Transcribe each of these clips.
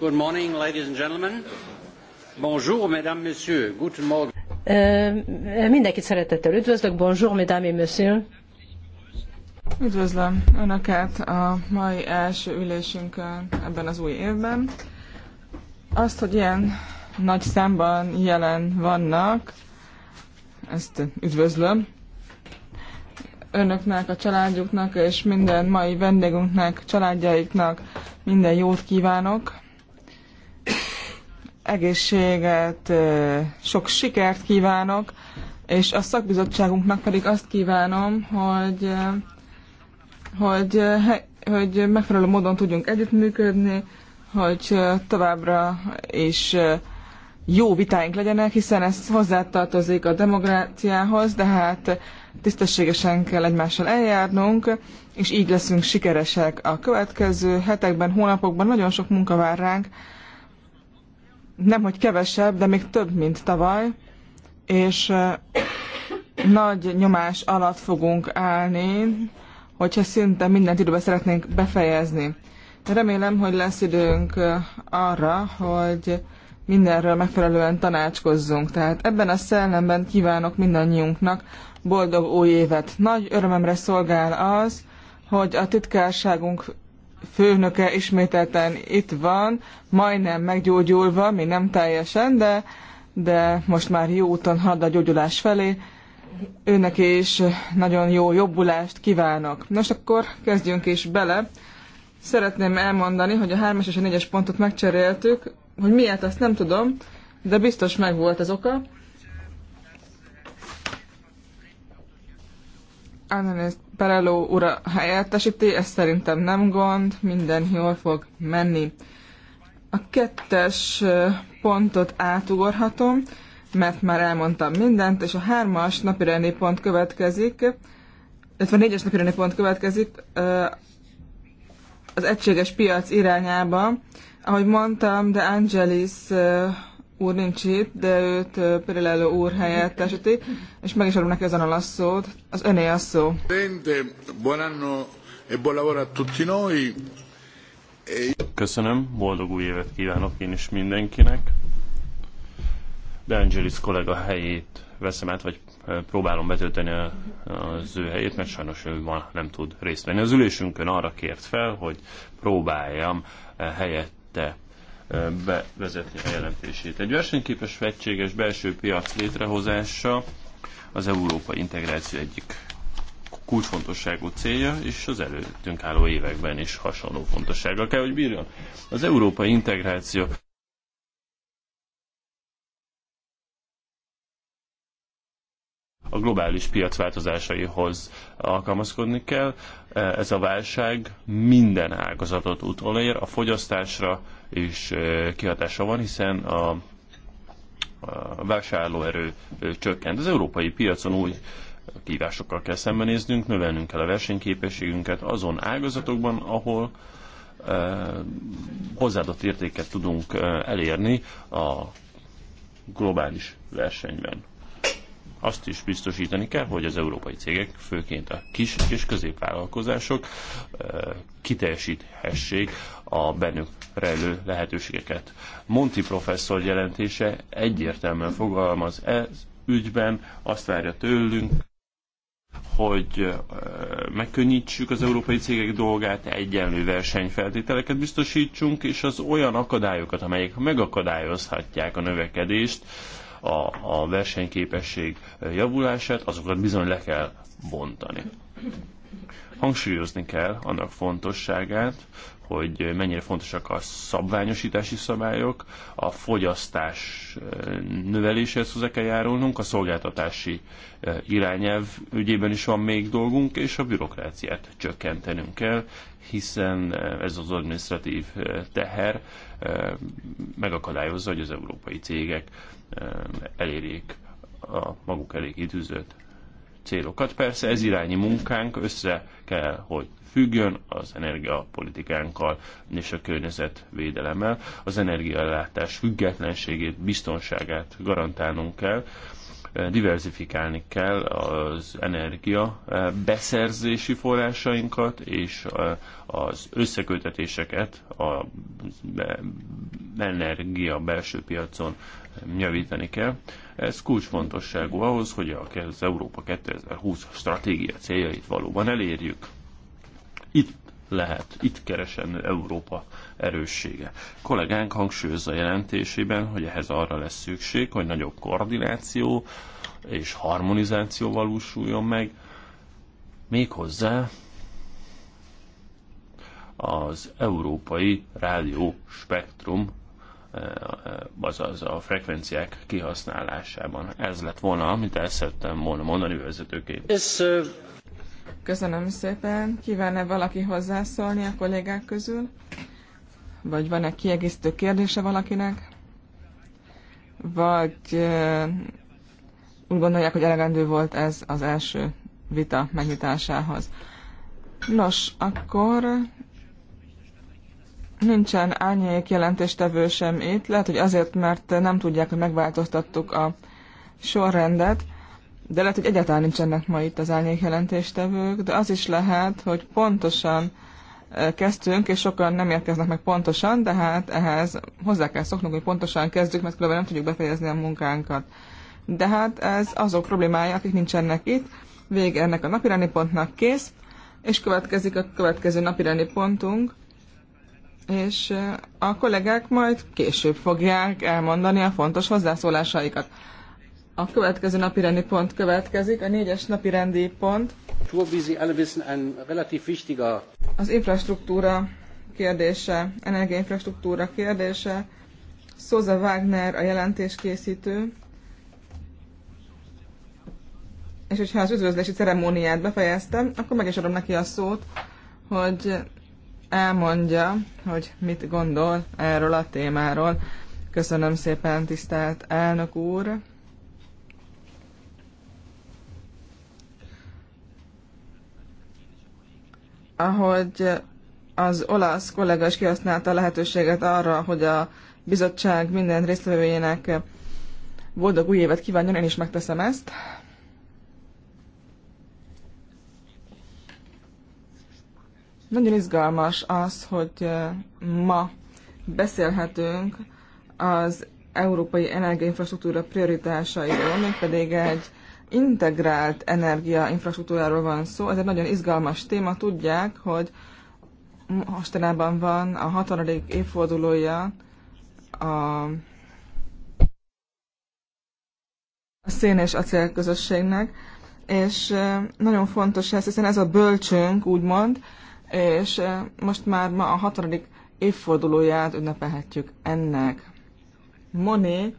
Good morning, ladies and gentlemen. Bonjour, mesdames, messieurs. Guten Morgen. Mindenkit szeretettel üdvözlök. Bonjour, mesdames et messieurs. Üdvözlöm Önöket a mai első ülésünkön ebben az új évben. Azt, hogy ilyen nagy számban jelen vannak, ezt üdvözlöm. Önöknek, a családjuknak és minden mai vendégünknek, családjaiknak minden jót kívánok egészséget, sok sikert kívánok, és a szakbizottságunknak pedig azt kívánom, hogy, hogy, hogy megfelelő módon tudjunk együttműködni, hogy továbbra is jó vitáink legyenek, hiszen ez hozzátartozik a demokráciához, de hát tisztességesen kell egymással eljárnunk, és így leszünk sikeresek a következő hetekben, hónapokban. Nagyon sok munka vár ránk, nem hogy kevesebb, de még több, mint tavaly, és nagy nyomás alatt fogunk állni, hogyha szinte mindent időben szeretnénk befejezni. Remélem, hogy lesz időnk arra, hogy mindenről megfelelően tanácskozzunk. Tehát ebben a szellemben kívánok mindannyiunknak boldog új évet. Nagy örömemre szolgál az, hogy a titkárságunk főnöke ismételten itt van, majdnem meggyógyulva, még nem teljesen, de, de most már jó úton halad a gyógyulás felé. Őnek is nagyon jó jobbulást kívánok. Nos, akkor kezdjünk is bele. Szeretném elmondani, hogy a 3-as és a 4-es pontot megcseréltük, hogy miért azt nem tudom, de biztos megvolt az oka. Annanéz Pereló ura helyettesíti, ez szerintem nem gond, minden jól fog menni. A kettes pontot átugorhatom, mert már elmondtam mindent, és a hármas napirendi pont következik, illetve a négyes napirendi pont következik az egységes piac irányába. Ahogy mondtam, de Angelis úr nincs itt, de őt például úr helyettesíti, és meg is adom neki az analasszót. Az öné a szó. E Köszönöm, boldog új évet kívánok én is mindenkinek. De Angelis kollega helyét veszem át, vagy próbálom betölteni az ő helyét, mert sajnos ő ma nem tud részt venni. Az ülésünkön arra kért fel, hogy próbáljam helyette bevezetni a jelentését. Egy versenyképes, egységes belső piac létrehozása az európai integráció egyik kulcsfontosságú célja, és az előttünk álló években is hasonló fontossággal kell, hogy bírjon. Az európai integráció a globális piac változásaihoz alkalmazkodni kell. E, ez a válság minden ágazatot utolér, a fogyasztásra is e, kihatása van, hiszen a vásárlóerő e, csökkent. Az európai piacon új kívásokkal kell szembenéznünk, növelnünk kell a versenyképességünket azon ágazatokban, ahol hozzáadott értéket tudunk elérni a globális versenyben azt is biztosítani kell, hogy az európai cégek, főként a kis és középvállalkozások kiteljesíthessék a bennük rejlő lehetőségeket. Monti professzor jelentése egyértelműen fogalmaz ez ügyben, azt várja tőlünk, hogy megkönnyítsük az európai cégek dolgát, egyenlő versenyfeltételeket biztosítsunk, és az olyan akadályokat, amelyek megakadályozhatják a növekedést, a, a versenyképesség javulását, azokat bizony le kell bontani. Hangsúlyozni kell annak fontosságát, hogy mennyire fontosak a szabványosítási szabályok, a fogyasztás növeléséhez hozzá kell járulnunk, a szolgáltatási irányelv ügyében is van még dolgunk, és a bürokráciát csökkentenünk kell, hiszen ez az administratív teher megakadályozza, hogy az európai cégek elérjék a maguk elég időzött célokat. Persze ez irányi munkánk össze kell, hogy függjön az energiapolitikánkkal és a környezetvédelemmel. Az energiaellátás függetlenségét, biztonságát garantálnunk kell, diversifikálni kell az energia beszerzési forrásainkat és az összekötetéseket az energia belső piacon javítani kell. Ez kulcsfontosságú ahhoz, hogy az Európa 2020 stratégia céljait valóban elérjük. Itt lehet, itt keresen Európa erőssége. Kollégánk hangsúlyozza jelentésében, hogy ehhez arra lesz szükség, hogy nagyobb koordináció és harmonizáció valósuljon meg, méghozzá az európai rádió spektrum Eh, az a frekvenciák kihasználásában. Ez lett volna, amit el szerettem volna mondani vezetőként. Köszönöm szépen. Kívánne valaki hozzászólni a kollégák közül? Vagy van-e kiegészítő kérdése valakinek? Vagy eh, úgy gondolják, hogy elegendő volt ez az első vita megnyitásához? Nos, akkor nincsen árnyék jelentéstevő sem itt, lehet, hogy azért, mert nem tudják, hogy megváltoztattuk a sorrendet, de lehet, hogy egyáltalán nincsenek ma itt az árnyék jelentéstevők, de az is lehet, hogy pontosan eh, kezdtünk, és sokan nem érkeznek meg pontosan, de hát ehhez hozzá kell szoknunk, hogy pontosan kezdjük, mert különben nem tudjuk befejezni a munkánkat. De hát ez azok problémája, akik nincsenek itt, vége ennek a napirendi pontnak kész, és következik a következő napirendi pontunk, és a kollégák majd később fogják elmondani a fontos hozzászólásaikat. A következő napi rendi pont következik, a négyes napi rendi pont. Az infrastruktúra kérdése, energiainfrastruktúra kérdése. Szóza Wagner a jelentéskészítő. És hogyha az üdvözlési ceremóniát befejeztem, akkor meg is adom neki a szót, hogy elmondja, hogy mit gondol erről a témáról. Köszönöm szépen, tisztelt elnök úr! Ahogy az olasz kollega is kihasználta a lehetőséget arra, hogy a bizottság minden résztvevőjének boldog új évet kívánjon, én is megteszem ezt. Nagyon izgalmas az, hogy ma beszélhetünk az európai energiainfrastruktúra prioritásairól, pedig egy integrált energiainfrastruktúráról van szó. Ez egy nagyon izgalmas téma. Tudják, hogy mostanában van a 60. évfordulója a szén és acél közösségnek, és nagyon fontos ez, hiszen ez a bölcsünk úgymond, és eh, most már ma a hatodik évfordulóját ünnepelhetjük ennek. Moni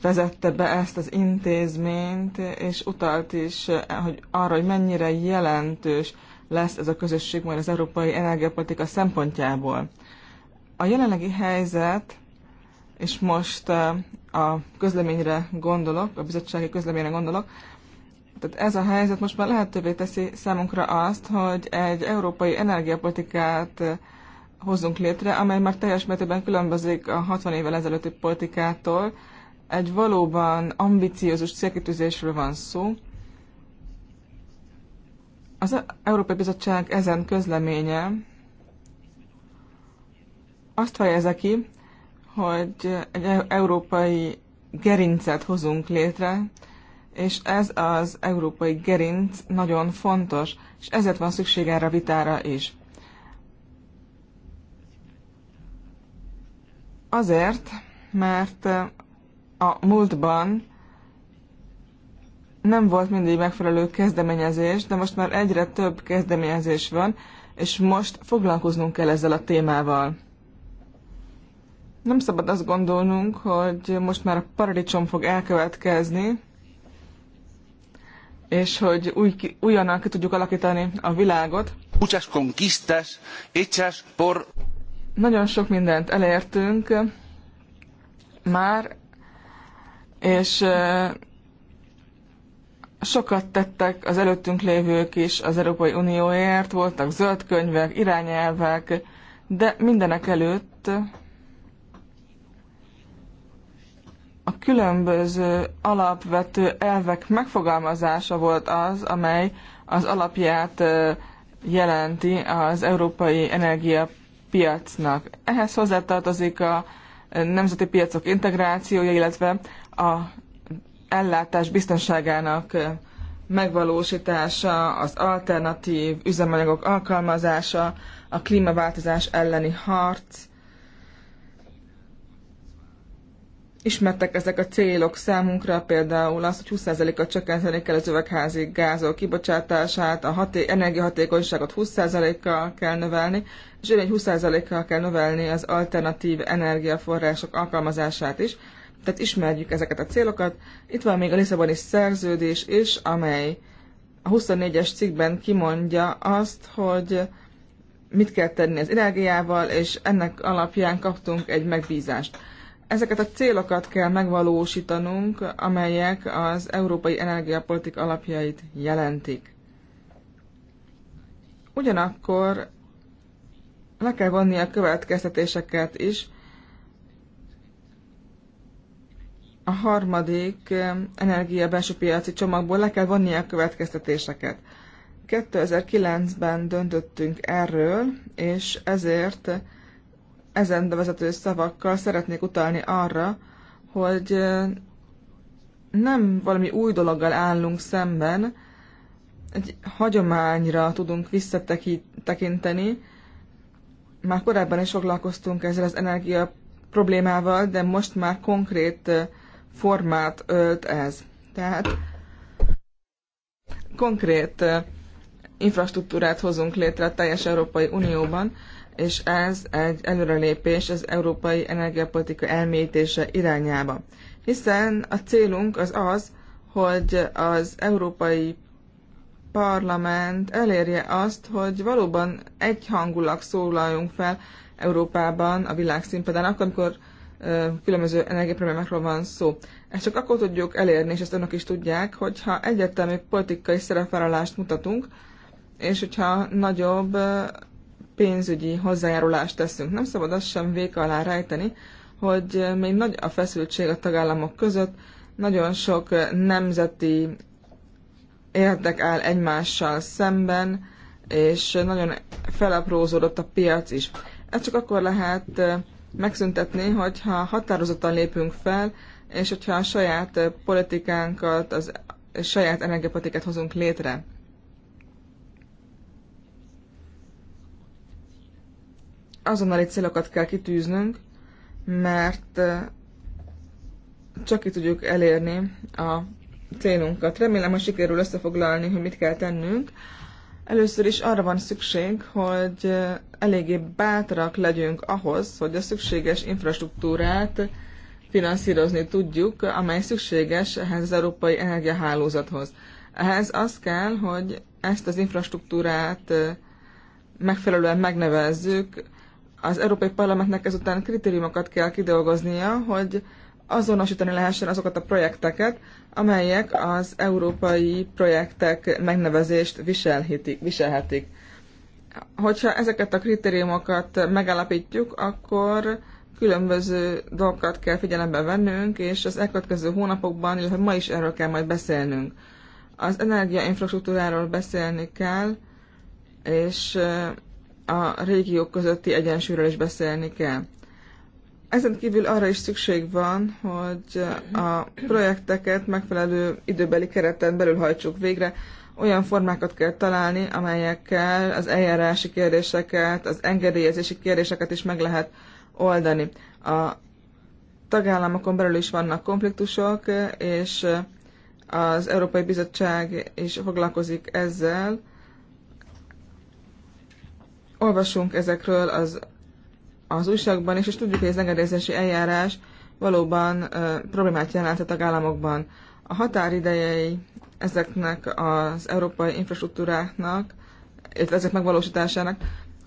vezette be ezt az intézményt, és utalt is eh, hogy arra, hogy mennyire jelentős lesz ez a közösség majd az európai energiapolitika szempontjából. A jelenlegi helyzet, és most eh, a közleményre gondolok, a bizottsági közleményre gondolok, tehát ez a helyzet most már lehetővé teszi számunkra azt, hogy egy európai energiapolitikát eh, hozzunk létre, amely már teljes mértékben különbözik a 60 évvel ezelőtti politikától. Egy valóban ambiciózus célkitűzésről van szó. Az Európai Bizottság ezen közleménye azt fejezi ki, hogy egy e- európai gerincet hozunk létre, és ez az európai gerinc nagyon fontos, és ezért van szükség erre a vitára is. Azért, mert eh, a múltban nem volt mindig megfelelő kezdeményezés, de most már egyre több kezdeményezés van, és most foglalkoznunk kell ezzel a témával. Nem szabad azt gondolnunk, hogy most már a paradicsom fog elkövetkezni, és hogy új, újonnan ki tudjuk alakítani a világot. Muchas conquistas hechas por... Nagyon sok mindent elértünk már, és sokat tettek az előttünk lévők is az Európai Unióért, voltak zöld könyvek, irányelvek, de mindenek előtt a különböző alapvető elvek megfogalmazása volt az, amely az alapját jelenti az európai energiapiacnak. Ehhez hozzátartozik a nemzeti piacok integrációja, illetve a ellátás biztonságának megvalósítása, az alternatív üzemanyagok alkalmazása, a klímaváltozás elleni harc, ismertek ezek a célok számunkra, például az, hogy 20%-kal csökkenteni kell az üvegházi gázok kibocsátását, a haté- energiahatékonyságot 20%-kal kell növelni, és egy 20%-kal kell növelni az alternatív energiaforrások alkalmazását is. Tehát ismerjük ezeket a célokat. Itt van még a Lisszaboni szerződés is, amely a 24-es cikkben kimondja azt, hogy mit kell tenni az energiával, és ennek alapján kaptunk egy megbízást. Ezeket a célokat kell megvalósítanunk, amelyek az európai energiapolitik alapjait jelentik. Ugyanakkor le kell vonni a következtetéseket is. A harmadik eh, energia belső piaci csomagból le kell vonni a következtetéseket. 2009-ben döntöttünk erről, és ezért ezen bevezető szavakkal szeretnék utalni arra, hogy nem valami új dologgal állunk szemben, egy hagyományra tudunk visszatekinteni. Már korábban is foglalkoztunk ezzel az energia problémával, de most már konkrét formát ölt ez. Tehát konkrét infrastruktúrát hozunk létre a teljes Európai Unióban, és ez egy előrelépés az európai energiapolitika elmélyítése irányába. Hiszen a célunk az az, hogy az európai parlament elérje azt, hogy valóban egyhangulag szólaljunk fel Európában a világszínpadán, akkor, amikor különböző energiaproblémákról van szó. Ezt csak akkor tudjuk elérni, és ezt önök is tudják, hogyha egyértelmű politikai szerepvállalást mutatunk, és hogyha nagyobb pénzügyi hozzájárulást teszünk. Nem szabad azt sem véka alá rejteni, hogy még nagy a feszültség a tagállamok között, nagyon sok nemzeti érdek áll egymással szemben, és nagyon felaprózódott a piac is. Ez csak akkor lehet megszüntetni, hogyha határozottan lépünk fel, és hogyha a saját politikánkat, az a saját energiapolitikát hozunk létre. azonnali célokat kell kitűznünk, mert csak ki tudjuk elérni a célunkat. Remélem, hogy sikerül összefoglalni, hogy mit kell tennünk. Először is arra van szükség, hogy eléggé bátrak legyünk ahhoz, hogy a szükséges infrastruktúrát finanszírozni tudjuk, amely szükséges ehhez az európai energiahálózathoz. Ehhez az kell, hogy ezt az infrastruktúrát megfelelően megnevezzük, az Európai Parlamentnek ezután kritériumokat kell kidolgoznia, hogy azonosítani lehessen azokat a projekteket, amelyek az európai projektek megnevezést viselhetik. Hogyha ezeket a kritériumokat megállapítjuk, akkor különböző dolgokat kell figyelembe vennünk, és az elkövetkező hónapokban, illetve ma is erről kell majd beszélnünk. Az energiainfrastruktúráról beszélni kell, és a régiók közötti egyensúlyról is beszélni kell. Ezen kívül arra is szükség van, hogy a projekteket megfelelő időbeli kereten belül hajtsuk végre. Olyan formákat kell találni, amelyekkel az eljárási kérdéseket, az engedélyezési kérdéseket is meg lehet oldani. A tagállamokon belül is vannak konfliktusok, és az Európai Bizottság is foglalkozik ezzel, olvasunk ezekről az, az újságban és, és tudjuk, hogy az engedélyezési eljárás valóban ö, problémát jelent a tagállamokban. A határidejei ezeknek az európai infrastruktúráknak, illetve ezek megvalósításának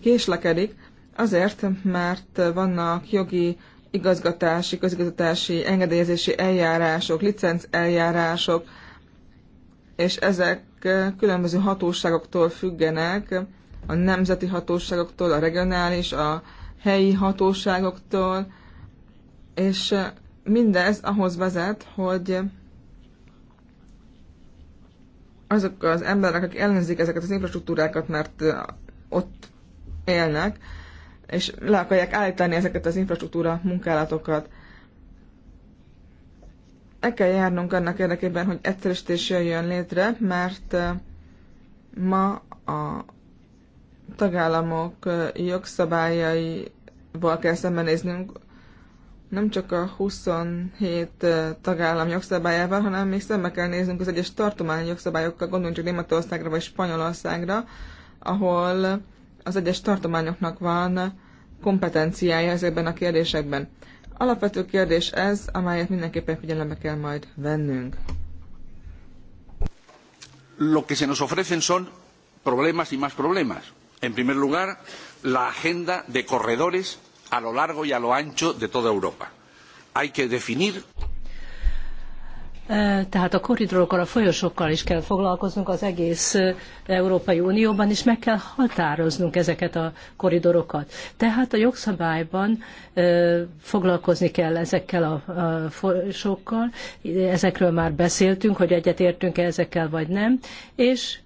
késlekedik, azért, mert vannak jogi igazgatási, közigazgatási, engedélyezési eljárások, licenc eljárások, és ezek különböző hatóságoktól függenek, a nemzeti hatóságoktól, a regionális, a helyi hatóságoktól, és mindez ahhoz vezet, hogy azok az emberek, akik ellenzik ezeket az infrastruktúrákat, mert ott élnek, és le akarják állítani ezeket az infrastruktúra munkálatokat. E kell járnunk annak érdekében, hogy egyszerűsítés jöjjön létre, mert ma a tagállamok jogszabályaival kell szembenéznünk, nem csak a 27 tagállam jogszabályával, hanem még szembe kell néznünk az egyes tartományi jogszabályokkal, gondoljunk csak Németországra vagy Spanyolországra, ahol az egyes tartományoknak van kompetenciája ezekben a kérdésekben. Alapvető kérdés ez, amelyet mindenképpen figyelembe kell majd vennünk. Lo que se nos ofrecen son problemas y más problemas en primer lugar, la agenda de corredores a lo largo y a lo ancho de toda Europa. Hay que definir eh, tehát a korridorokkal, a folyosókkal is kell foglalkoznunk az egész eh, Európai Unióban, és meg kell határoznunk ezeket a koridorokat. Tehát a jogszabályban eh, foglalkozni kell ezekkel a folyosókkal, ezekről már beszéltünk, hogy egyetértünk-e ezekkel vagy nem, és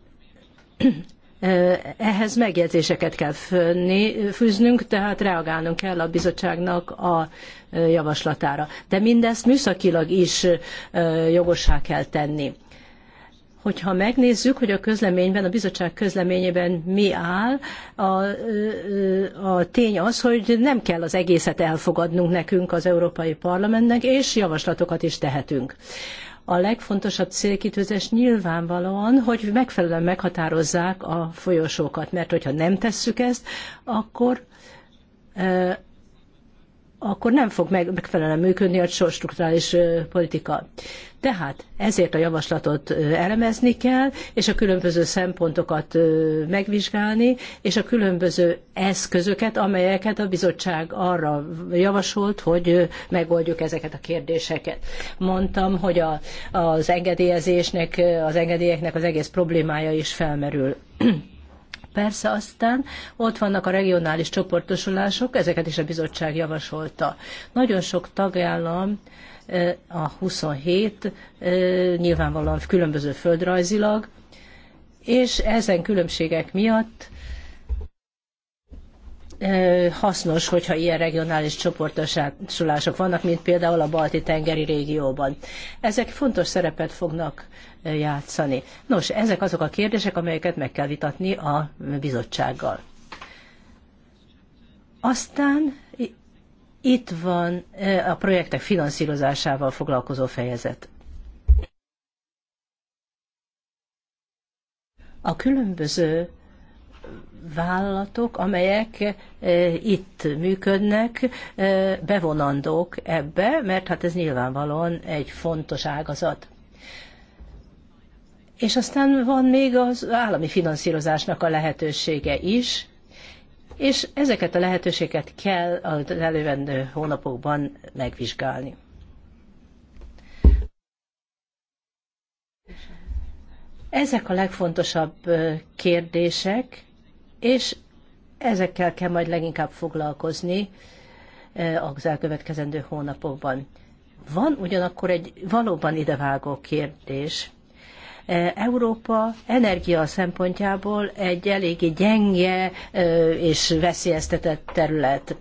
ehhez megjegyzéseket kell fönni, fűznünk, tehát reagálnunk kell a bizottságnak a javaslatára. De mindezt műszakilag is jogossá kell tenni. Hogyha megnézzük, hogy a közleményben, a bizottság közleményében mi áll, a, a tény az, hogy nem kell az egészet elfogadnunk nekünk az Európai Parlamentnek, és javaslatokat is tehetünk a legfontosabb célkitűzés nyilvánvalóan, hogy megfelelően meghatározzák a folyosókat, mert hogyha nem tesszük ezt, akkor eh, akkor nem fog megfelelően működni a strukturális politika. Tehát ezért a javaslatot elemezni kell, és a különböző szempontokat megvizsgálni, és a különböző eszközöket, amelyeket a bizottság arra javasolt, hogy megoldjuk ezeket a kérdéseket. Mondtam, hogy a, az engedélyezésnek, az engedélyeknek az egész problémája is felmerül. Persze aztán ott vannak a regionális csoportosulások, ezeket is a bizottság javasolta. Nagyon sok tagállam eh, a 27 eh, nyilvánvalóan különböző földrajzilag, és ezen különbségek miatt eh, hasznos, hogyha ilyen regionális csoportosulások vannak, mint például a balti tengeri régióban. Ezek fontos szerepet fognak játszani. Nos, ezek azok a kérdések, amelyeket meg kell vitatni a bizottsággal. Aztán itt van e, a projektek finanszírozásával foglalkozó fejezet. A különböző vállalatok, amelyek e, itt működnek, e, bevonandók ebbe, mert hát ez nyilvánvalóan egy fontos ágazat. És aztán van még az állami finanszírozásnak a lehetősége is, és ezeket a lehetőséget kell az elővendő hónapokban megvizsgálni. Ezek a legfontosabb kérdések, és ezekkel kell majd leginkább foglalkozni az elkövetkezendő hónapokban. Van ugyanakkor egy valóban idevágó kérdés, E, Európa energia szempontjából egy eléggé gyenge e, és veszélyeztetett terület,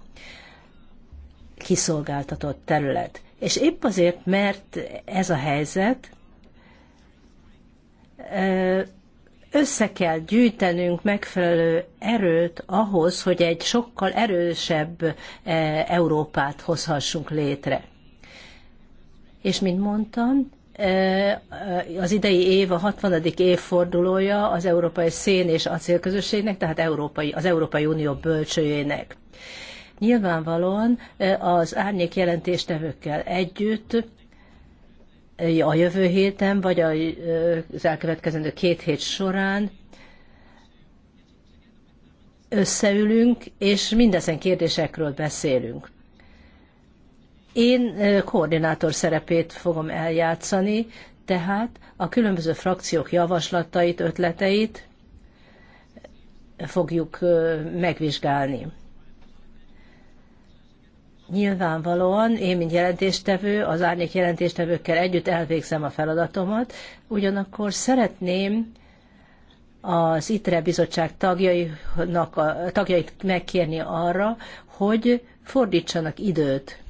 kiszolgáltatott terület. És épp azért, mert ez a helyzet, e, össze kell gyűjtenünk megfelelő erőt ahhoz, hogy egy sokkal erősebb Európát hozhassunk létre. És mint mondtam, Eh, az idei év a 60. évfordulója az Európai Szén és Acélközösségnek, tehát európai, az Európai Unió bölcsőjének. Nyilvánvalóan eh, az árnyék jelentéstevőkkel együtt eh, a jövő héten, vagy az elkövetkezendő két hét során összeülünk, és mindezen kérdésekről beszélünk. Én koordinátor szerepét fogom eljátszani, tehát a különböző frakciók javaslatait, ötleteit fogjuk megvizsgálni. Nyilvánvalóan én, mint jelentéstevő, az árnyék jelentéstevőkkel együtt elvégzem a feladatomat, ugyanakkor szeretném az ITRE bizottság tagjainak, a, tagjait megkérni arra, hogy fordítsanak időt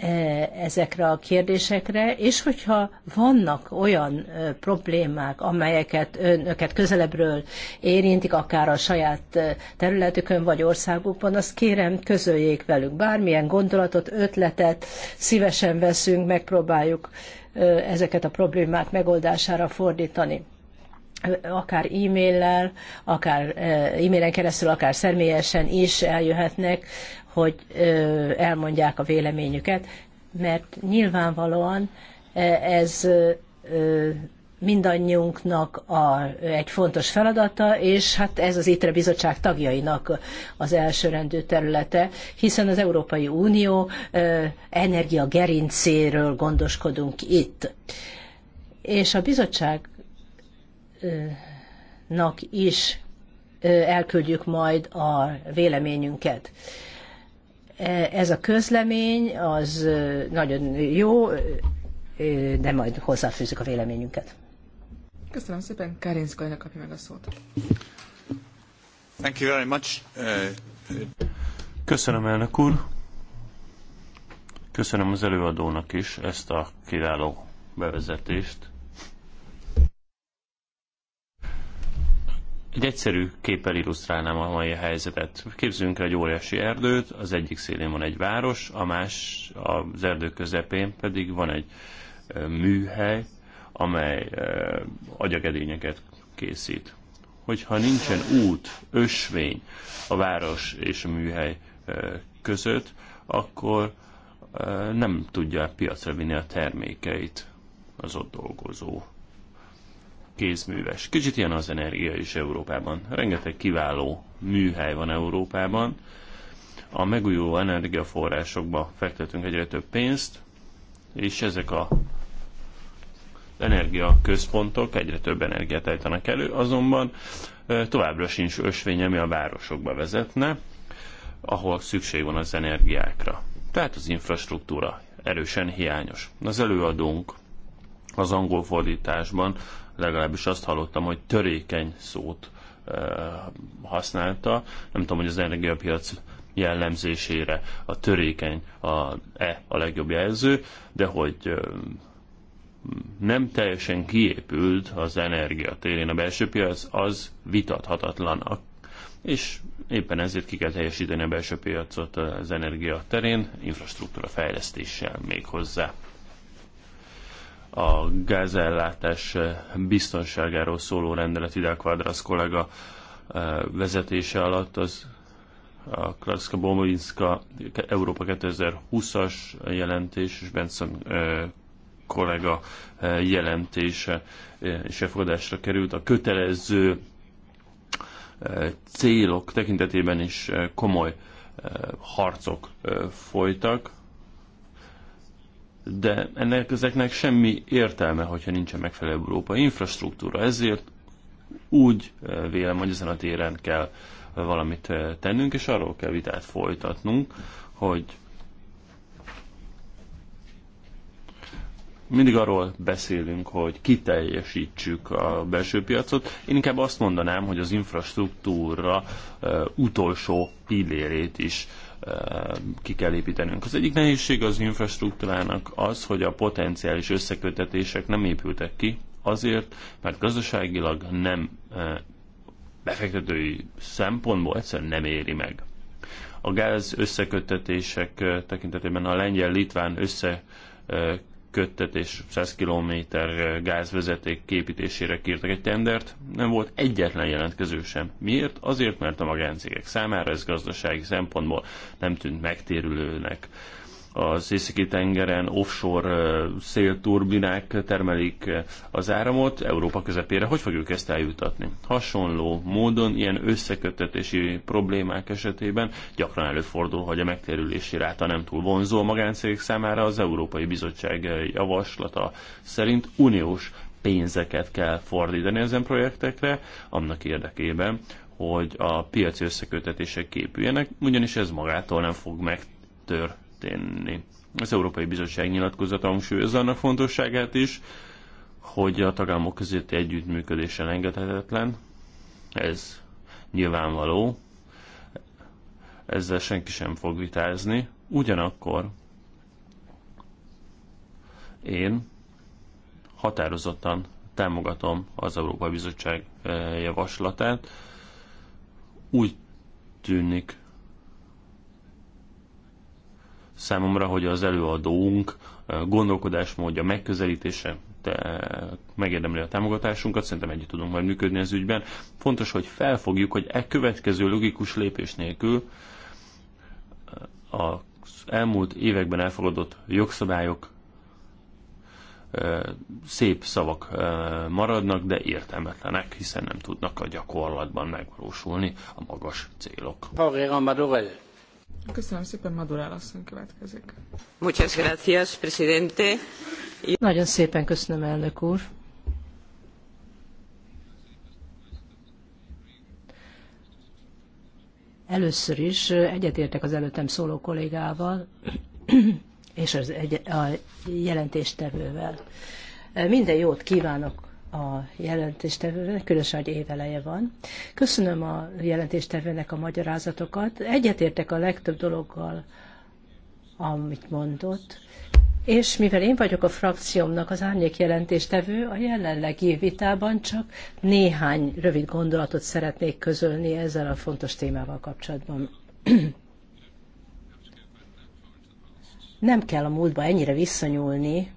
E, ezekre a kérdésekre, és hogyha vannak olyan e, problémák, amelyeket önöket közelebbről érintik, akár a saját e, területükön vagy országukban, azt kérem, közöljék velük bármilyen gondolatot, ötletet, szívesen veszünk, megpróbáljuk ezeket a problémák megoldására fordítani akár e-maillel, akár e-mailen keresztül, akár személyesen is eljöhetnek hogy elmondják a véleményüket, mert nyilvánvalóan ez mindannyiunknak a, egy fontos feladata, és hát ez az ITRE bizottság tagjainak az elsőrendű területe, hiszen az Európai Unió energia gondoskodunk itt. És a bizottságnak is elküldjük majd a véleményünket. Ez a közlemény az nagyon jó, de majd hozzáfűzzük a véleményünket. Köszönöm szépen, Kárinszkajnak kapja meg a szót. Thank you very much. Uh, Köszönöm, elnök úr. Köszönöm az előadónak is ezt a kiváló bevezetést. Egy egyszerű képpel illusztrálnám a mai helyzetet. Képzünk el egy óriási erdőt, az egyik szélén van egy város, a más, az erdő közepén pedig van egy műhely, amely agyagedényeket készít. Hogyha nincsen út, ösvény a város és a műhely között, akkor nem tudja piacra vinni a termékeit az ott dolgozó kézműves. Kicsit ilyen az energia is Európában. Rengeteg kiváló műhely van Európában. A megújuló energiaforrásokba fektetünk egyre több pénzt, és ezek a energiaközpontok egyre több energiát ejtenek elő, azonban továbbra sincs ösvény, ami a városokba vezetne, ahol szükség van az energiákra. Tehát az infrastruktúra erősen hiányos. Az előadónk az angol fordításban legalábbis azt hallottam, hogy törékeny szót eh, használta. Nem tudom, hogy az energiapiac jellemzésére a törékeny a, e a legjobb jelző, de hogy eh, nem teljesen kiépült az energia térén a belső piac, az vitathatatlan. És éppen ezért ki kell teljesíteni a belső piacot eh, az energia terén, infrastruktúra fejlesztéssel még hozzá a gázellátás biztonságáról szóló rendelet Idel Quadras kollega eh, vezetése alatt az a Klarska Bomolinska Európa 2020-as jelentés és Benson eh, kollega eh, jelentése és elfogadásra került. A kötelező célok tekintetében is komoly harcok folytak de ennek ezeknek semmi értelme, hogyha nincsen megfelelő európai infrastruktúra. Ezért úgy eh, vélem, hogy ezen a téren kell eh, valamit eh, tennünk, és arról kell vitát folytatnunk, hogy mindig arról beszélünk, hogy kiteljesítsük a belső piacot. Én inkább azt mondanám, hogy az infrastruktúra utolsó pillérét is Eh, ki kell építenünk. Az egyik nehézség az infrastruktúrának az, hogy a potenciális összekötetések nem épültek ki, azért, mert gazdaságilag nem eh, befektetői szempontból egyszerűen nem éri meg. A gáz összekötetések eh, tekintetében a lengyel-litván össze köttet és 100 km eh, gázvezeték képítésére kértek egy tendert, nem volt egyetlen jelentkező sem. Miért? Azért, mert a magáncégek számára ez gazdasági szempontból nem tűnt megtérülőnek az északi tengeren offshore szélturbinák termelik az áramot Európa közepére. Hogy fogjuk ezt eljutatni? Hasonló módon ilyen összekötetési problémák esetében gyakran előfordul, hogy a megtérülési ráta nem túl vonzó a magáncégek számára. Az Európai Bizottság javaslata szerint uniós pénzeket kell fordítani ezen projektekre, annak érdekében, hogy a piaci összekötetések képüljenek, ugyanis ez magától nem fog megtörténni történni. Az Európai Bizottság nyilatkozata hangsúlyozza annak fontosságát is, hogy a tagállamok közötti együttműködés engedhetetlen, Ez nyilvánvaló, ezzel senki sem fog vitázni. Ugyanakkor én határozottan támogatom az Európai Bizottság eh, javaslatát. Úgy tűnik számomra, hogy az előadónk eh, gondolkodásmódja, megközelítése megérdemli a támogatásunkat, szerintem együtt tudunk majd működni az ügyben. Fontos, hogy felfogjuk, hogy e következő logikus lépés nélkül eh, az elmúlt években elfogadott jogszabályok eh, szép szavak maradnak, de értelmetlenek, hiszen nem tudnak a gyakorlatban megvalósulni a magas célok. Köszönöm szépen, Madurál asszony következik. Muchas gracias, presidente. Nagyon szépen köszönöm, elnök úr. Először is egyetértek az előttem szóló kollégával és az egy, a jelentéstevővel. Minden jót kívánok a jelentéstevőnek, különösen, hogy éveleje van. Köszönöm a jelentéstevőnek a magyarázatokat. Egyetértek a legtöbb dologgal, amit mondott. És mivel én vagyok a frakciómnak az árnyék jelentéstevő, a jelenlegi vitában csak néhány rövid gondolatot szeretnék közölni ezzel a fontos témával kapcsolatban. Nem kell a múltba ennyire visszanyúlni,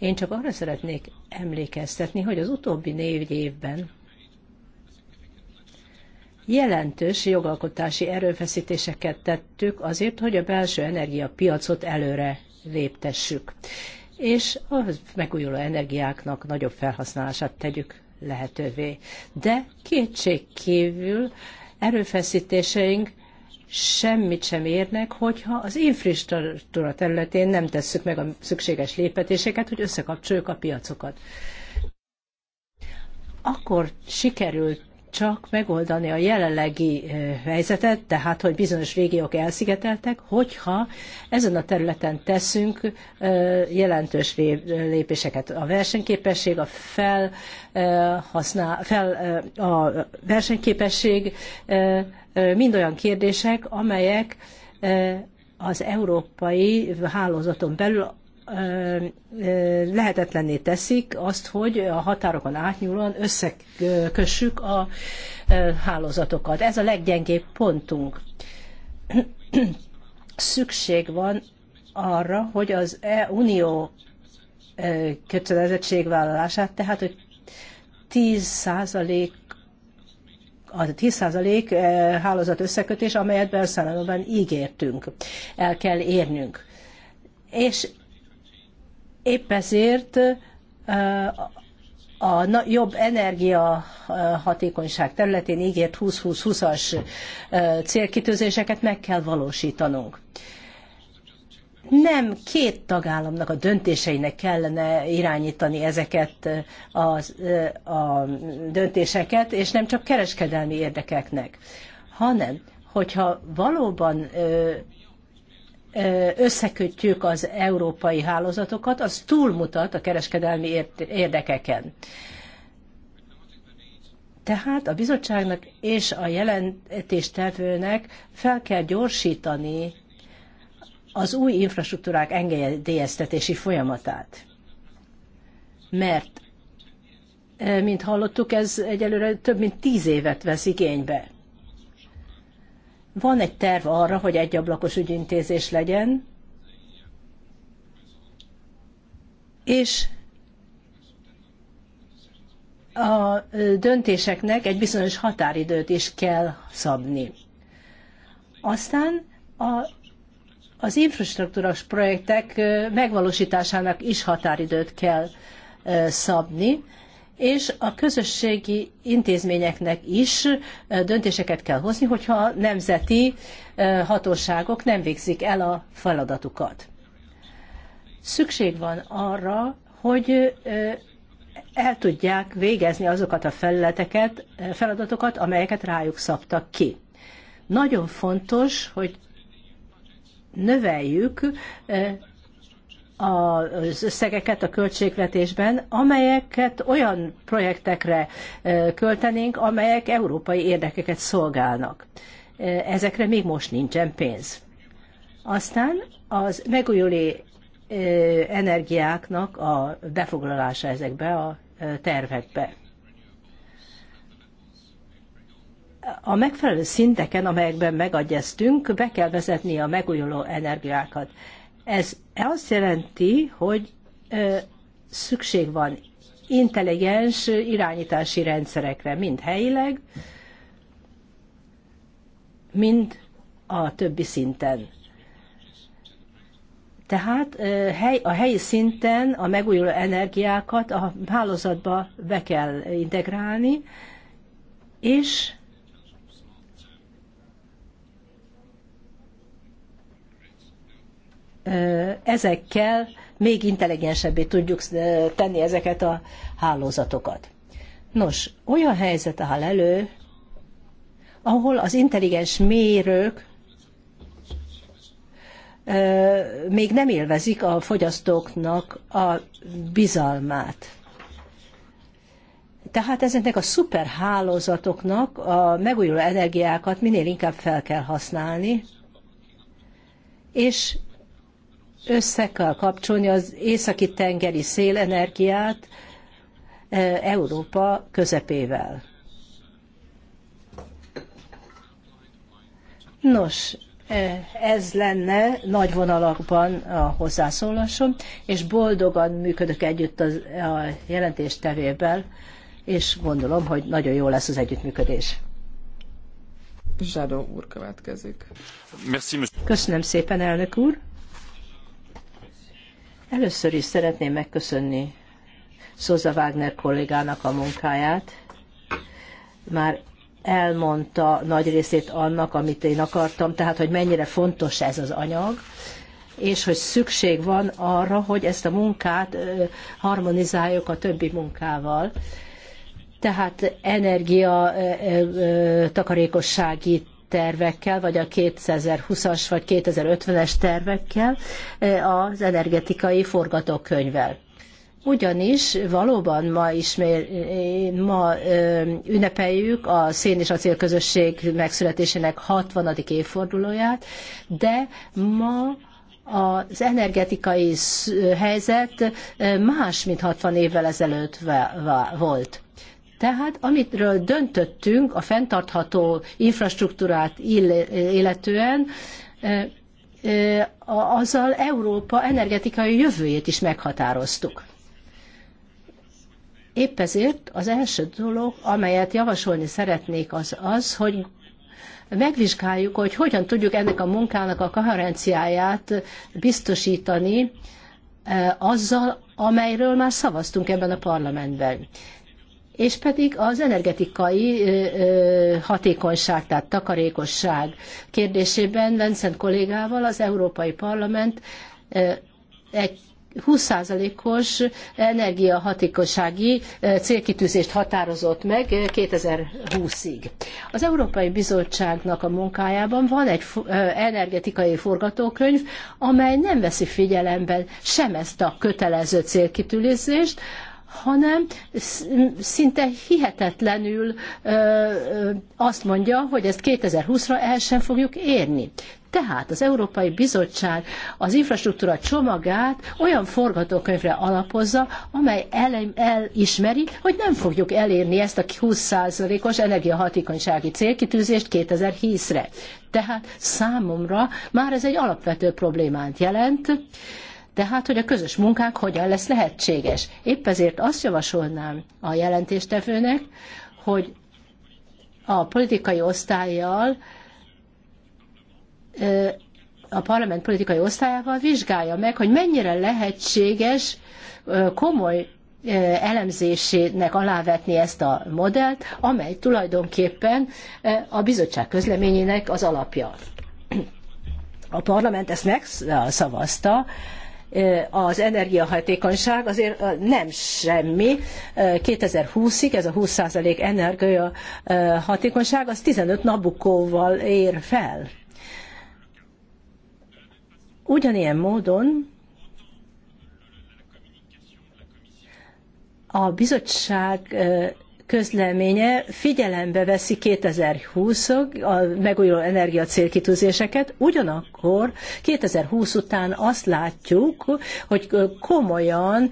én csak arra szeretnék emlékeztetni, hogy az utóbbi négy évben jelentős jogalkotási erőfeszítéseket tettük azért, hogy a belső energiapiacot előre léptessük, és a megújuló energiáknak nagyobb felhasználását tegyük lehetővé. De kétségkívül erőfeszítéseink semmit sem érnek, hogyha az infrastruktúra területén nem tesszük meg a szükséges lépetéseket, hogy összekapcsoljuk a piacokat. Akkor sikerült csak megoldani a jelenlegi helyzetet, tehát hogy bizonyos régiók elszigeteltek, hogyha ezen a területen teszünk jelentős lépéseket. A versenyképesség, a, fel, használ, fel, a versenyképesség mind olyan kérdések, amelyek az európai hálózaton belül lehetetlenné teszik azt, hogy a határokon átnyúlóan összekössük a hálózatokat. Ez a leggyengébb pontunk. Szükség van arra, hogy az e unió kötelezettségvállalását, tehát hogy 10 százalék a 10% hálózat összekötés, amelyet Barcelonában ígértünk, el kell érnünk. És Épp ezért eh, a jobb energia eh, hatékonyság területén ígért 20-20-20-as eh, célkitűzéseket meg kell valósítanunk. Nem két tagállamnak a döntéseinek kellene irányítani ezeket a, a döntéseket, és nem csak kereskedelmi érdekeknek, hanem hogyha valóban összekötjük az európai hálózatokat, az túlmutat a kereskedelmi érdekeken. Tehát a bizottságnak és a jelentéstevőnek fel kell gyorsítani az új infrastruktúrák engedélyeztetési folyamatát. Mert, mint hallottuk, ez egyelőre több mint tíz évet vesz igénybe. Van egy terv arra, hogy egy ablakos ügyintézés legyen, és a döntéseknek egy bizonyos határidőt is kell szabni. Aztán a, az infrastruktúras projektek megvalósításának is határidőt kell szabni, és a közösségi intézményeknek is döntéseket kell hozni, hogyha a nemzeti hatóságok nem végzik el a feladatukat. Szükség van arra, hogy el tudják végezni azokat a felületeket, feladatokat, amelyeket rájuk szabtak ki. Nagyon fontos, hogy növeljük az összegeket a költségvetésben, amelyeket olyan projektekre költenénk, amelyek európai érdekeket szolgálnak. Ezekre még most nincsen pénz. Aztán az megújuló energiáknak a befoglalása ezekbe a tervekbe. A megfelelő szinteken, amelyekben megagyeztünk, be kell vezetni a megújuló energiákat. Ez azt jelenti, hogy szükség van intelligens irányítási rendszerekre, mind helyileg, mind a többi szinten. Tehát a helyi szinten a megújuló energiákat a hálózatba be kell integrálni, és ezekkel még intelligensebbé tudjuk tenni ezeket a hálózatokat. Nos, olyan helyzet áll elő, ahol az intelligens mérők még nem élvezik a fogyasztóknak a bizalmát. Tehát ezeknek a szuperhálózatoknak a megújuló energiákat minél inkább fel kell használni, és össze kell kapcsolni az északi tengeri szélenergiát e, Európa közepével. Nos, e, ez lenne nagy vonalakban a hozzászólásom, és boldogan működök együtt az, a jelentéstevével, és gondolom, hogy nagyon jó lesz az együttműködés. Zsadó úr következik. Köszönöm szépen, elnök úr. Először is szeretném megköszönni Szóza Wagner kollégának a munkáját. Már elmondta nagy részét annak, amit én akartam, tehát hogy mennyire fontos ez az anyag, és hogy szükség van arra, hogy ezt a munkát harmonizáljuk a többi munkával. Tehát energia, takarékossági tervekkel, vagy a 2020-as vagy 2050-es tervekkel, e, az energetikai forgatókönyvvel. Ugyanis valóban ma, ismér, ma e, ünnepeljük a szén és acélközösség megszületésének 60. évfordulóját, de ma az energetikai helyzet e, más, mint 60 évvel ezelőtt volt. Tehát amitről döntöttünk a fenntartható infrastruktúrát illetően, e, e, azzal Európa energetikai jövőjét is meghatároztuk. Épp ezért az első dolog, amelyet javasolni szeretnék, az az, hogy megvizsgáljuk, hogy hogyan tudjuk ennek a munkának a koherenciáját biztosítani e, azzal, amelyről már szavaztunk ebben a parlamentben és pedig az energetikai hatékonyság, tehát takarékosság kérdésében Vincent kollégával az Európai Parlament egy 20%-os energiahatékonysági célkitűzést határozott meg 2020-ig. Az Európai Bizottságnak a munkájában van egy energetikai forgatókönyv, amely nem veszi figyelembe sem ezt a kötelező célkitűzést, hanem szinte hihetetlenül azt mondja, hogy ezt 2020-ra el sem fogjuk érni. Tehát az Európai Bizottság az infrastruktúra csomagát olyan forgatókönyvre alapozza, amely el, elismeri, hogy nem fogjuk elérni ezt a 20%-os energiahatékonysági célkitűzést 2010-re. Tehát számomra már ez egy alapvető problémát jelent tehát, hogy a közös munkánk hogyan lesz lehetséges. Épp ezért azt javasolnám a jelentéstevőnek, hogy a politikai osztályjal a parlament politikai osztályával vizsgálja meg, hogy mennyire lehetséges komoly elemzésének alávetni ezt a modellt, amely tulajdonképpen a bizottság közleményének az alapja. A parlament ezt megszavazta, az energiahatékonyság azért nem semmi. 2020-ig ez a 20% energiahatékonyság az 15 nabukóval ér fel. Ugyanilyen módon a bizottság közleménye figyelembe veszi 2020-ig a megújuló energia célkitűzéseket, ugyanakkor 2020 után azt látjuk, hogy komolyan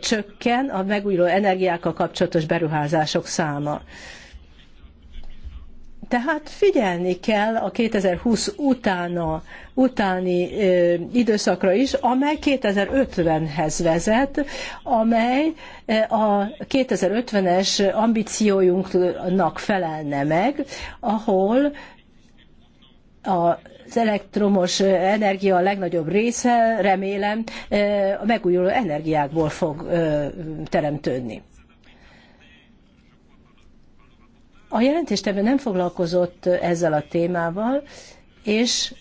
csökken a megújuló energiákkal kapcsolatos beruházások száma. Tehát figyelni kell a 2020 utána, utáni ö, időszakra is, amely 2050-hez vezet, amely a 2050-es ambíciójunknak felelne meg, ahol az elektromos energia a legnagyobb része, remélem, a megújuló energiákból fog teremtődni. A jelentéstevő nem foglalkozott ezzel a témával, és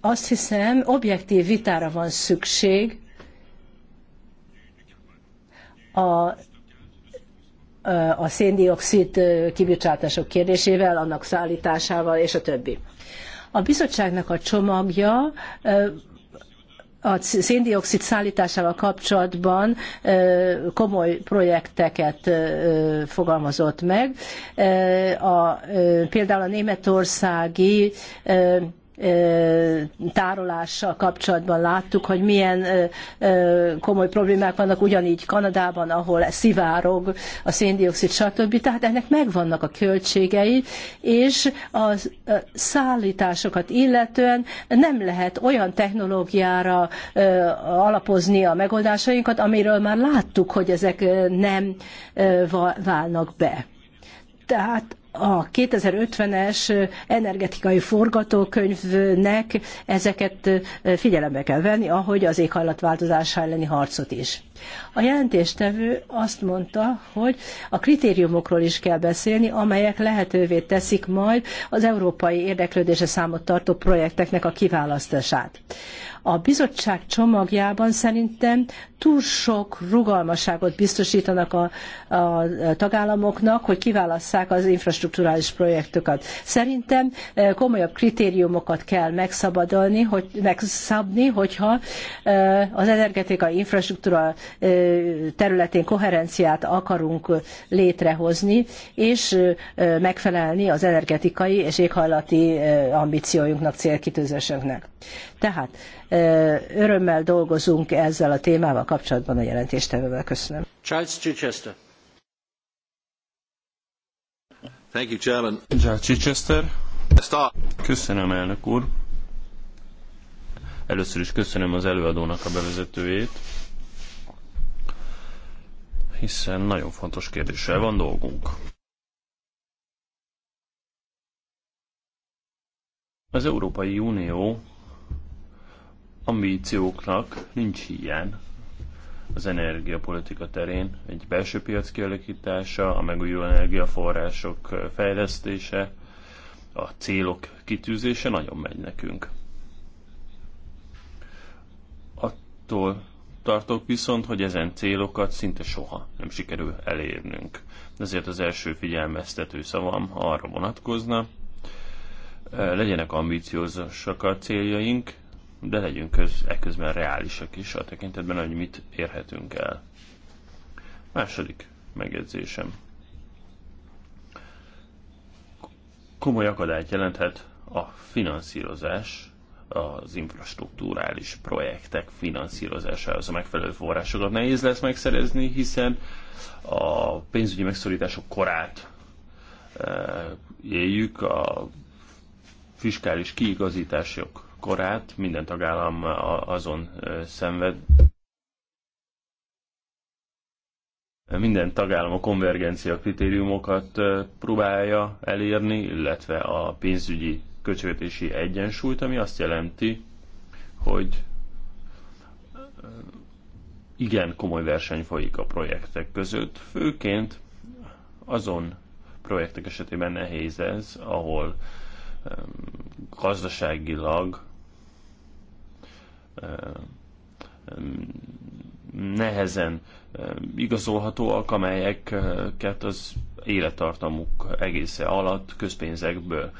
azt hiszem, objektív vitára van szükség a, a széndiokszid kibocsátások kérdésével, annak szállításával és a többi. A bizottságnak a csomagja a széndiokszid szállításával kapcsolatban komoly projekteket fogalmazott meg. A, például a németországi tárolással kapcsolatban láttuk, hogy milyen komoly problémák vannak, ugyanígy Kanadában, ahol szivárog a széndiokszid, stb. Tehát ennek megvannak a költségei, és a szállításokat illetően nem lehet olyan technológiára alapozni a megoldásainkat, amiről már láttuk, hogy ezek nem válnak be. Tehát a 2050-es energetikai forgatókönyvnek ezeket figyelembe kell venni, ahogy az éghajlatváltozás elleni harcot is. A jelentéstevő azt mondta, hogy a kritériumokról is kell beszélni, amelyek lehetővé teszik majd az európai érdeklődése számot tartó projekteknek a kiválasztását. A bizottság csomagjában szerintem túl sok rugalmasságot biztosítanak a, a tagállamoknak, hogy kiválasszák az infrastrukturális projektokat. Szerintem e, komolyabb kritériumokat kell megszabadulni, hogy megszabni, hogyha e, az energetikai infrastruktúra e, területén koherenciát akarunk létrehozni, és megfelelni az energetikai és éghajlati ambícióinknak, célkitűzésünknek. Tehát Örömmel dolgozunk ezzel a témával kapcsolatban a jelentéstevővel. Köszönöm. Charles Chichester. Thank you, Chairman. Charles Chichester. Köszönöm, elnök úr. Először is köszönöm az előadónak a bevezetőjét, hiszen nagyon fontos kérdéssel van dolgunk. Az Európai Unió ambícióknak nincs hiány az energiapolitika terén. Egy belső piac kialakítása, a megújuló energiaforrások fejlesztése, a célok kitűzése nagyon megy nekünk. Attól tartok viszont, hogy ezen célokat szinte soha nem sikerül elérnünk. Ezért az első figyelmeztető szavam arra vonatkozna, legyenek ambíciózusak a céljaink, de legyünk köz, eközben reálisak is a tekintetben, hogy mit érhetünk el. Második megjegyzésem. Komoly akadályt jelenthet a finanszírozás, az infrastruktúrális projektek finanszírozásához a megfelelő forrásokat nehéz lesz megszerezni, hiszen a pénzügyi megszorítások korát eh, éljük, a fiskális kiigazítások korát, minden tagállam azon szenved. Minden tagállam a konvergencia kritériumokat próbálja elérni, illetve a pénzügyi költségvetési egyensúlyt, ami azt jelenti, hogy igen komoly verseny folyik a projektek között, főként azon projektek esetében nehéz ez, ahol gazdaságilag nehezen igazolhatóak, amelyeket az élettartamuk egésze alatt közpénzekből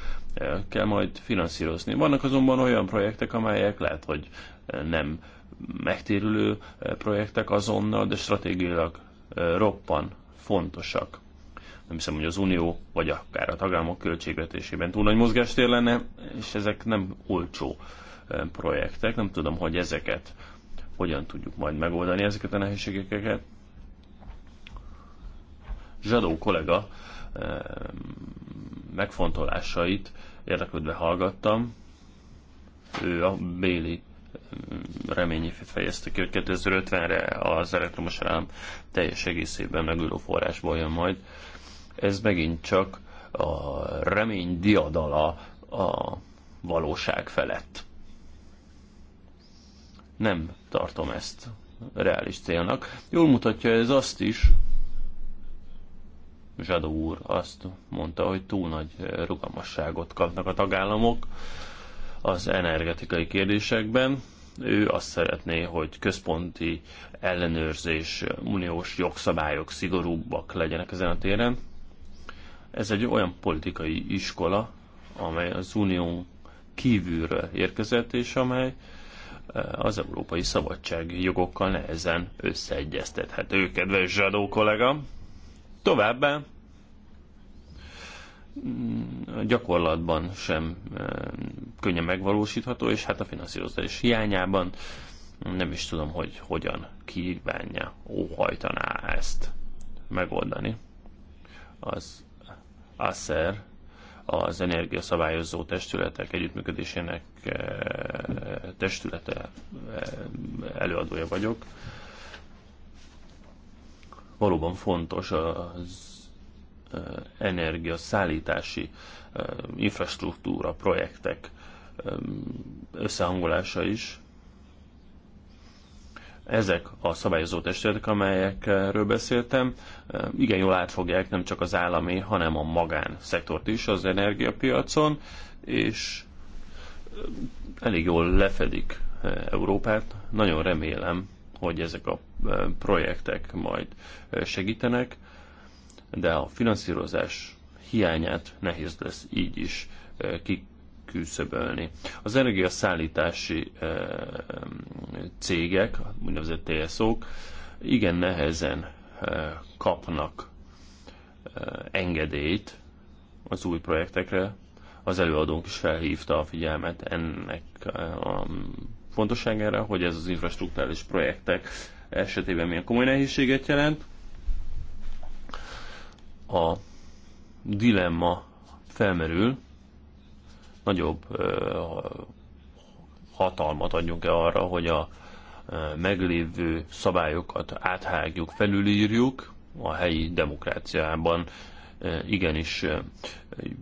kell majd finanszírozni. Vannak azonban olyan projektek, amelyek lehet, hogy nem megtérülő projektek azonnal, de stratégiailag roppan fontosak. Nem hiszem, hogy az Unió vagy akár a tagállamok költségvetésében túl nagy mozgástér lenne, és ezek nem olcsó projektek. Nem tudom, hogy ezeket hogyan tudjuk majd megoldani ezeket a nehézségeket. Zsadó kollega megfontolásait érdeklődve hallgattam. Ő a Béli reményét fejezte ki, hogy 2050-re az elektromos áram teljes egészében megülő forrásból jön majd. Ez megint csak a remény diadala a valóság felett. Nem tartom ezt reális célnak. Jól mutatja ez azt is, Zsadó úr azt mondta, hogy túl nagy rugalmasságot kapnak a tagállamok az energetikai kérdésekben. Ő azt szeretné, hogy központi ellenőrzés, uniós jogszabályok szigorúbbak legyenek ezen a téren. Ez egy olyan politikai iskola, amely az unión kívülről érkezett, és amely az európai szabadságjogokkal nehezen összeegyeztethető, kedves zsadó kollega. Továbbá mm, gyakorlatban sem e, könnyen megvalósítható, és hát a finanszírozás hiányában nem is tudom, hogy hogyan kívánja, óhajtaná ezt megoldani. Az ASZER az energiaszabályozó testületek együttműködésének eh, testülete eh, előadója vagyok. Valóban fontos az eh, energiaszállítási infrastruktúra projektek összehangolása is, ezek a szabályozó testületek, amelyekről beszéltem, igen jól átfogják nem csak az állami, hanem a magán szektort is az energiapiacon, és elég jól lefedik Európát. Nagyon remélem, hogy ezek a projektek majd segítenek, de a finanszírozás hiányát nehéz lesz így is ki küszöbölni. Az energiaszállítási eh, cégek, úgynevezett TSO-k, igen nehezen eh, kapnak eh, engedélyt az új projektekre. Az előadónk is felhívta a figyelmet ennek a fontosságára, hogy ez az infrastruktúrális projektek esetében milyen komoly nehézséget jelent. A dilemma felmerül, nagyobb hatalmat adjunk-e arra, hogy a meglévő szabályokat áthágjuk, felülírjuk a helyi demokráciában. Igenis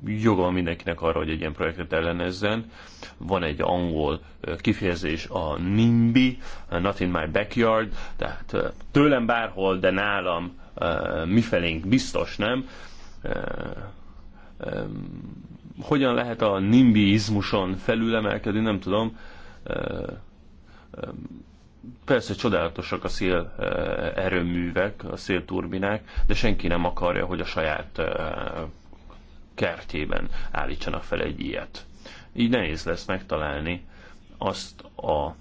joga van mindenkinek arra, hogy egy ilyen projektet ellenezzen. Van egy angol kifejezés, a NIMBY, not in my backyard, tehát tőlem bárhol, de nálam mifelénk biztos nem hogyan lehet a nimbiizmuson felülemelkedni, nem tudom. Persze csodálatosak a szél erőművek, a szélturbinák, de senki nem akarja, hogy a saját kertjében állítsanak fel egy ilyet. Így nehéz lesz megtalálni azt a,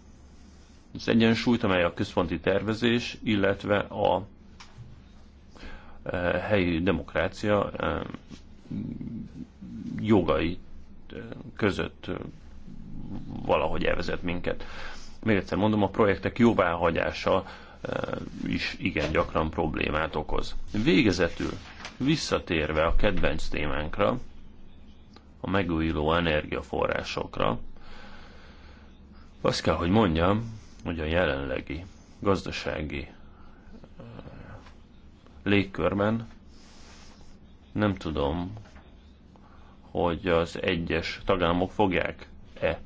az egyensúlyt, amely a központi tervezés, illetve a helyi demokrácia jogai között valahogy elvezet minket. Még egyszer mondom, a projektek jóváhagyása is igen gyakran problémát okoz. Végezetül, visszatérve a kedvenc témánkra, a megújuló energiaforrásokra, azt kell, hogy mondjam, hogy a jelenlegi gazdasági légkörben nem tudom, hogy az egyes tagállamok fogják-e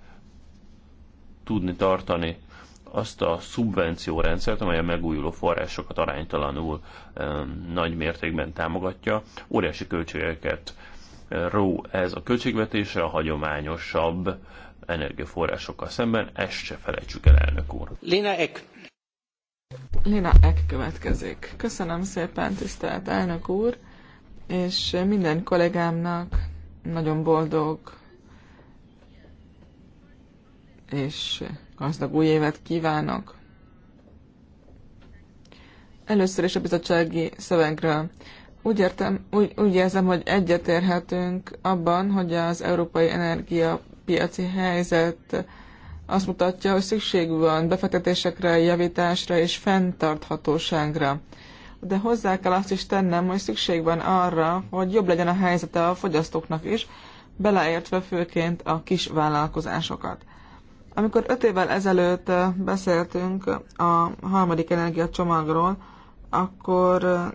tudni tartani azt a szubvenciórendszert, amely a megújuló forrásokat aránytalanul um, nagy mértékben támogatja. Óriási költségeket ró ez a költségvetésre a hagyományosabb energiaforrásokkal szemben. Ezt se felejtsük el, elnök úr. Lina Ek. Lina Ek következik. Köszönöm szépen, tisztelt elnök úr és minden kollégámnak nagyon boldog és gazdag új évet kívánok. Először is a bizottsági szövegről. Úgy, értem, úgy, úgy érzem, hogy egyetérhetünk abban, hogy az európai energiapiaci helyzet azt mutatja, hogy szükség van befektetésekre, javításra és fenntarthatóságra de hozzá kell azt is tennem, hogy szükség van arra, hogy jobb legyen a helyzete a fogyasztóknak is, beleértve főként a kis vállalkozásokat. Amikor öt évvel ezelőtt eh, beszéltünk a harmadik energiacsomagról, akkor eh,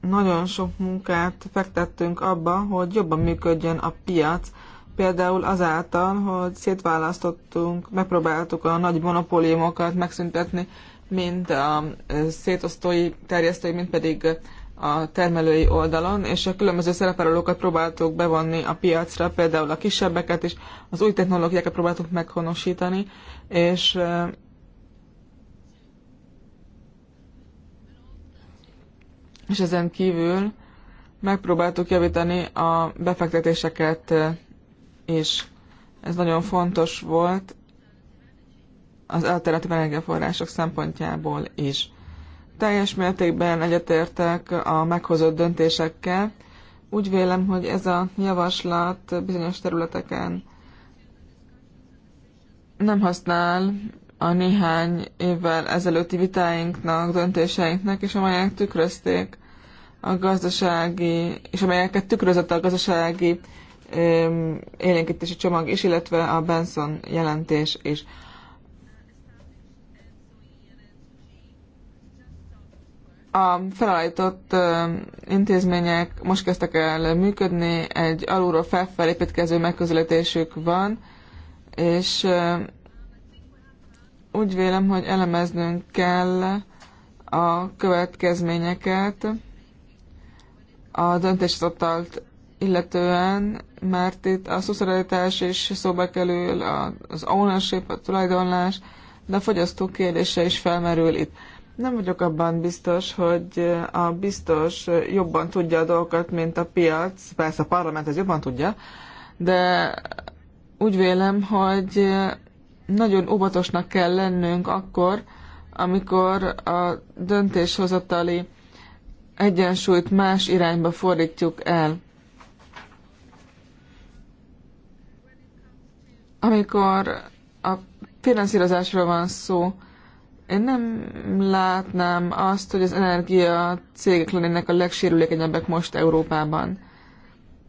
nagyon sok munkát fektettünk abba, hogy jobban működjön a piac, például azáltal, hogy szétválasztottunk, megpróbáltuk a nagy monopóliumokat megszüntetni mind a szétosztói, terjesztői, mind pedig a termelői oldalon, és a különböző szerepelőket próbáltuk bevonni a piacra, például a kisebbeket is, az új technológiákat próbáltuk meghonosítani, és és ezen kívül megpróbáltuk javítani a befektetéseket, és ez nagyon fontos volt, az alternatív energiaforrások szempontjából is. Teljes mértékben egyetértek a meghozott döntésekkel. Úgy vélem, hogy ez a javaslat bizonyos területeken nem használ a néhány évvel ezelőtti vitáinknak, döntéseinknek, és amelyek tükrözték a gazdasági, és amelyeket tükrözött a gazdasági élénkítési csomag is, illetve a Benson jelentés is. a felállított intézmények most kezdtek el működni, egy alulról felfelé építkező megközelítésük van, és úgy vélem, hogy elemeznünk kell a következményeket a döntéshozatalt illetően, mert itt a szuszerelítás is szóba kerül, az ownership, a tulajdonlás, de a fogyasztó kérdése is felmerül itt. Nem vagyok abban biztos, hogy a biztos jobban tudja a dolgokat, mint a piac. Persze a parlament ez jobban tudja, de úgy vélem, hogy nagyon óvatosnak kell lennünk akkor, amikor a döntéshozatali egyensúlyt más irányba fordítjuk el. Amikor a finanszírozásról van szó, én nem látnám azt, hogy az energia cégek lennének a legsérülékenyebbek most Európában.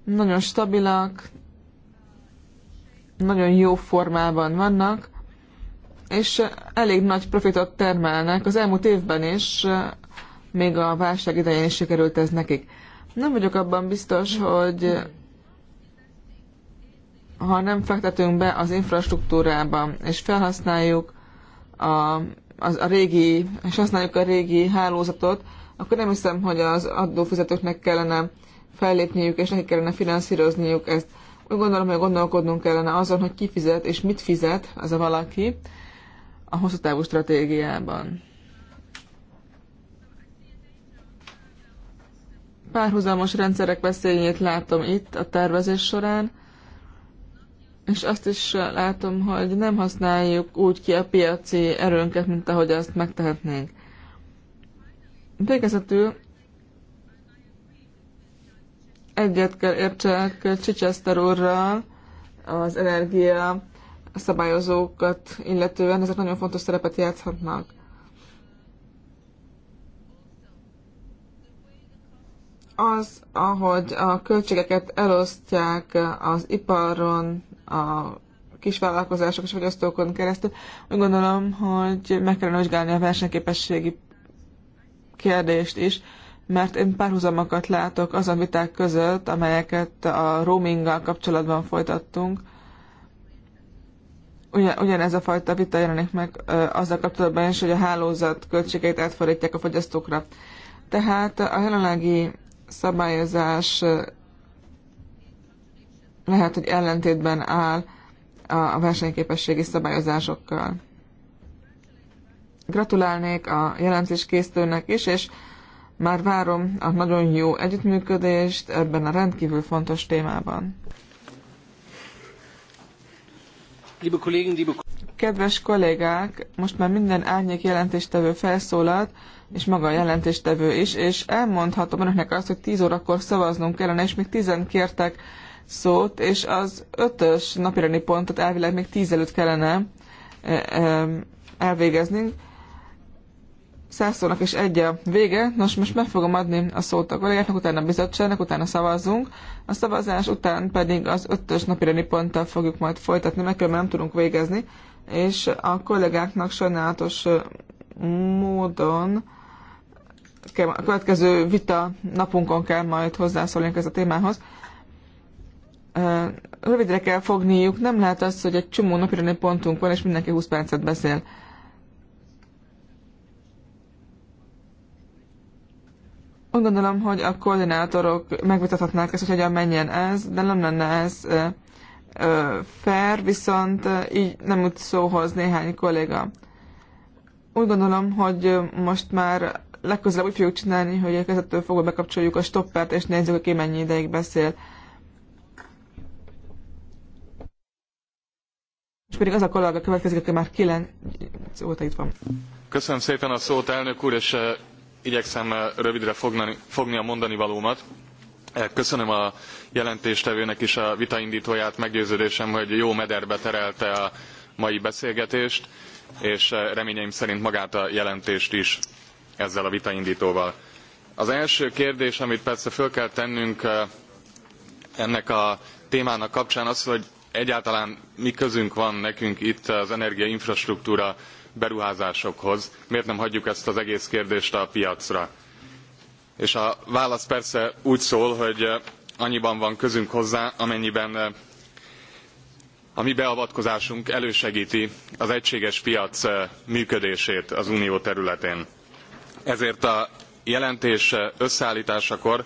Nagyon stabilak, nagyon jó formában vannak, és elég nagy profitot termelnek. Az elmúlt évben is, még a válság idején is sikerült ez nekik. Nem vagyok abban biztos, hogy ha nem fektetünk be az infrastruktúrába, és felhasználjuk a az, a régi, és használjuk a régi hálózatot, akkor nem hiszem, hogy az adófizetőknek kellene fellépniük, és nekik kellene finanszírozniuk ezt. Úgy gondolom, hogy gondolkodnunk kellene azon, hogy ki fizet, és mit fizet az a valaki a hosszú távú stratégiában. Párhuzamos rendszerek veszélyét látom itt a tervezés során és azt is látom, hogy nem használjuk úgy ki a piaci erőnket, mint ahogy azt megtehetnénk. Végezetül egyet kell értsek Csicseszter úrral az energia szabályozókat illetően, ezek nagyon fontos szerepet játszhatnak. Az, ahogy a költségeket elosztják az iparon a kisvállalkozások és fogyasztókon keresztül. Úgy gondolom, hogy meg kellene vizsgálni a versenyképességi kérdést is, mert én párhuzamokat látok azon viták között, amelyeket a roaminggal kapcsolatban folytattunk. Ugyan, ugyanez a fajta vita jelenik meg ö, azzal kapcsolatban is, hogy a hálózat költségeit átfordítják a fogyasztókra. Tehát a jelenlegi szabályozás lehet, hogy ellentétben áll a versenyképességi szabályozásokkal. Gratulálnék a jelentés készítőnek is, és már várom a nagyon jó együttműködést ebben a rendkívül fontos témában. Kedves kollégák, most már minden árnyék jelentéstevő felszólalt, és maga a jelentéstevő is, és elmondhatom önöknek azt, hogy 10 órakor szavaznunk kellene, és még 10 kértek szót, és az ötös napirendi pontot elvileg még tíz előtt kellene eh, elvégeznünk. Százszónak és egy a vége. Nos, most meg fogom adni a szót a kollégáknak, utána a bizottságnak, utána szavazunk. A szavazás után pedig az ötös napirendi ponttal fogjuk majd folytatni, mert nem tudunk végezni. És a kollégáknak sajnálatos eh, módon a következő vita napunkon kell majd hozzászólni ez a témához rövidre kell fogniuk, nem lehet az, hogy egy csomó napirendi pontunk van, és mindenki 20 percet beszél. Úgy gondolom, hogy a koordinátorok megvitathatnák ezt, hogy hogyan menjen ez, de nem lenne ez fair, viszont így nem úgy szóhoz néhány kolléga. Úgy gondolom, hogy most már legközelebb úgy fogjuk csinálni, hogy a kezdettől fogva bekapcsoljuk a stoppert, és nézzük, hogy ki mennyi ideig beszél. És pedig az a kollega következik, aki már 9 óta itt van. Köszönöm szépen a szót, elnök úr, és eh, igyekszem eh, rövidre fognani, fogni a mondani valómat. Eh, köszönöm a jelentéstevőnek is a vitaindítóját, meggyőződésem, hogy jó mederbe terelte a mai beszélgetést, és reményeim szerint magát a jelentést is ezzel a vitaindítóval. Az első kérdés, amit persze föl kell tennünk ennek a témának kapcsán az, hogy egyáltalán mi közünk van nekünk itt az energiainfrastruktúra beruházásokhoz, miért nem hagyjuk ezt az egész kérdést a piacra. És a válasz persze úgy szól, hogy eh, annyiban van közünk hozzá, amennyiben eh, a mi beavatkozásunk elősegíti az egységes piac eh, működését az unió területén. Ezért a jelentés összeállításakor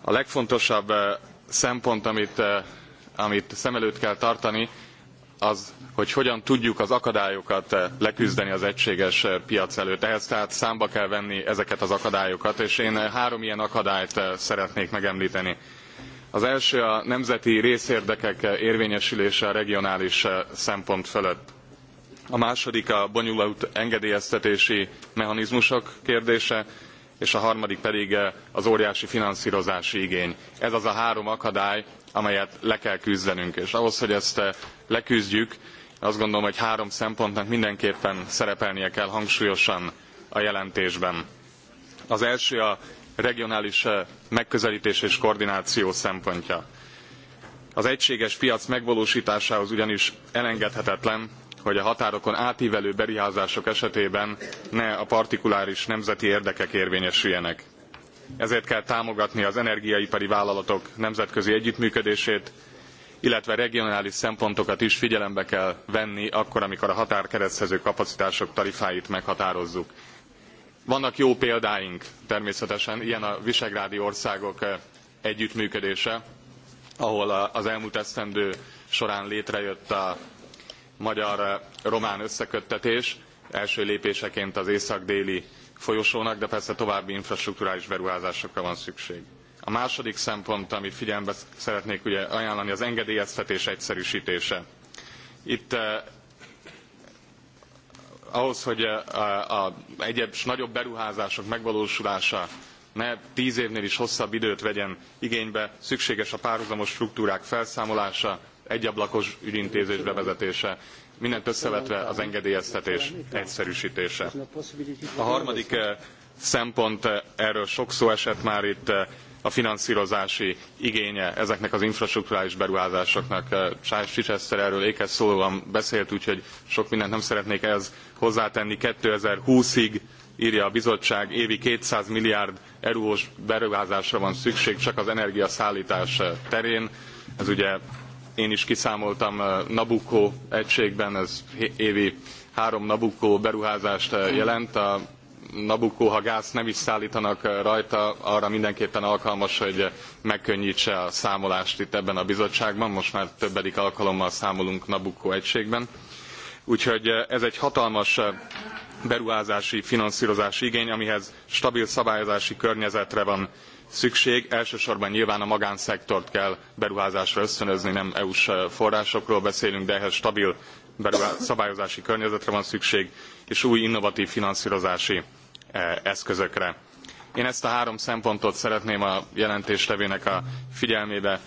a legfontosabb szempont, amit amit szem előtt kell tartani, az, hogy hogyan tudjuk az akadályokat eh, leküzdeni az egységes eh, piac előtt. Ehhez tehát számba kell venni ezeket az akadályokat, és én eh, három ilyen akadályt szeretnék megemlíteni. Az első a nemzeti részérdekek érvényesülése a regionális szempont fölött. A második a bonyolult engedélyeztetési mechanizmusok kérdése, és a harmadik pedig az óriási finanszírozási igény. Ez az a három akadály, amelyet le kell küzdenünk. És ahhoz, hogy ezt eh, leküzdjük, azt gondolom, hogy három szempontnak mindenképpen szerepelnie kell hangsúlyosan a jelentésben. Az első a regionális eh, megközelítés és koordináció szempontja. Az egységes piac megvalósításához ugyanis elengedhetetlen, hogy a határokon átívelő beruházások esetében ne a partikuláris nemzeti érdekek érvényesüljenek ezért kell támogatni az energiaipari vállalatok nemzetközi együttműködését, illetve regionális szempontokat is figyelembe kell venni akkor, amikor a határkereszthező kapacitások tarifáit meghatározzuk. Vannak jó példáink természetesen, ilyen a visegrádi országok eh, együttműködése, ahol az elmúlt esztendő során létrejött a magyar-román eh, összeköttetés, első lépéseként az észak-déli folyosónak, de persze további infrastrukturális beruházásokra van szükség. A második szempont, amit figyelembe szeretnék ugye ajánlani, az engedélyeztetés egyszerűsítése. Itt eh, ahhoz, hogy eh, egyéb nagyobb beruházások megvalósulása ne tíz évnél is hosszabb időt vegyen igénybe, szükséges a párhuzamos struktúrák felszámolása, egyablakos ügyintézés bevezetése mindent összevetve az engedélyeztetés egyszerűsítése. A harmadik eh, szempont, eh, erről sok szó esett már itt, eh, a finanszírozási igénye ezeknek az infrastruktúrális beruházásoknak. Charles Chichester erről ékes szólóan beszélt, úgyhogy sok mindent nem szeretnék ehhez hozzátenni. 2020-ig írja a bizottság, évi 200 milliárd eurós beruházásra van szükség csak az energiaszállítás terén. Ez ugye én is kiszámoltam eh, Nabucco egységben, ez évi három Nabucco beruházást eh, jelent. A Nabucco, ha gáz nem is szállítanak eh, rajta, arra mindenképpen alkalmas, hogy megkönnyítse a számolást itt ebben a bizottságban. Most már többedik alkalommal számolunk Nabucco egységben. Úgyhogy ez egy hatalmas beruházási, finanszírozási igény, amihez stabil szabályozási környezetre van szükség. Elsősorban nyilván a magánszektort kell beruházásra ösztönözni, nem EU-s eh, forrásokról beszélünk, de ehhez stabil szabályozási környezetre van szükség, és új innovatív finanszírozási eh, eszközökre. Én ezt a három szempontot szeretném a jelentéstevének a figyelmébe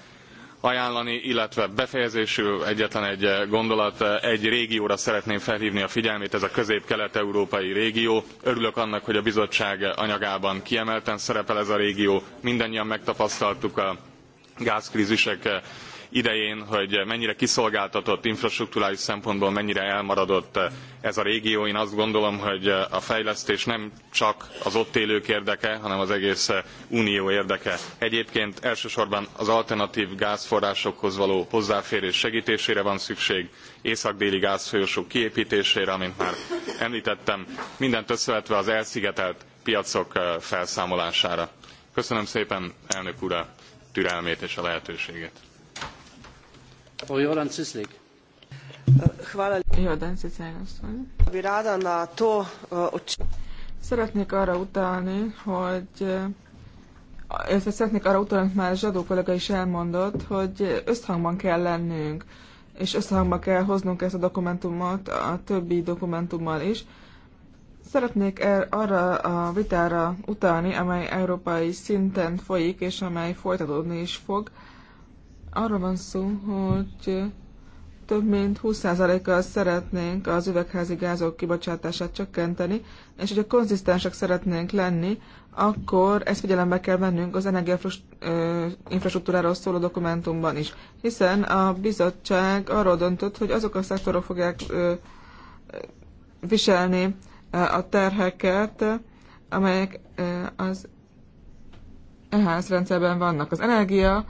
ajánlani, illetve befejezésül egyetlen egy gondolat, egy régióra szeretném felhívni a figyelmét, ez a közép-kelet-európai régió. Örülök annak, hogy a bizottság anyagában kiemelten szerepel ez a régió. Mindannyian megtapasztaltuk a gázkrízisek idején, hogy mennyire kiszolgáltatott infrastrukturális szempontból, mennyire elmaradott ez a régió. Én azt gondolom, hogy a fejlesztés nem csak az ott élők érdeke, hanem az egész unió érdeke. Egyébként elsősorban az alternatív gázforrásokhoz való hozzáférés segítésére van szükség, észak-déli gázfolyósok kiépítésére, amint már említettem, mindent összevetve az elszigetelt piacok felszámolására. Köszönöm szépen elnök úr a türelmét és a lehetőséget. Jordan Cislik. Hvala. Jordan Cislik asszony. E, szeretnék arra utalni, hogy ezt szeretnék arra utalni, amit már Zsadó kollega is elmondott, hogy összhangban kell lennünk, és összhangban kell hoznunk ezt a dokumentumot a többi dokumentummal is. Szeretnék er, arra a vitára utalni, amely európai szinten folyik, és amely folytatódni is fog, arról van szó, hogy több mint 20%-kal szeretnénk az üvegházi gázok kibocsátását csökkenteni, és hogyha konzisztensek szeretnénk lenni, akkor ezt figyelembe kell vennünk az energiainfrastruktúráról szóló dokumentumban is. Hiszen a bizottság arról döntött, hogy azok a szektorok fogják viselni a terheket, amelyek az EHS rendszerben vannak. Az energia,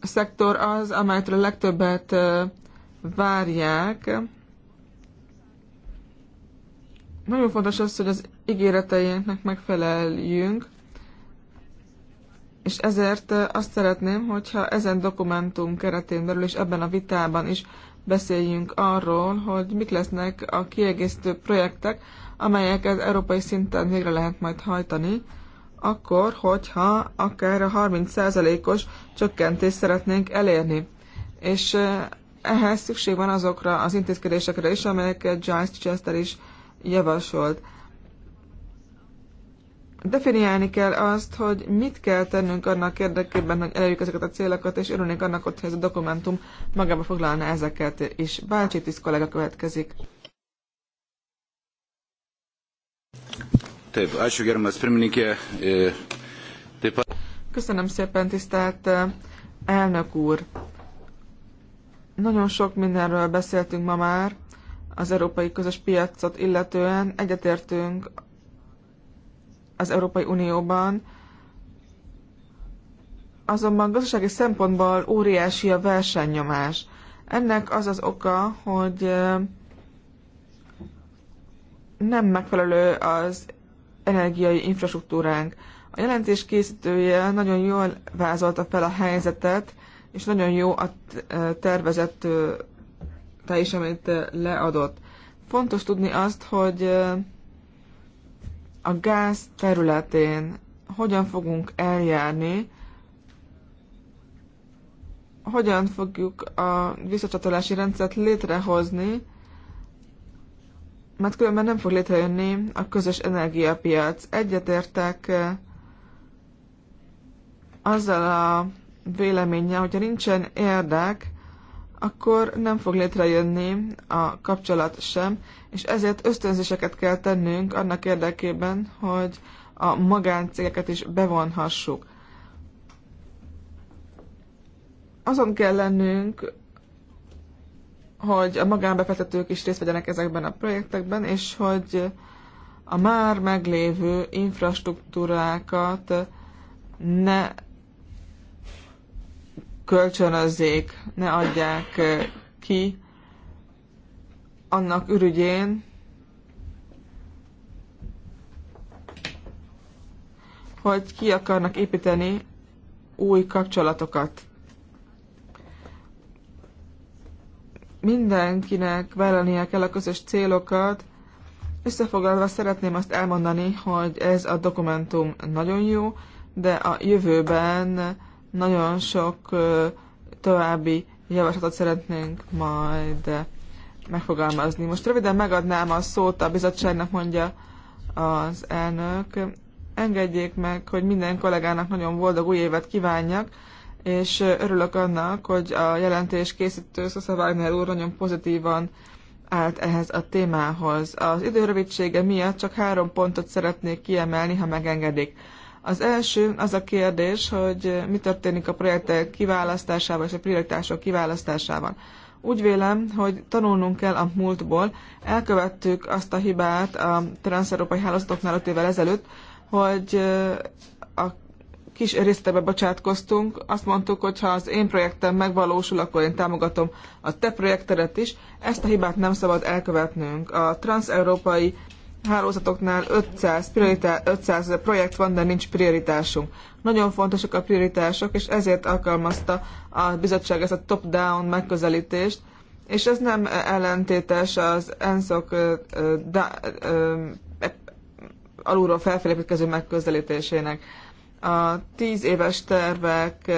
szektor az, amelytől a legtöbbet várják. Nagyon fontos az, hogy az ígéreteinknek megfeleljünk, és ezért azt szeretném, hogyha ezen dokumentum keretén belül és ebben a vitában is beszéljünk arról, hogy mik lesznek a kiegészítő projektek, amelyeket európai szinten végre lehet majd hajtani, akkor, hogyha akár a 30%-os csökkentést szeretnénk elérni. És ehhez szükség van azokra az intézkedésekre is, amelyeket Giles Chester is javasolt. Definiálni kell azt, hogy mit kell tennünk annak érdekében, hogy elérjük ezeket a célokat, és örülnék annak, hogyha ez a dokumentum magába foglalna ezeket is. Bácsi Tisz kollega következik. Taip, ačiū gerbiamas pirmininkė. E, taip pat. Köszönöm szépen, tisztelt e, elnök úr. Nagyon sok mindenről beszéltünk ma már az európai közös piacot illetően. Egyetértünk az Európai Unióban, azonban gazdasági szempontból óriási a versenynyomás. Ennek az az oka, hogy e, nem megfelelő az energiai infrastruktúránk. A jelentés készítője nagyon jól vázolta fel a helyzetet, és nagyon jó a tervezett te is, amit leadott. Fontos tudni azt, hogy a gáz területén hogyan fogunk eljárni, hogyan fogjuk a visszacsatolási rendszert létrehozni, mert különben nem fog létrejönni a közös energiapiac. Egyetértek azzal a véleménnyel, hogyha nincsen érdek, akkor nem fog létrejönni a kapcsolat sem, és ezért ösztönzéseket kell tennünk annak érdekében, hogy a magáncégeket is bevonhassuk. Azon kell lennünk, hogy a magánbefektetők is részt vegyenek ezekben a projektekben, és hogy a már meglévő infrastruktúrákat ne kölcsönözzék, ne adják ki annak ürügyén, hogy ki akarnak építeni új kapcsolatokat. mindenkinek vállalnia kell a közös célokat. Összefoglalva szeretném azt elmondani, hogy ez a dokumentum nagyon jó, de a jövőben nagyon sok további javaslatot szeretnénk majd megfogalmazni. Most röviden megadnám a szót a bizottságnak, mondja az elnök. Engedjék meg, hogy minden kollégának nagyon boldog új évet kívánjak, és örülök annak, hogy a jelentés készítő Szosza Wagner úr nagyon pozitívan állt ehhez a témához. Az időrövidsége miatt csak három pontot szeretnék kiemelni, ha megengedik. Az első az a kérdés, hogy mi történik a projektek kiválasztásával és a prioritások kiválasztásával. Úgy vélem, hogy tanulnunk kell a múltból. Elkövettük azt a hibát a transzeurópai hálózatoknál 5 évvel ezelőtt, hogy kis résztebe bocsátkoztunk. Azt mondtuk, hogy ha az én projektem megvalósul, akkor én támogatom a te projektedet is. Ezt a hibát nem szabad elkövetnünk. A transeurópai hálózatoknál 500, prioritá- 500 projekt van, de nincs prioritásunk. Nagyon fontosak a prioritások, és ezért alkalmazta a bizottság ezt a top-down megközelítést, és ez nem ellentétes az ENSZOK e, alulról felfelépítkező megközelítésének a tíz éves tervek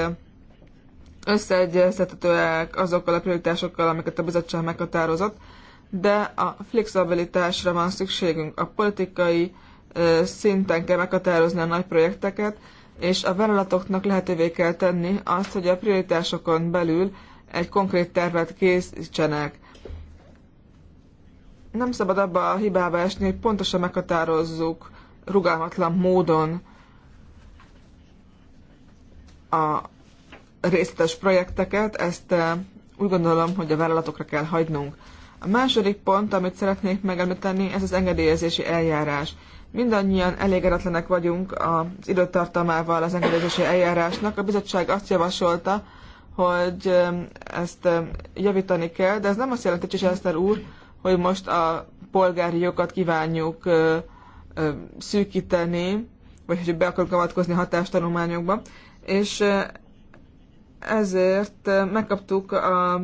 összeegyeztethetőek azokkal a prioritásokkal, amiket a bizottság meghatározott, de a flexibilitásra van szükségünk. A politikai szinten kell meghatározni a nagy projekteket, és a vállalatoknak lehetővé kell tenni azt, hogy a prioritásokon belül egy konkrét tervet készítsenek. Nem szabad abba a hibába esni, hogy pontosan meghatározzuk rugalmatlan módon a részletes projekteket, ezt eh, úgy gondolom, hogy a vállalatokra kell hagynunk. A második pont, amit szeretnék megemlíteni, ez az engedélyezési eljárás. Mindannyian elégedetlenek vagyunk az időtartamával az engedélyezési eljárásnak. A bizottság azt javasolta, hogy eh, ezt eh, javítani kell, de ez nem azt jelenti, Csiselszter úr, hogy most a polgári jogokat kívánjuk szűkíteni, vagy hogy be akarunk avatkozni hatástanulmányokba és ezért megkaptuk a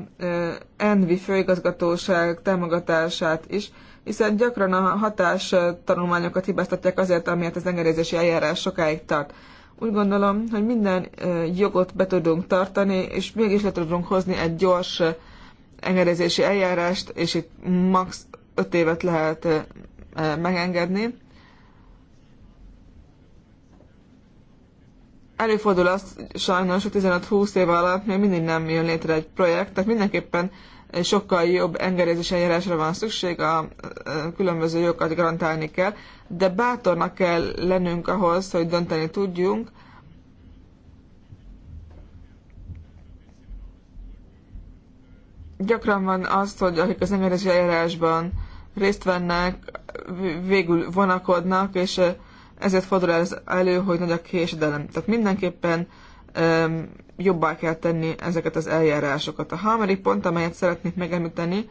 ENVI főigazgatóság támogatását is, hiszen gyakran a hatás tanulmányokat hibáztatják azért, amiért az engedélyezési eljárás sokáig tart. Úgy gondolom, hogy minden jogot be tudunk tartani, és mégis le tudunk hozni egy gyors engedélyezési eljárást, és itt max. 5 évet lehet megengedni. Előfordul az sajnos, hogy 15-20 év alatt még mindig nem jön létre egy projekt, tehát mindenképpen sokkal jobb engedélyezés eljárásra van szükség, a különböző jogokat garantálni kell, de bátornak kell lennünk ahhoz, hogy dönteni tudjunk, gyakran van az, hogy akik az engedélyezési eljárásban részt vennek, végül vonakodnak, és ezért fordul ez elő, hogy nagy a késedelem. Tehát mindenképpen um, jobbá kell tenni ezeket az eljárásokat. A harmadik pont, amelyet szeretnék megemlíteni,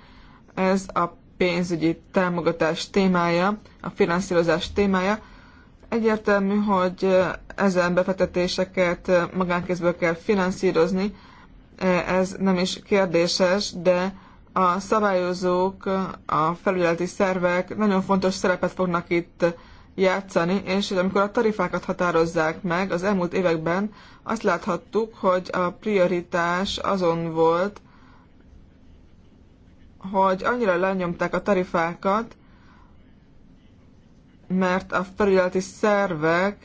ez a pénzügyi támogatás témája, a finanszírozás témája. Egyértelmű, hogy ezen befektetéseket magánkézből kell finanszírozni, ez nem is kérdéses, de a szabályozók, a felügyeleti szervek nagyon fontos szerepet fognak itt játszani, és amikor a tarifákat határozzák meg, az elmúlt években azt láthattuk, hogy a prioritás azon volt, hogy annyira lenyomták a tarifákat, mert a felületi szervek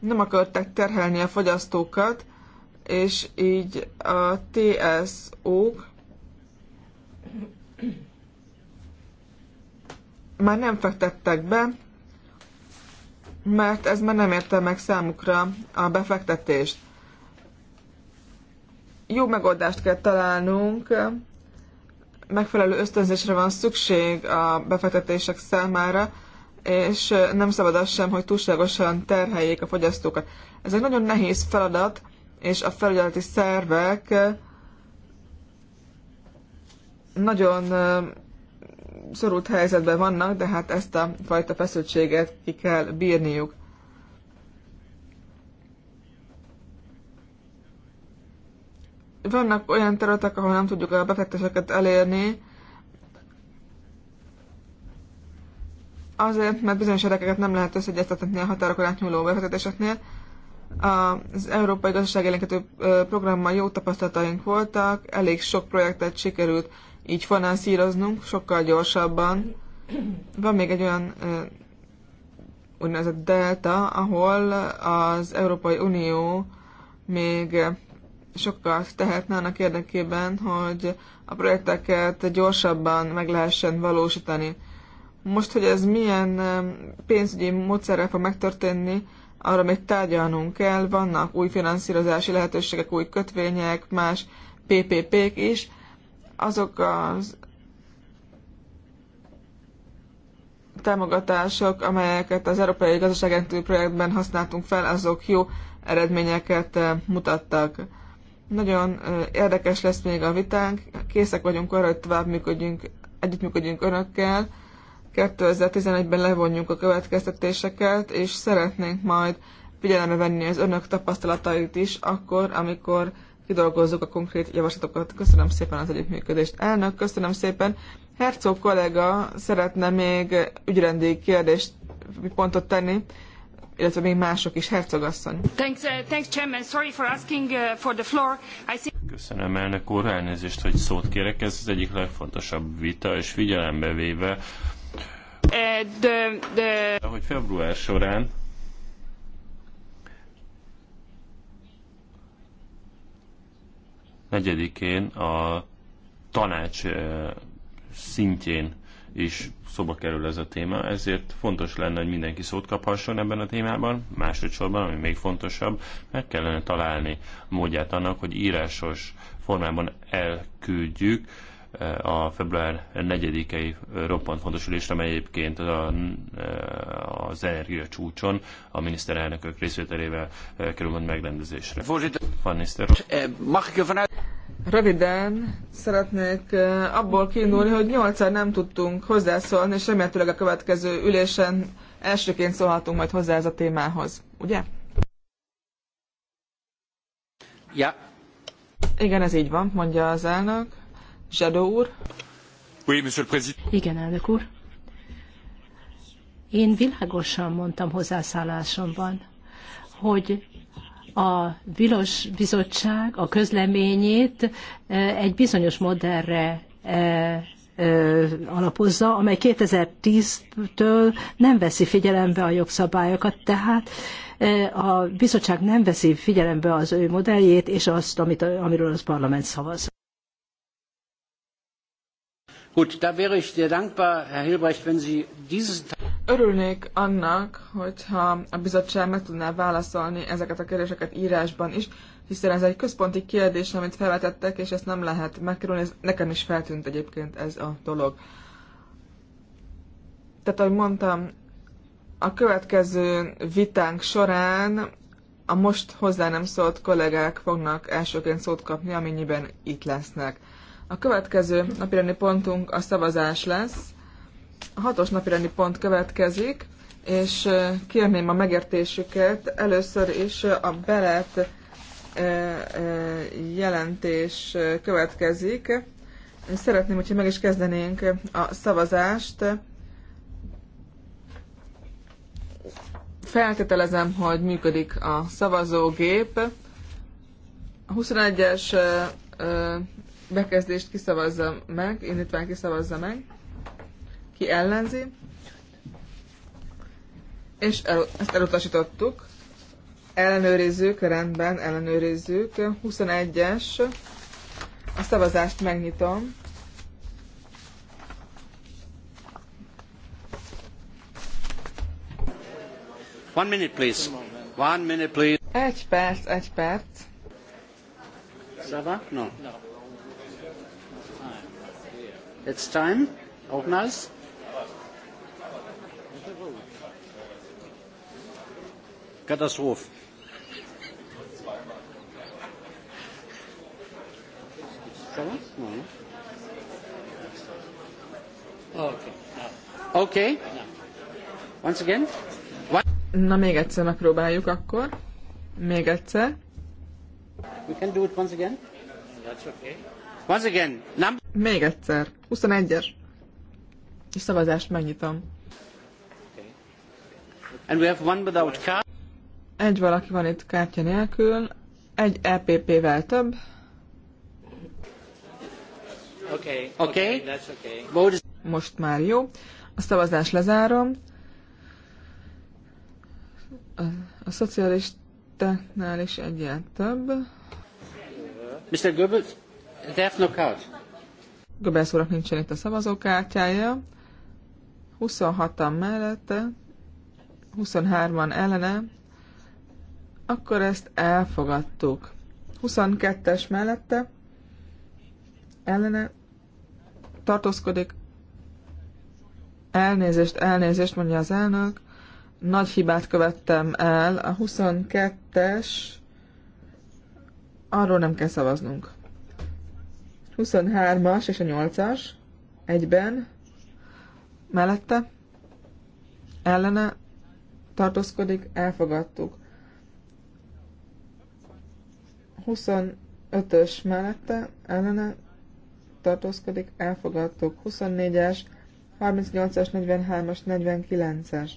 nem akarták terhelni a fogyasztókat, és így a TSO-k már nem fektettek be, mert ez már nem érte meg számukra a befektetést. Jó megoldást kell találnunk, megfelelő ösztönzésre van szükség a befektetések számára, és nem szabad az sem, hogy túlságosan terheljék a fogyasztókat. Ez egy nagyon nehéz feladat, és a felügyeleti szervek nagyon szorult helyzetben vannak, de hát ezt a fajta feszültséget ki kell bírniuk. Vannak olyan területek, ahol nem tudjuk a befektetéseket elérni, azért, mert bizonyos érdekeket nem lehet összeegyeztetni a határokon átnyúló befektetéseknél. Az Európai Gazdaság Programmal jó tapasztalataink voltak, elég sok projektet sikerült így finanszíroznunk, sokkal gyorsabban. Van még egy olyan úgynevezett delta, ahol az Európai Unió még sokkal tehetne annak érdekében, hogy a projekteket gyorsabban meg lehessen valósítani. Most, hogy ez milyen pénzügyi módszerrel fog megtörténni, arra még tárgyalnunk kell, vannak új finanszírozási lehetőségek, új kötvények, más PPP-k is, azok az támogatások, amelyeket az Európai Gazdaságentő projektben használtunk fel, azok jó eredményeket eh, mutattak. Nagyon eh, érdekes lesz még a vitánk, készek vagyunk arra, hogy tovább működjünk, együttműködjünk önökkel, 2011-ben levonjuk a következtetéseket, és szeretnénk majd figyelembe venni az önök tapasztalatait is, akkor, amikor kidolgozzuk a konkrét javaslatokat. Köszönöm szépen az együttműködést. Elnök, köszönöm szépen. Herzog kollega szeretne még ügyrendi kérdést pontot tenni, illetve még mások is. Herzog asszony. Thanks, uh, thanks Chairman. Sorry for asking uh, for the floor. I see... Köszönöm, elnök úr, elnézést, hogy szót kérek. Ez az egyik legfontosabb vita, és figyelembe véve, uh, the, the... hogy február során negyedikén a tanács szintjén is szoba kerül ez a téma, ezért fontos lenne, hogy mindenki szót kaphasson ebben a témában. Másodszorban, ami még fontosabb, meg kellene találni módját annak, hogy írásos formában elküldjük a február 4-i roppant fontos ülésre, amely egyébként a, eh, az energia csúcson a miniszterelnökök részvételével eh, kerül majd megrendezésre. Eh, Röviden szeretnék abból kiindulni, hogy nyolcszer nem tudtunk hozzászólni, és remélhetőleg a következő ülésen elsőként szólhatunk majd hozzá ez a témához, ugye? Ja. Igen, ez így van, mondja az elnök. Zsadó úr. Oui, monsieur le président. Igen, elnök úr. Én világosan mondtam hozzászállásomban, hogy a Vilos Bizottság a közleményét eh, egy bizonyos modellre eh, eh, alapozza, amely 2010-től nem veszi figyelembe a jogszabályokat, tehát a bizottság nem veszi figyelembe az ő modelljét és azt, amit, amiről az parlament szavaz. Örülnék annak, hogyha a bizottság meg tudná válaszolni ezeket a kérdéseket írásban is, hiszen ez egy központi kérdés, amit felvetettek, és ezt nem lehet megkerülni. Ez nekem is feltűnt egyébként ez a dolog. Tehát, ahogy mondtam, a következő vitánk során a most hozzá nem szólt kollégák fognak elsőként szót kapni, amennyiben itt lesznek. A következő napirendi pontunk a szavazás lesz. A hatos napirendi pont következik, és kérném a megértésüket. Először is a belet jelentés következik. Szeretném, hogyha meg is kezdenénk a szavazást. Feltételezem, hogy működik a szavazógép. A 21-es bekezdést kiszavazza meg, indítvány kiszavazza meg, ki ellenzi, és el, ezt elutasítottuk. Ellenőrizzük, rendben, ellenőrizzük. 21-es, a szavazást megnyitom. One minute, please. One minute, please. Egy perc, egy perc. Ça va? No. no. It's time. Organize. Katastrophe. Okay. Once again. Na még egyszer megpróbáljuk akkor. Még egyszer. We can do it once again. That's okay. Once again, num- Még egyszer. 21-es. És szavazást megnyitom. Okay. And we have one without card. Egy valaki van itt kártya nélkül, egy EPP-vel több. Okay. Okay. okay. okay. Most már jó. A szavazást lezárom. A, a szocialistáknál is egyet több. Mr. Goebbels? Göbbelsz úrnak nincsen itt a szavazókártyája. 26-an mellette, 23-an ellene, akkor ezt elfogadtuk. 22-es mellette, ellene, tartózkodik, elnézést, elnézést, mondja az elnök, nagy hibát követtem el, a 22-es, arról nem kell szavaznunk. 23-as és a 8-as egyben mellette ellene tartózkodik, elfogadtuk. 25-ös mellette ellene tartózkodik, elfogadtuk. 24-es, 38-as, 43-as, 49-es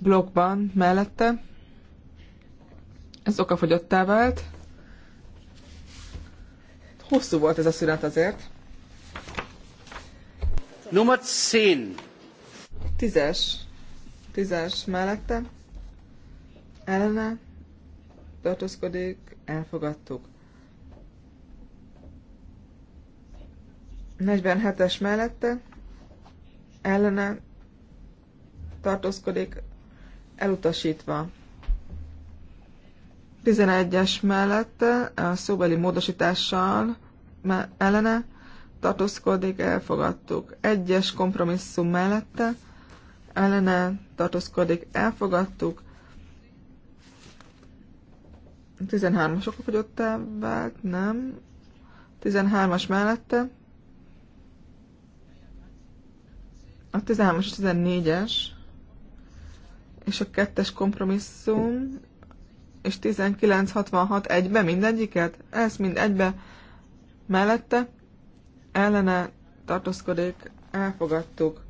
blokkban mellette ez okafogyottá vált. Hosszú volt ez a szünet azért. Nummer 10. Tízes. Tízes mellette. Ellene. Tartózkodik. Elfogadtuk. 47-es mellette. Ellene. Tartózkodik. Elutasítva. 11-es mellette a szóbeli módosítással ellene tartózkodik, elfogadtuk. Egyes kompromisszum mellette ellene tartózkodik, elfogadtuk. 13-as okafogyottá vált, nem. 13-as mellette. A 13-as, 14-es. És a kettes kompromisszum és 1966 egybe mindegyiket? Ez mind egybe mellette ellene tartózkodik, elfogadtuk.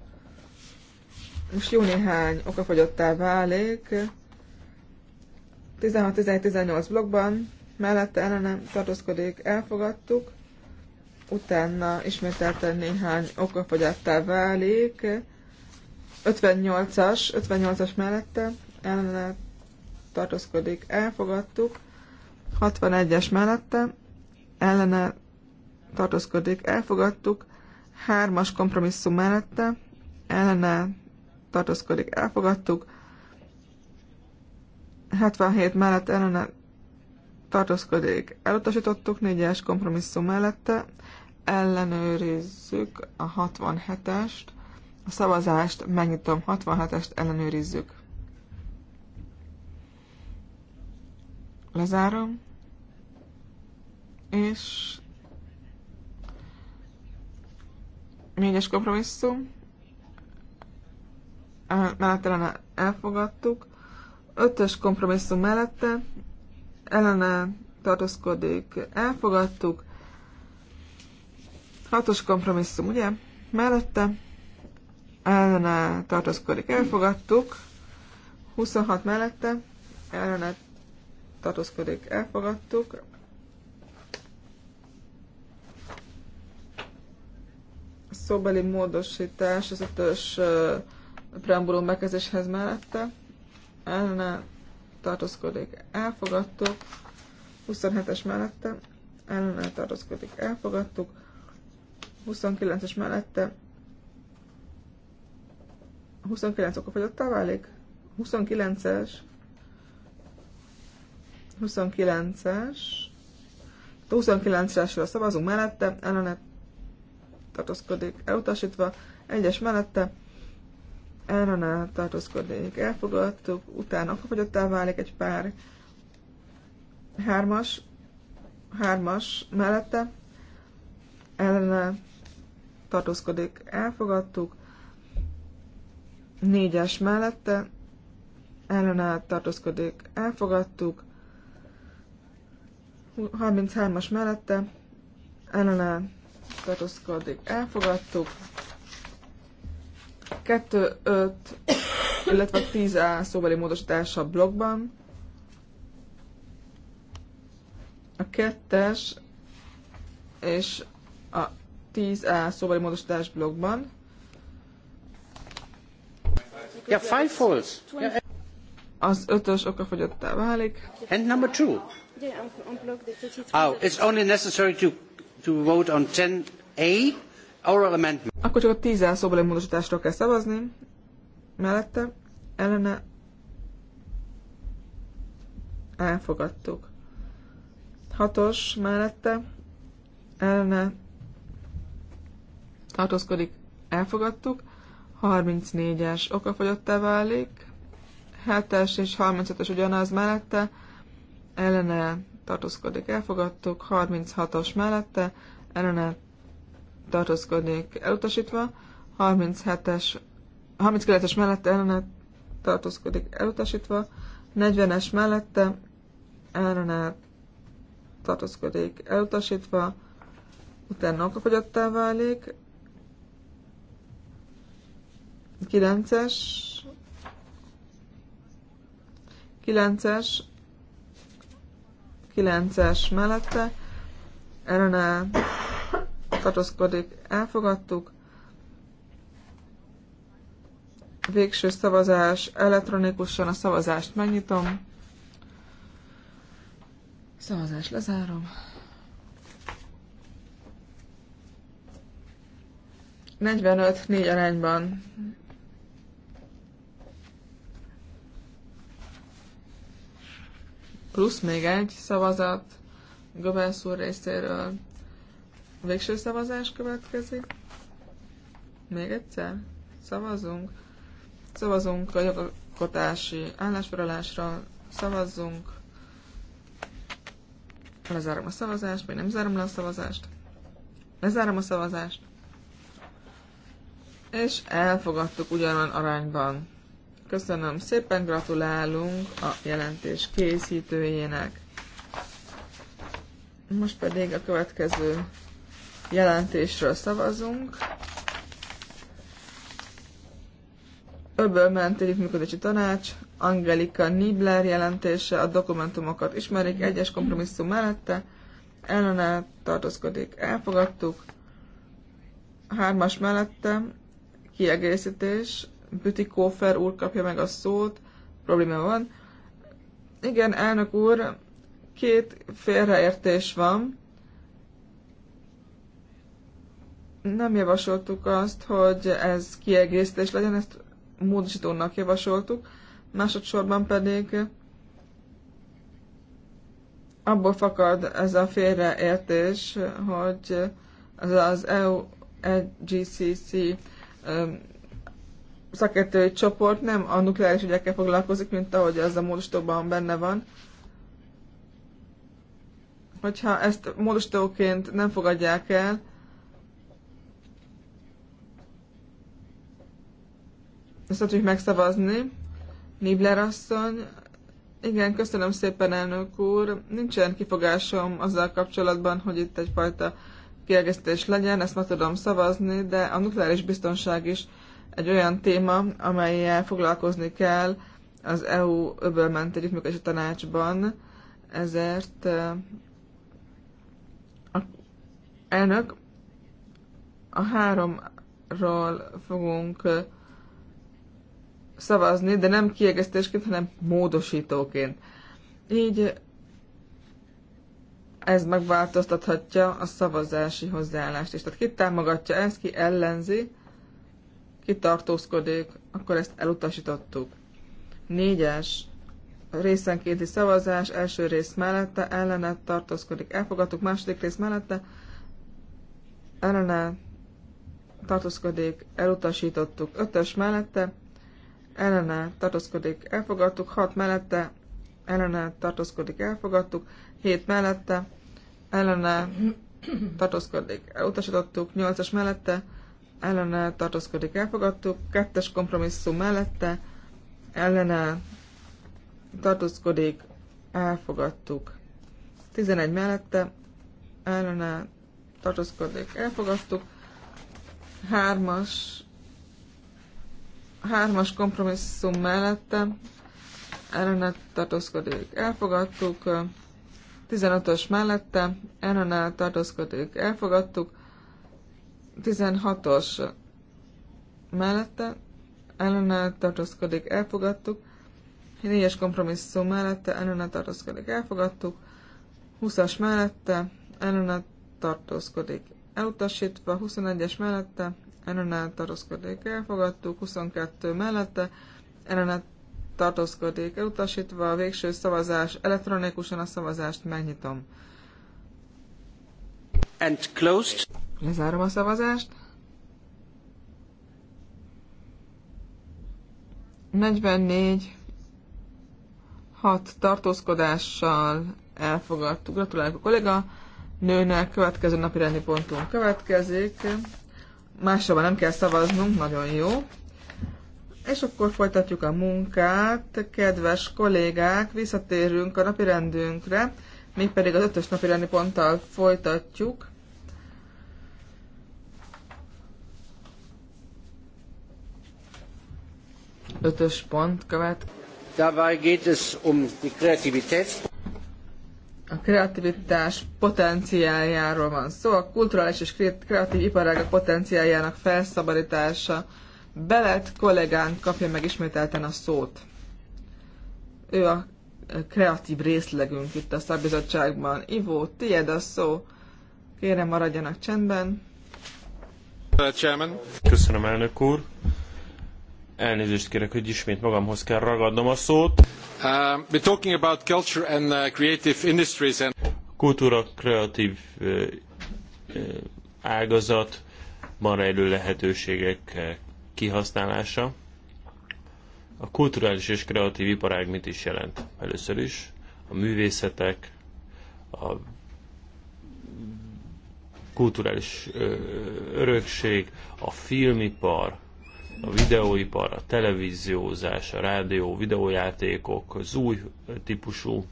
Most jó néhány okafogyottá válik. 16-18 blogban mellette ellene tartózkodik, elfogadtuk. Utána ismételten néhány okafogyottá válik. 58-as, 58-as mellette ellene tartózkodik, elfogadtuk. 61-es mellette ellene tartózkodik, elfogadtuk. 3-as kompromisszum mellette ellene tartózkodik, elfogadtuk. 77 mellett ellene tartózkodik, elutasítottuk. 4-es kompromisszum mellette ellenőrizzük a 67-est. A szavazást megnyitom, 67-est ellenőrizzük. Lezárom. És négyes kompromisszum. Mellette elfogadtuk. Ötös kompromisszum mellette ellene tartózkodik. Elfogadtuk. Hatos kompromisszum, ugye? Mellette ellene tartózkodik. Elfogadtuk. 26 mellette ellenet tartózkodik, elfogadtuk. A Szóbeli módosítás az ötös preambulum megkezdéshez mellette. Ellene tartózkodik, elfogadtuk. 27-es mellette. Ellene tartózkodik, elfogadtuk. 29-es mellette. 29 okafogyottá válik? 29-es 29-es. 29 esre szavazunk mellette, ellene tartózkodik elutasítva, egyes mellette, ellene tartózkodik elfogadtuk, utána akafogyottá válik egy pár, hármas, hármas mellette, ellene tartózkodik elfogadtuk, négyes mellette, ellene tartózkodik elfogadtuk, 33-as mellette ellene tartózkodik. Elfogadtuk. 2, 5, illetve 10A szóbeli módosítása blogban. A kettes és a 10A szóbeli módosítás blogban. Yeah, five falls. Az ötös okafogyottá válik. And number two oh, it's only necessary to, to vote on 10A, oral amendment. Akkor csak a 10 szóbeli módosításról kell szavazni. Mellette, ellene elfogadtuk. Hatos mellette ellene tartózkodik, elfogadtuk. 34-es okafogyottá válik. 7-es és 35-ös ugyanaz mellette ellene tartózkodik, elfogadtuk, 36-os mellette, ellene tartózkodik, elutasítva, 37-es, 39-es mellette ellene tartózkodik, elutasítva, 40-es mellette ellene tartózkodik, elutasítva, utána okafogyottá válik, 9-es, 9-es, 9-es mellette ellene tartózkodik, elfogadtuk. Végső szavazás elektronikusan a szavazást megnyitom. Szavazást lezárom. Negyvenöt, négy arányban plusz még egy szavazat Göbels úr részéről. Végső szavazás következik. Még egyszer? Szavazunk? Szavazunk a jogalkotási állásfoglalásra, szavazzunk. Lezárom a szavazást, még nem zárom le a szavazást. Lezárom a szavazást. És elfogadtuk ugyanolyan arányban. Köszönöm szépen, gratulálunk a jelentés készítőjének. Most pedig a következő jelentésről szavazunk. ment együttműködési tanács, Angelika Nibler jelentése, a dokumentumokat ismerik, egyes kompromisszum mellette, ellene tartózkodik, elfogadtuk, hármas mellette, kiegészítés, Bütikófer úr kapja meg a szót. Probléma van. Igen, elnök úr, két félreértés van. Nem javasoltuk azt, hogy ez kiegészítés legyen, ezt módosítónak javasoltuk. Másodszorban pedig abból fakad ez a félreértés, hogy ez az EU EGCC szakértői csoport nem a nukleáris ügyekkel foglalkozik, mint ahogy ez a módosítóban benne van. Hogyha ezt módosítóként nem fogadják el, ezt tudjuk megszavazni. Nibler asszony, igen, köszönöm szépen, elnök úr. Nincsen kifogásom azzal kapcsolatban, hogy itt egyfajta kiegészítés legyen, ezt meg tudom szavazni, de a nukleáris biztonság is egy olyan téma, amelyel foglalkozni kell az EU öbölment együttműködési tanácsban, ezért a elnök a háromról fogunk szavazni, de nem kiegészítésként, hanem módosítóként. Így ez megváltoztathatja a szavazási hozzáállást is. Tehát ki támogatja ezt, ki ellenzi, kitartózkodik, akkor ezt elutasítottuk. Négyes részenkénti szavazás, első rész mellette, ellene tartózkodik, elfogadtuk, második rész mellette, ellene tartózkodik, elutasítottuk, ötös mellette, ellene tartózkodik, elfogadtuk, hat mellette, ellene tartózkodik, elfogadtuk, hét mellette, ellene tartózkodik, elutasítottuk, nyolcas mellette, ellene tartózkodik, elfogadtuk. Kettes kompromisszum mellette ellene tartózkodik, elfogadtuk. 11 mellette ellene tartózkodik, elfogadtuk. Hármas, hármas kompromisszum mellette ellene tartózkodik, elfogadtuk. 15-ös mellette ellene tartózkodik, elfogadtuk. 16-os mellette ellenállt tartózkodik, elfogadtuk. 4-es kompromisszum mellette ellenállt tartózkodik, elfogadtuk. 20-as mellette ellenállt tartózkodik, elutasítva. 21-es mellette ellenállt tartózkodik, elfogadtuk. 22 mellette ellenállt tartózkodik, elutasítva. A végső szavazás elektronikusan a szavazást megnyitom. And closed. Lezárom a szavazást. 44 6 tartózkodással elfogadtuk. Gratulálok a kolléga nőnek. Következő napi rendi pontunk következik. Másra nem kell szavaznunk, nagyon jó. És akkor folytatjuk a munkát. Kedves kollégák, visszatérünk a napirendünkre, mégpedig az ötös napirendi ponttal folytatjuk. Ötös pont követ. Dabei geht es um die Kreativität. A kreativitás potenciáljáról van szó, a kulturális és kreatív iparágak potenciáljának felszabadítása. Belet kollégán kapja meg ismételten a szót. Ő a kreatív részlegünk itt a szabizottságban. Ivó, tiéd a szó. Kérem, maradjanak csendben. Uh, Köszönöm, elnök úr. Elnézést kérek, hogy ismét magamhoz kell ragadnom a szót. Uh, we're talking about culture and uh, creative industries and... Kultúra, kreatív uh, uh ágazatban rejlő lehetőségek uh, kihasználása. A kulturális és kreatív iparág mit is jelent? Először is a művészetek, a kulturális uh, örökség, a filmipar, a videóipar, a televíziózás, a rádió, videójátékok, az új típusú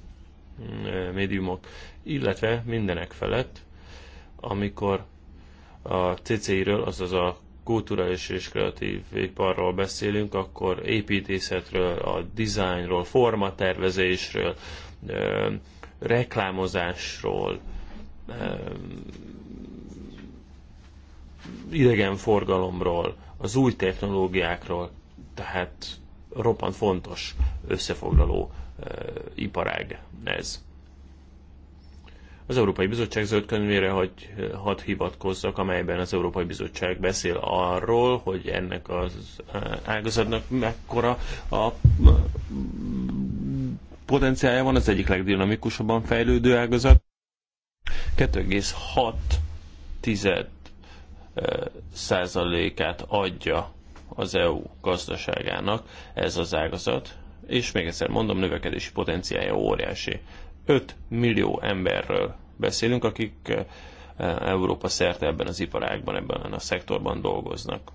mm, médiumok, illetve mindenek felett, amikor a CCI-ről, azaz a kulturális és kreatív iparról beszélünk, akkor építészetről, a dizájnról, formatervezésről, reklámozásról, idegenforgalomról, az új technológiákról, tehát roppan fontos összefoglaló iparág ez. Az Európai Bizottság zöld könyvére hogy hadd hivatkozzak, amelyben az Európai Bizottság beszél arról, hogy ennek az ágazatnak mekkora a potenciálja van, az egyik legdinamikusabban fejlődő ágazat. 2,6 százalékát adja az EU gazdaságának ez az ágazat, és még egyszer mondom, növekedési potenciája óriási. 5 millió emberről beszélünk, akik eh, Európa szerte ebben az iparágban, ebben a szektorban dolgoznak.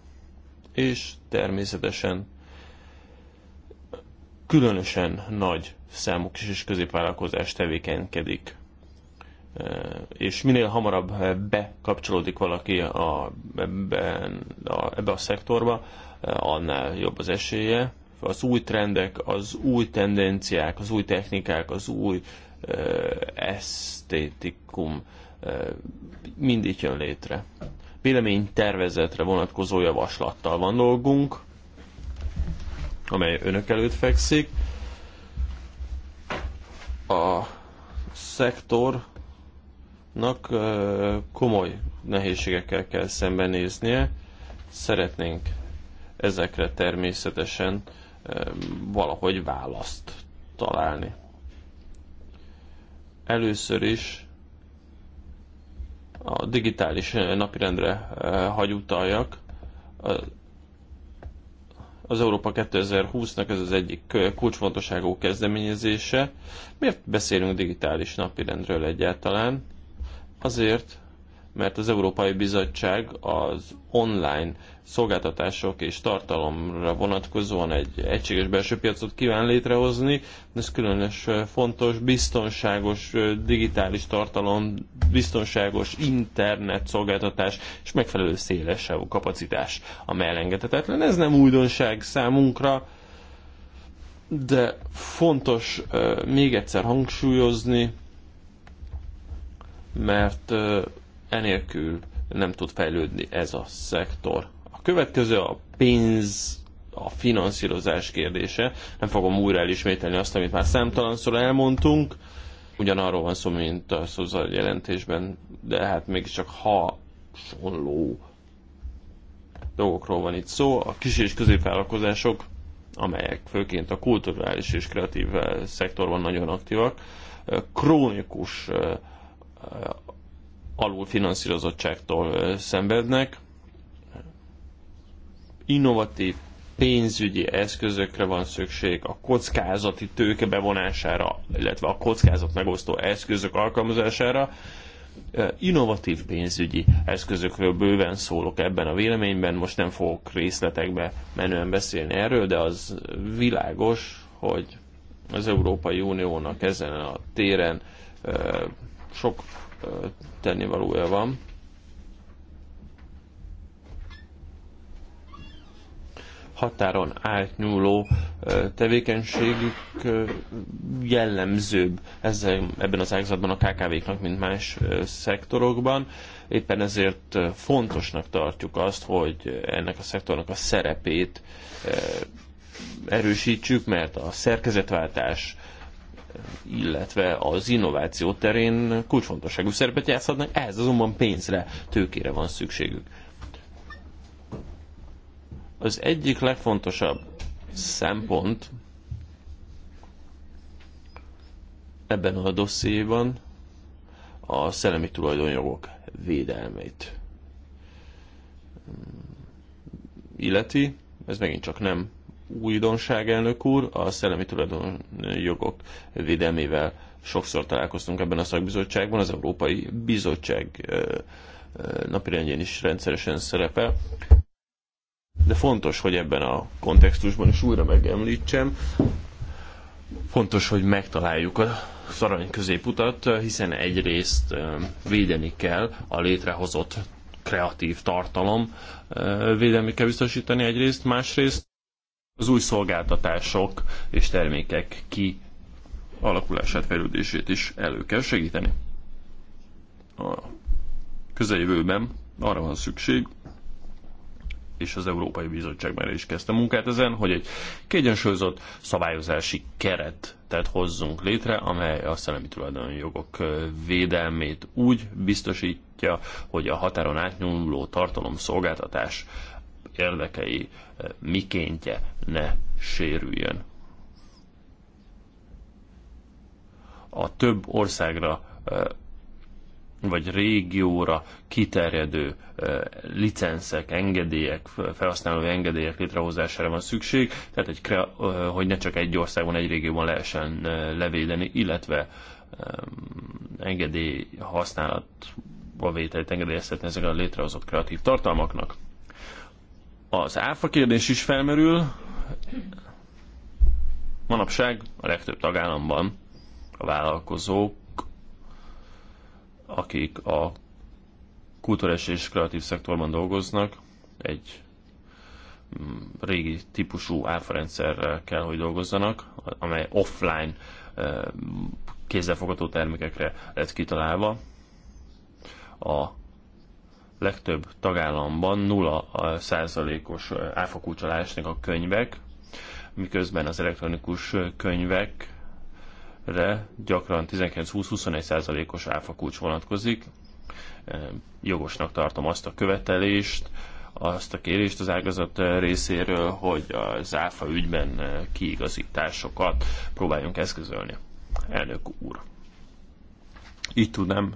És természetesen különösen nagy számú kis és középvállalkozás tevékenykedik és minél hamarabb bekapcsolódik valaki a, ebbe, a, ebbe a szektorba, annál jobb az esélye. Az új trendek, az új tendenciák, az új technikák, az új ö, esztétikum ö, mind jön létre. tervezetre vonatkozó javaslattal van dolgunk, amely önök előtt fekszik. A szektor nak komoly nehézségekkel kell szembenéznie. Szeretnénk ezekre természetesen valahogy választ találni. Először is a digitális napirendre hagy utaljak. Az Európa 2020-nak ez az egyik kulcsfontosságú kezdeményezése. Miért beszélünk digitális napirendről egyáltalán? Azért, mert az Európai Bizottság az online szolgáltatások és tartalomra vonatkozóan egy egységes belső piacot kíván létrehozni. Ez különös fontos, biztonságos digitális tartalom, biztonságos internet szolgáltatás és megfelelő szélesebb kapacitás, a elengedhetetlen. Ez nem újdonság számunkra, de fontos még egyszer hangsúlyozni, mert enélkül nem tud fejlődni ez a szektor. A következő a pénz a finanszírozás kérdése. Nem fogom újra elismételni azt, amit már számtalanszor elmondtunk. Ugyanarról van szó, mint a szóza jelentésben, de hát mégiscsak hasonló dolgokról van itt szó. A kis és középvállalkozások, amelyek főként a kulturális és kreatív szektorban nagyon aktívak, krónikus alulfinanszírozottságtól szenvednek. Innovatív pénzügyi eszközökre van szükség, a kockázati tőke bevonására, illetve a kockázat megosztó eszközök alkalmazására. Innovatív pénzügyi eszközökről bőven szólok ebben a véleményben, most nem fogok részletekbe menően beszélni erről, de az világos, hogy az Európai Uniónak ezen a téren sok tennivalója van. Határon átnyúló tevékenységük jellemzőbb ezzel, ebben az ágazatban a KKV-knak, mint más szektorokban. Éppen ezért fontosnak tartjuk azt, hogy ennek a szektornak a szerepét erősítsük, mert a szerkezetváltás, illetve az innováció terén kulcsfontosságú szerepet játszhatnak, ehhez azonban pénzre, tőkére van szükségük. Az egyik legfontosabb szempont ebben a dossziéban a szellemi tulajdonjogok védelmét illeti, ez megint csak nem újdonság, elnök úr, a szellemi tulajdonjogok védelmével sokszor találkoztunk ebben a szakbizottságban, az Európai Bizottság napirendjén is rendszeresen szerepel. De fontos, hogy ebben a kontextusban is újra megemlítsem, fontos, hogy megtaláljuk a szarany középutat, hiszen egyrészt védeni kell a létrehozott kreatív tartalom védelmi kell biztosítani egyrészt, másrészt az új szolgáltatások és termékek ki alakulását, fejlődését is elő kell segíteni. A közeljövőben arra van szükség, és az Európai Bizottság már is kezdte munkát ezen, hogy egy kiegyensúlyozott szabályozási keretet hozzunk létre, amely a szellemi jogok védelmét úgy biztosítja, hogy a határon átnyúló tartalom szolgáltatás érdekei mikéntje ne sérüljön. A több országra vagy régióra kiterjedő licenszek, engedélyek, felhasználói engedélyek létrehozására van szükség, tehát egy, hogy ne csak egy országban, egy régióban lehessen levédeni, illetve engedély használatba vételt engedélyeztetni ezeket a létrehozott kreatív tartalmaknak. Az áfa kérdés is felmerül. Manapság a legtöbb tagállamban a vállalkozók, akik a kultúrás és kreatív szektorban dolgoznak, egy mm, régi típusú áfarendszerrel kell, hogy dolgozzanak, amely offline eh, kézzelfogható termékekre lett kitalálva. A legtöbb tagállamban 0%-os áfakulcsal esnek a könyvek, miközben az elektronikus könyvekre gyakran 19-20-21%-os áfakulcs vonatkozik. Jogosnak tartom azt a követelést, azt a kérést az ágazat részéről, hogy az áfa ügyben kiigazításokat próbáljunk eszközölni. Elnök úr! Így tudnám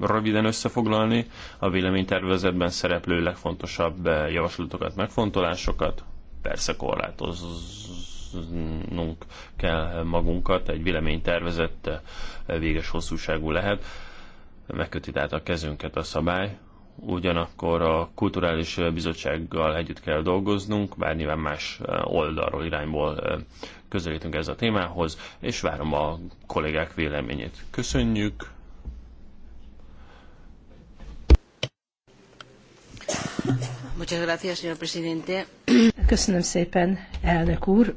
röviden összefoglalni a véleménytervezetben szereplő legfontosabb eh, javaslatokat, megfontolásokat. Persze korlátoznunk kell magunkat, egy véleménytervezet eh, véges hosszúságú lehet. Megköti tehát a kezünket a szabály, ugyanakkor a kulturális bizottsággal együtt kell dolgoznunk, bár nyilván más eh, oldalról, irányból közelítünk ez a témához, és várom a kollégák véleményét. Köszönjük! Köszönöm szépen, elnök úr.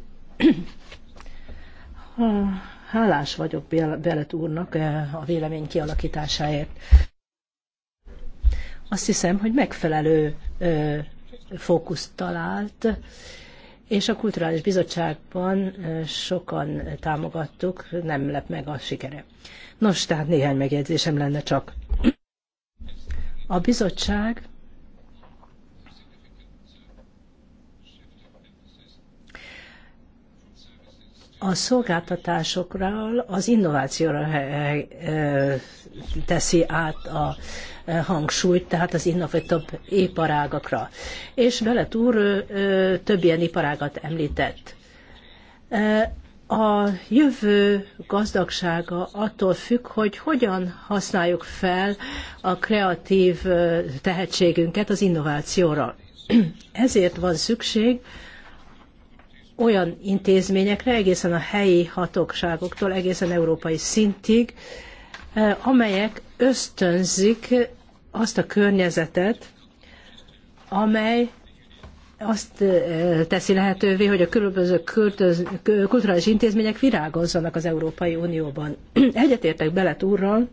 Hálás vagyok Belet úrnak eh, a vélemény kialakításáért. Azt hiszem, hogy megfelelő eh, fókuszt talált, és a Kulturális Bizottságban eh, sokan támogattuk, nem lep meg a sikere. Nos, tehát néhány megjegyzésem lenne csak. A bizottság a szolgáltatásokról az innovációra teszi át a hangsúlyt, tehát az innovatív iparágakra. És Belet úr több ilyen iparágat említett. A jövő gazdagsága attól függ, hogy hogyan használjuk fel a kreatív tehetségünket az innovációra. Ezért van szükség, olyan intézményekre, egészen a helyi hatóságoktól, egészen európai szintig, eh, amelyek ösztönzik azt a környezetet, amely azt eh, teszi lehetővé, hogy a különböző kulturális intézmények virágozzanak az Európai Unióban. Egyetértek Belet úrral,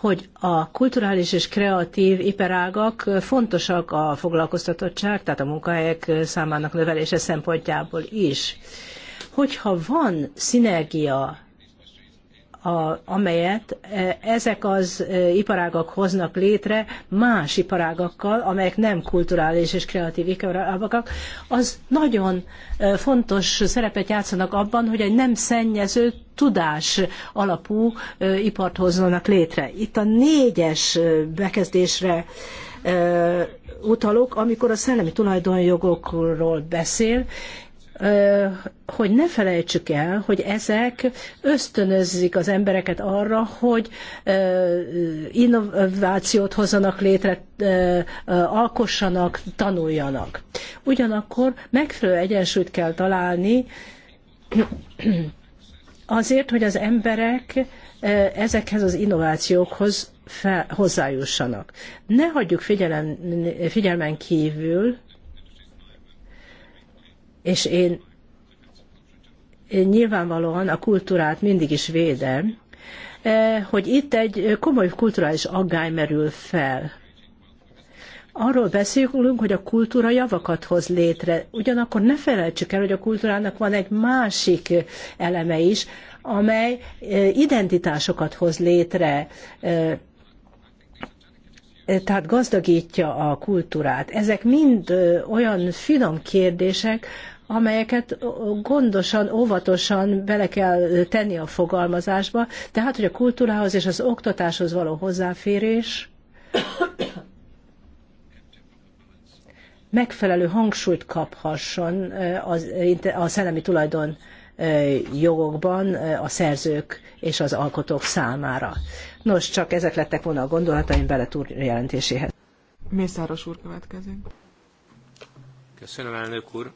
hogy a kulturális és kreatív iparágak fontosak a foglalkoztatottság, tehát a munkahelyek számának növelése szempontjából is. Hogyha van szinergia a, amelyet e, ezek az e, iparágak hoznak létre más iparágakkal, amelyek nem kulturális és kreatív iparágak, az nagyon e, fontos szerepet játszanak abban, hogy egy nem szennyező tudás alapú ipart hozzanak létre. Itt a négyes bekezdésre utalok, amikor a szellemi tulajdonjogokról beszél, hogy ne felejtsük el, hogy ezek ösztönözzik az embereket arra, hogy innovációt hozzanak létre, alkossanak, tanuljanak. Ugyanakkor megfelelő egyensúlyt kell találni azért, hogy az emberek ezekhez az innovációkhoz fel, hozzájussanak. Ne hagyjuk figyelem, figyelmen kívül és én, én nyilvánvalóan a kultúrát mindig is védem, eh, hogy itt egy komoly kulturális aggály merül fel. Arról beszélünk, hogy a kultúra javakat hoz létre. Ugyanakkor ne felejtsük el, hogy a kultúrának van egy másik eleme is, amely eh, identitásokat hoz létre, eh, tehát gazdagítja a kultúrát. Ezek mind olyan finom kérdések, amelyeket gondosan, óvatosan bele kell tenni a fogalmazásba, tehát hogy a kultúrához és az oktatáshoz való hozzáférés megfelelő hangsúlyt kaphasson az, a szellemi tulajdon jogokban a szerzők és az alkotók számára. Nos, csak ezek lettek volna a gondolataim bele jelentéséhez. Mészáros úr következik. Köszönöm, elnök úr.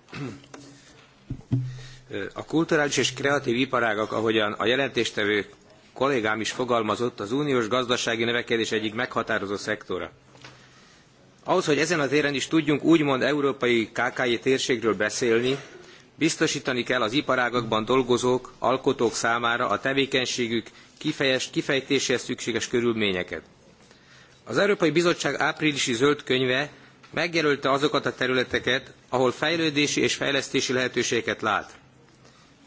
A kulturális és kreatív iparágak, ahogyan a jelentéstevő kollégám is fogalmazott, az uniós gazdasági növekedés egyik meghatározó szektora. Ahhoz, hogy ezen a téren is tudjunk úgymond európai KKI térségről beszélni, biztosítani kell az iparágakban dolgozók, alkotók számára a tevékenységük kifejes, kifejtéséhez szükséges körülményeket. Az Európai Bizottság áprilisi zöld könyve Megjelölte azokat a területeket, ahol fejlődési és fejlesztési lehetőséget lát.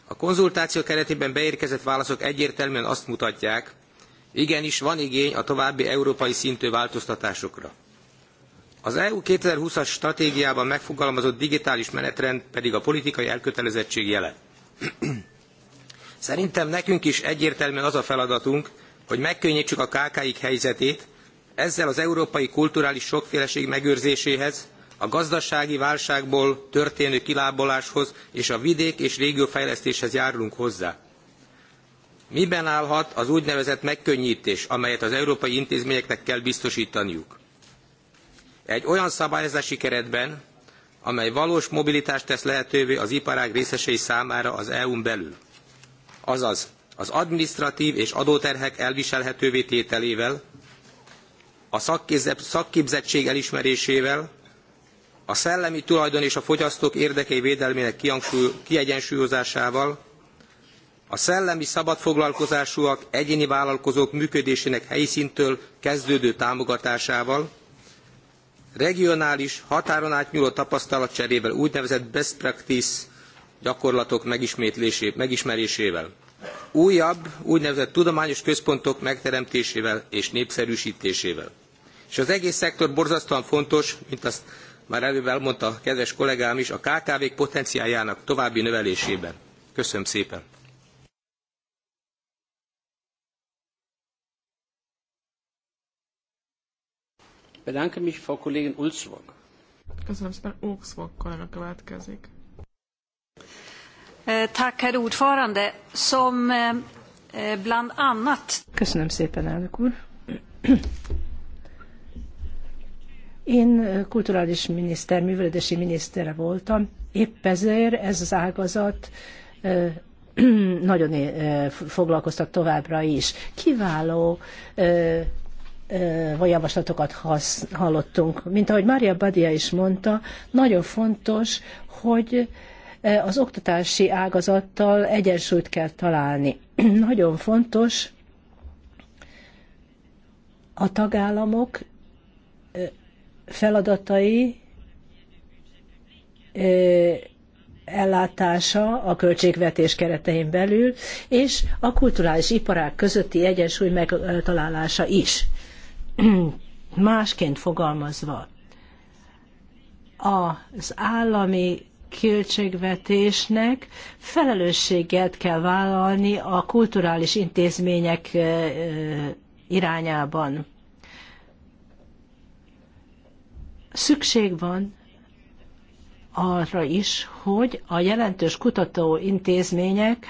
A konzultáció keretében beérkezett válaszok egyértelműen azt mutatják, igenis van igény a további európai szintű változtatásokra. Az EU 2020-as stratégiában megfogalmazott digitális menetrend pedig a politikai elkötelezettség jele. Szerintem nekünk is egyértelműen az a feladatunk, hogy megkönnyítsük a KKI-k helyzetét, ezzel az európai kulturális sokféleség megőrzéséhez, a gazdasági válságból történő kilábaláshoz és a vidék és régiófejlesztéshez járulunk hozzá. Miben állhat az úgynevezett megkönnyítés, amelyet az európai intézményeknek kell biztosítaniuk? Egy olyan szabályozási keretben, amely valós mobilitást tesz lehetővé az iparág részesei számára az EU-n belül. Azaz, az administratív és adóterhek elviselhetővé tételével, a szakképzettség elismerésével, a szellemi tulajdon és a fogyasztók érdekei védelmének kiegyensúlyozásával, a szellemi szabadfoglalkozásúak egyéni vállalkozók működésének helyi kezdődő támogatásával, regionális, határon átnyúló tapasztalatcserével, úgynevezett best practice gyakorlatok megismerésével, újabb, úgynevezett tudományos központok megteremtésével és népszerűsítésével. És az egész szektor borzasztóan fontos, mint azt már előbb elmondta a kedves kollégám is, a KKV-k potenciáljának további növelésében. Köszönöm szépen! Bedanke mich, Frau Kollegin Ulzvog. Köszönöm szépen, Ulzvog kollega következik. Eh, tack, herr ordförande, som eh, eh, bland annat... Köszönöm szépen, elnök úr. Én kulturális miniszter, művelődési miniszter voltam, épp ezért ez az ágazat nagyon foglalkoztat továbbra is. Kiváló javaslatokat hallottunk. Mint ahogy Mária Badia is mondta, nagyon fontos, hogy az oktatási ágazattal egyensúlyt kell találni. Nagyon fontos a tagállamok feladatai ellátása a költségvetés keretein belül, és a kulturális iparák közötti egyensúly megtalálása is. Másként fogalmazva, az állami költségvetésnek felelősséget kell vállalni a kulturális intézmények irányában. Szükség van arra is, hogy a jelentős kutatóintézmények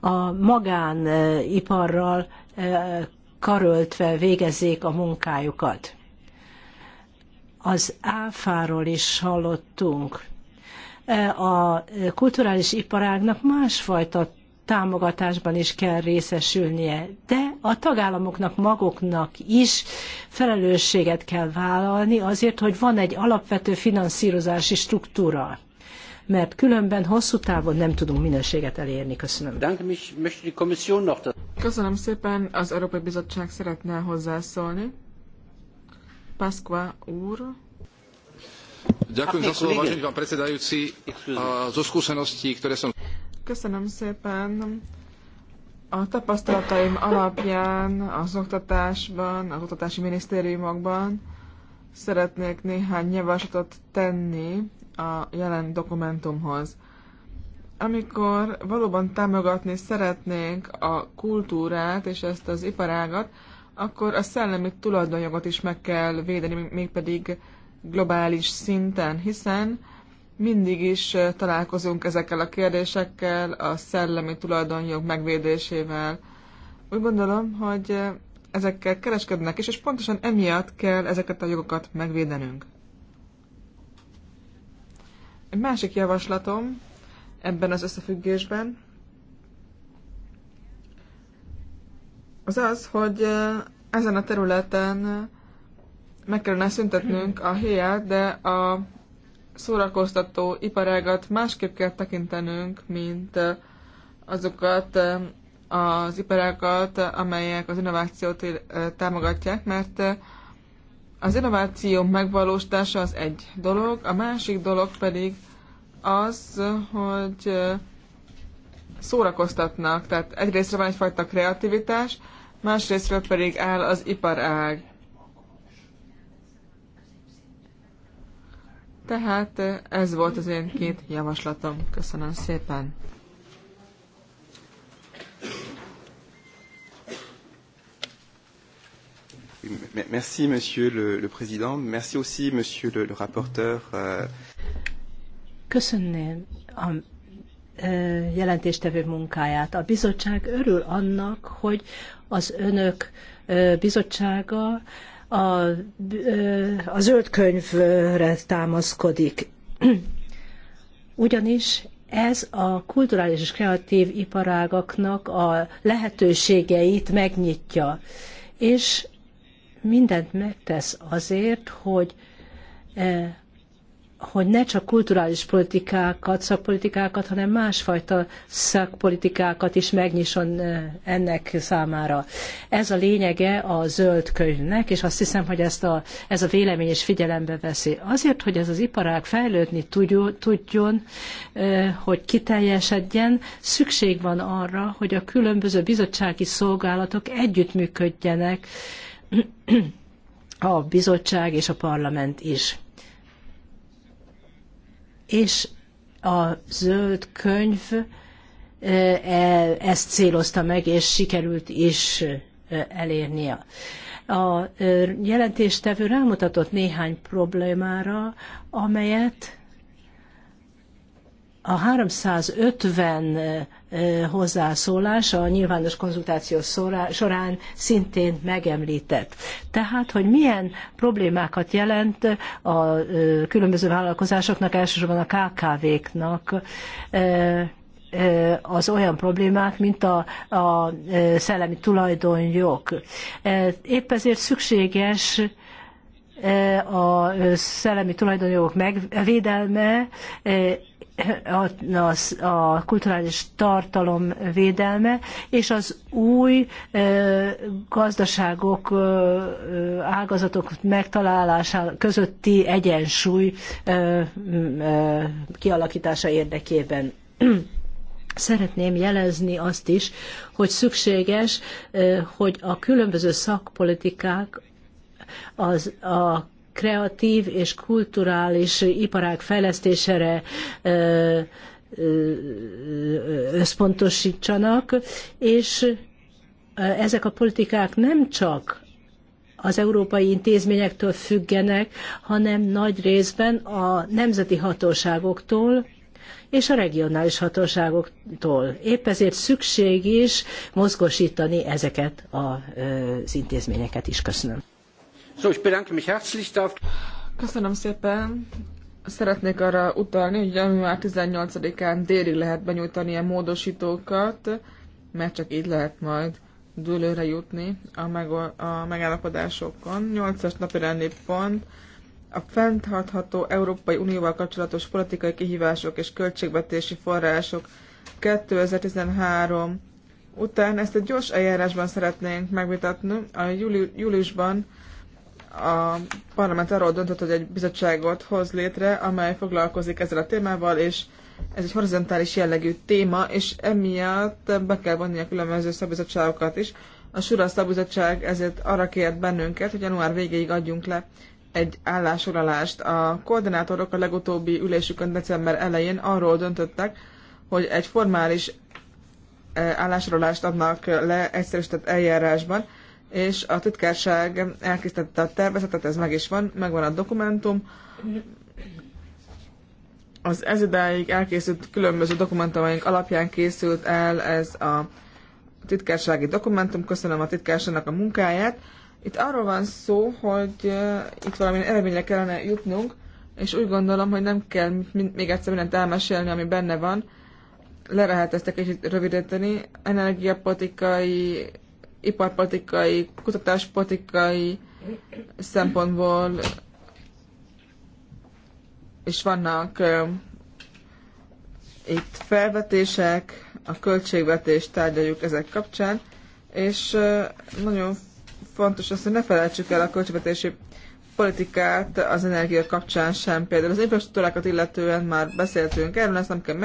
a magániparral eh, karöltve végezzék a munkájukat. Az áfáról is hallottunk. Eh, a kulturális iparágnak másfajta támogatásban is kell részesülnie, de a tagállamoknak maguknak is felelősséget kell vállalni azért, hogy van egy alapvető finanszírozási struktúra mert különben hosszú távon nem tudunk minőséget elérni. Köszönöm. Köszönöm szépen. Az Európai Bizottság szeretne hozzászólni. Pasqua úr. Ďakujem za slovo, vážený pán predsedajúci. Zo skúseností, ktoré som Köszönöm szépen. A tapasztalataim alapján az oktatásban, az oktatási minisztériumokban szeretnék néhány javaslatot tenni a jelen dokumentumhoz. Amikor valóban támogatni szeretnénk a kultúrát és ezt az iparágat, akkor a szellemi tulajdonjogot is meg kell védeni, mégpedig globális szinten, hiszen mindig is találkozunk ezekkel a kérdésekkel, a szellemi tulajdonjog megvédésével. Úgy gondolom, hogy ezekkel kereskednek is, és pontosan emiatt kell ezeket a jogokat megvédenünk. Egy másik javaslatom ebben az összefüggésben az az, hogy ezen a területen meg kellene szüntetnünk a héját, de a szórakoztató iparágat másképp kell tekintenünk, mint azokat az iparágat, amelyek az innovációt támogatják, mert az innováció megvalósítása az egy dolog, a másik dolog pedig az, hogy szórakoztatnak. Tehát egyrészt van egyfajta kreativitás, másrészt pedig áll az iparág. Tehát eh, ez volt az én két javaslatom. Köszönöm szépen. Merci, Monsieur le, le Président. Merci aussi, Monsieur le, le rapporteur. Euh. Köszönném a eh, jelentéstevő munkáját. A bizottság örül annak, hogy az önök eh, bizottsága a, a zöld könyvre támaszkodik. Ugyanis ez a kulturális és kreatív iparágaknak a lehetőségeit megnyitja, és mindent megtesz azért, hogy hogy ne csak kulturális politikákat, szakpolitikákat, hanem másfajta szakpolitikákat is megnyisson ennek számára. Ez a lényege a zöld könyvnek, és azt hiszem, hogy ezt a, ez a vélemény is figyelembe veszi. Azért, hogy ez az iparág fejlődni tudjon, hogy kiteljesedjen, szükség van arra, hogy a különböző bizottsági szolgálatok együttműködjenek, a bizottság és a parlament is és a zöld könyv e, ezt célozta meg, és sikerült is elérnie. A jelentéstevő rámutatott néhány problémára, amelyet a 350 hozzászólás a nyilvános konzultáció során szintén megemlített. Tehát, hogy milyen problémákat jelent a különböző vállalkozásoknak, elsősorban a KKV-knak az olyan problémák, mint a, a szellemi tulajdonjog. Épp ezért szükséges a szellemi tulajdonjogok megvédelme a, a, a kulturális tartalom védelme és az új gazdaságok, ágazatok megtalálása közötti egyensúly kialakítása érdekében. Szeretném jelezni azt is, hogy szükséges, hogy a különböző szakpolitikák az a kreatív és kulturális iparág fejlesztésére összpontosítsanak, és ezek a politikák nem csak az európai intézményektől függenek, hanem nagy részben a nemzeti hatóságoktól és a regionális hatóságoktól. Épp ezért szükség is mozgosítani ezeket az intézményeket is. Köszönöm. So, ich bedanke mich herzlich dafür. Köszönöm szépen. Szeretnék arra utalni, hogy január 18-án délig lehet benyújtani a módosítókat, mert csak így lehet majd dőlőre jutni a, a megállapodásokon. 8-as napi rendi pont a fenntartható Európai Unióval kapcsolatos politikai kihívások és költségvetési források 2013 után ezt egy gyors eljárásban szeretnénk megvitatni. A júli- júliusban a parlament arról döntött, hogy egy bizottságot hoz létre, amely foglalkozik ezzel a témával, és ez egy horizontális jellegű téma, és emiatt be kell vonni a különböző szabizottságokat is. A Sura szabizottság ezért arra kért bennünket, hogy január végéig adjunk le egy állásolalást. A koordinátorok a legutóbbi ülésükön december elején arról döntöttek, hogy egy formális eh, állásolalást adnak le egyszerűsített eljárásban, és a titkárság elkészítette a tervezetet, ez meg is van, megvan a dokumentum. Az ez idáig elkészült különböző dokumentumaink alapján készült el ez a titkársági dokumentum. Köszönöm a titkárságnak a munkáját. Itt arról van szó, hogy itt valami eredményre kellene jutnunk, és úgy gondolom, hogy nem kell még egyszer mindent elmesélni, ami benne van. Le lehet ezt egy kicsit rövidíteni. Energiapolitikai iparpolitikai, kutatáspolitikai szempontból és vannak itt felvetések, a költségvetést tárgyaljuk ezek kapcsán, és nagyon fontos az, hogy ne felejtsük el a költségvetési politikát az energia kapcsán sem. Például az infrastruktúrákat illetően már beszéltünk erről, ezt nem kell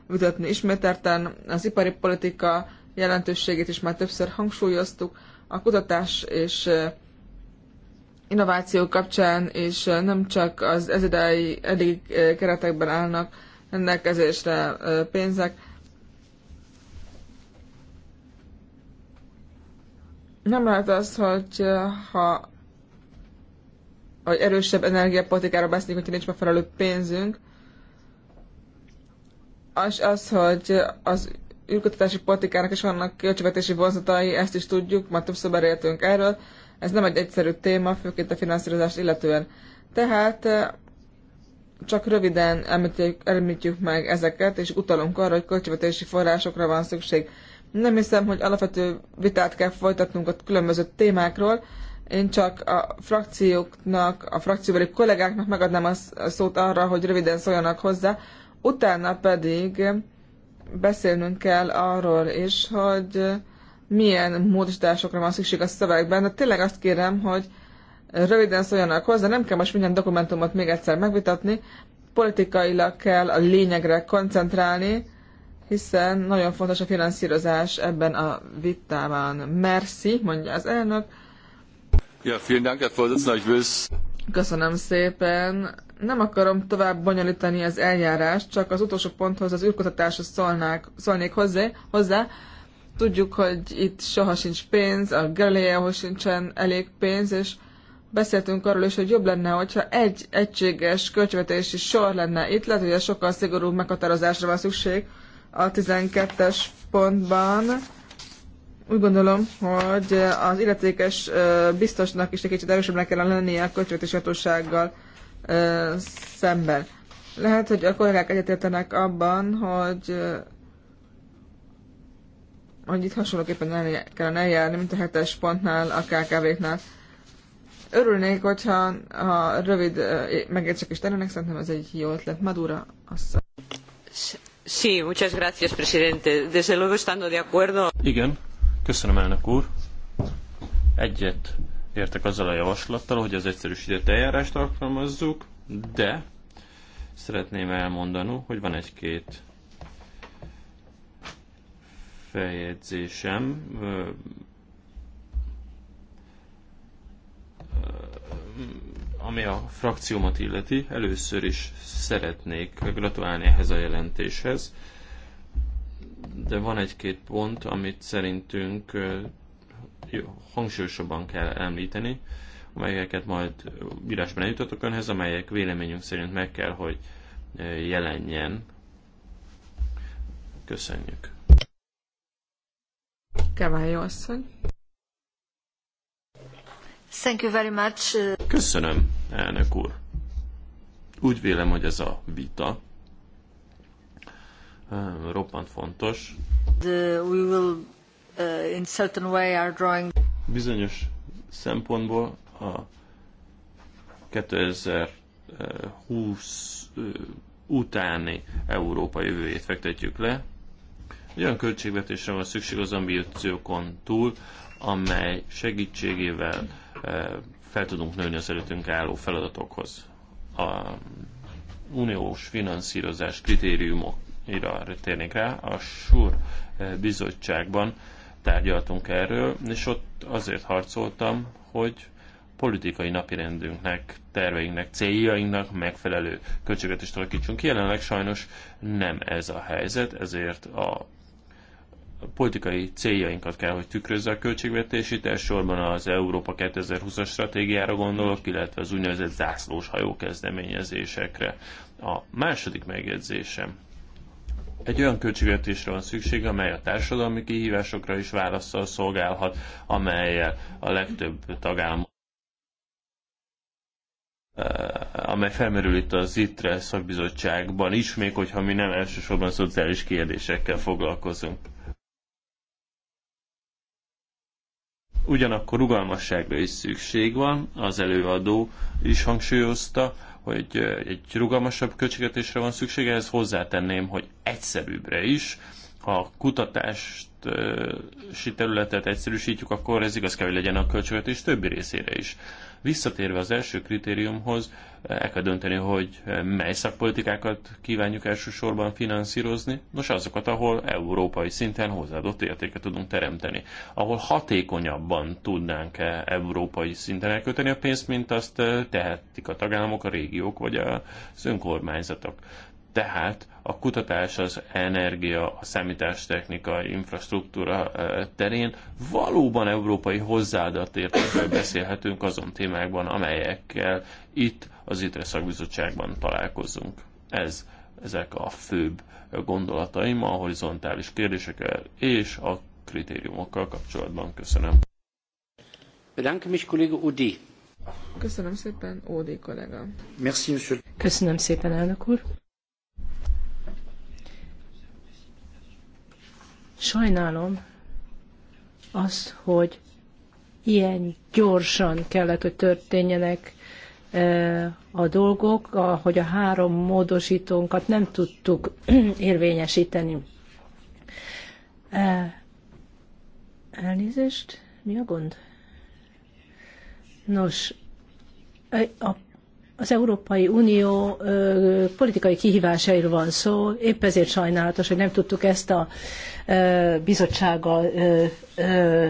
megvitatni ismételten. Az ipari politika jelentőségét is már többször hangsúlyoztuk. A kutatás és innováció kapcsán, és nem csak az ezidei eddig keretekben állnak rendelkezésre pénzek. Nem lehet az, hogy ha hogy erősebb energiapolitikára beszélünk, hogy nincs megfelelő pénzünk, az az, hogy az űrkutatási politikának is vannak költségvetési vonzatai, ezt is tudjuk, már többször beréltünk erről. Ez nem egy egyszerű téma, főként a finanszírozást illetően. Tehát csak röviden említjük, említjük meg ezeket, és utalunk arra, hogy költségvetési forrásokra van szükség. Nem hiszem, hogy alapvető vitát kell folytatnunk a különböző témákról. Én csak a frakcióknak, a frakcióbeli kollégáknak megadnám a szót arra, hogy röviden szóljanak hozzá, utána pedig beszélnünk kell arról is, hogy milyen módosításokra van szükség a szövegben. De tényleg azt kérem, hogy röviden szóljanak hozzá, nem kell most minden dokumentumot még egyszer megvitatni, politikailag kell a lényegre koncentrálni, hiszen nagyon fontos a finanszírozás ebben a vitában. Merci, mondja az elnök. Ja, vielen Dank, Herr Vorsitzender, ich Köszönöm szépen nem akarom tovább bonyolítani az eljárást, csak az utolsó ponthoz, az űrkutatáshoz szólnák, szólnék hozzá, hozzá. Tudjuk, hogy itt soha sincs pénz, a galileo sincsen elég pénz, és beszéltünk arról is, hogy jobb lenne, hogyha egy egységes költségvetési sor lenne itt, lehet, hogy ez sokkal szigorúbb meghatározásra van szükség a 12-es pontban. Úgy gondolom, hogy az illetékes biztosnak is egy kicsit erősebbnek kellene lennie a költségvetési hatósággal szemben. Lehet, hogy a kollégák egyetértenek abban, hogy, hogy itt hasonlóképpen kellene eljárni, mint a hetes pontnál, a KKV-knál. Örülnék, hogyha ha rövid megértsek is tennének, szerintem ez egy jó ötlet. Madura asszony. Sí, muchas gracias, presidente. Desde luego estando de acuerdo. Igen, köszönöm elnök úr. Egyet értek azzal a javaslattal, hogy az egyszerűsített eljárást alkalmazzuk, de szeretném elmondani, hogy van egy-két feljegyzésem. Ami a frakciómat illeti, először is szeretnék gratulálni ehhez a jelentéshez, de van egy-két pont, amit szerintünk jó, hangsúlyosabban kell említeni, amelyeket majd írásban eljutatok önhez, amelyek véleményünk szerint meg kell, hogy eh, jelenjen. Köszönjük. Kevályó asszony. Thank you very much. Eh. Köszönöm, elnök úr. Úgy vélem, hogy ez a vita eh, roppant fontos. The, we will Uh, in certain way are drawing... Bizonyos szempontból a 2020 uh, utáni Európa jövőjét fektetjük le. olyan költségvetésre van szükség az ambíciókon túl, amely segítségével uh, fel tudunk nőni az előttünk álló feladatokhoz. A uniós finanszírozás kritériumokra térnék rá, a SUR bizottságban tárgyaltunk erről, és ott azért harcoltam, hogy politikai napirendünknek, terveinknek, céljainknak megfelelő is alakítsunk. Jelenleg sajnos nem ez a helyzet, ezért a politikai céljainkat kell, hogy tükrözze a költségvetési. Itt elsősorban az Európa 2020-as stratégiára gondolok, illetve az úgynevezett zászlós hajó kezdeményezésekre. A második megjegyzésem egy olyan költségvetésre van szükség, amely a társadalmi kihívásokra is válaszol, szolgálhat, amelyel a legtöbb tagállam eh, amely felmerül itt az ITRE szakbizottságban is, még hogyha mi nem elsősorban szociális kérdésekkel foglalkozunk. Ugyanakkor rugalmasságra is szükség van, az előadó is hangsúlyozta, hogy egy rugalmasabb költségvetésre van szüksége, ez hozzátenném, hogy egyszerűbbre is. Ha a kutatási területet egyszerűsítjük, akkor ez igaz kell, hogy legyen a költségvetés többi részére is. Visszatérve az első kritériumhoz, el kell dönteni, hogy mely szakpolitikákat kívánjuk elsősorban finanszírozni, nos azokat, ahol európai szinten hozzáadott értéket tudunk teremteni, ahol hatékonyabban tudnánk -e európai szinten elkölteni a pénzt, mint azt tehetik a tagállamok, a régiók vagy az önkormányzatok. Tehát a kutatás, az energia, a számítástechnika, infrastruktúra terén valóban európai hozzáadott értékben beszélhetünk azon témákban, amelyekkel itt az ITRE szakbizottságban találkozunk. Ez, ezek a főbb gondolataim a horizontális kérdésekkel és a kritériumokkal kapcsolatban. Köszönöm. Köszönöm szépen, Ódi kollega. Köszönöm szépen, elnök úr. Sajnálom azt, hogy ilyen gyorsan kellett, hogy történjenek a dolgok, hogy a három módosítónkat nem tudtuk érvényesíteni. Elnézést, mi a gond? Nos, a az Európai Unió ö, politikai kihívásairól van szó, épp ezért sajnálatos, hogy nem tudtuk ezt a ö, bizottsággal ö, ö,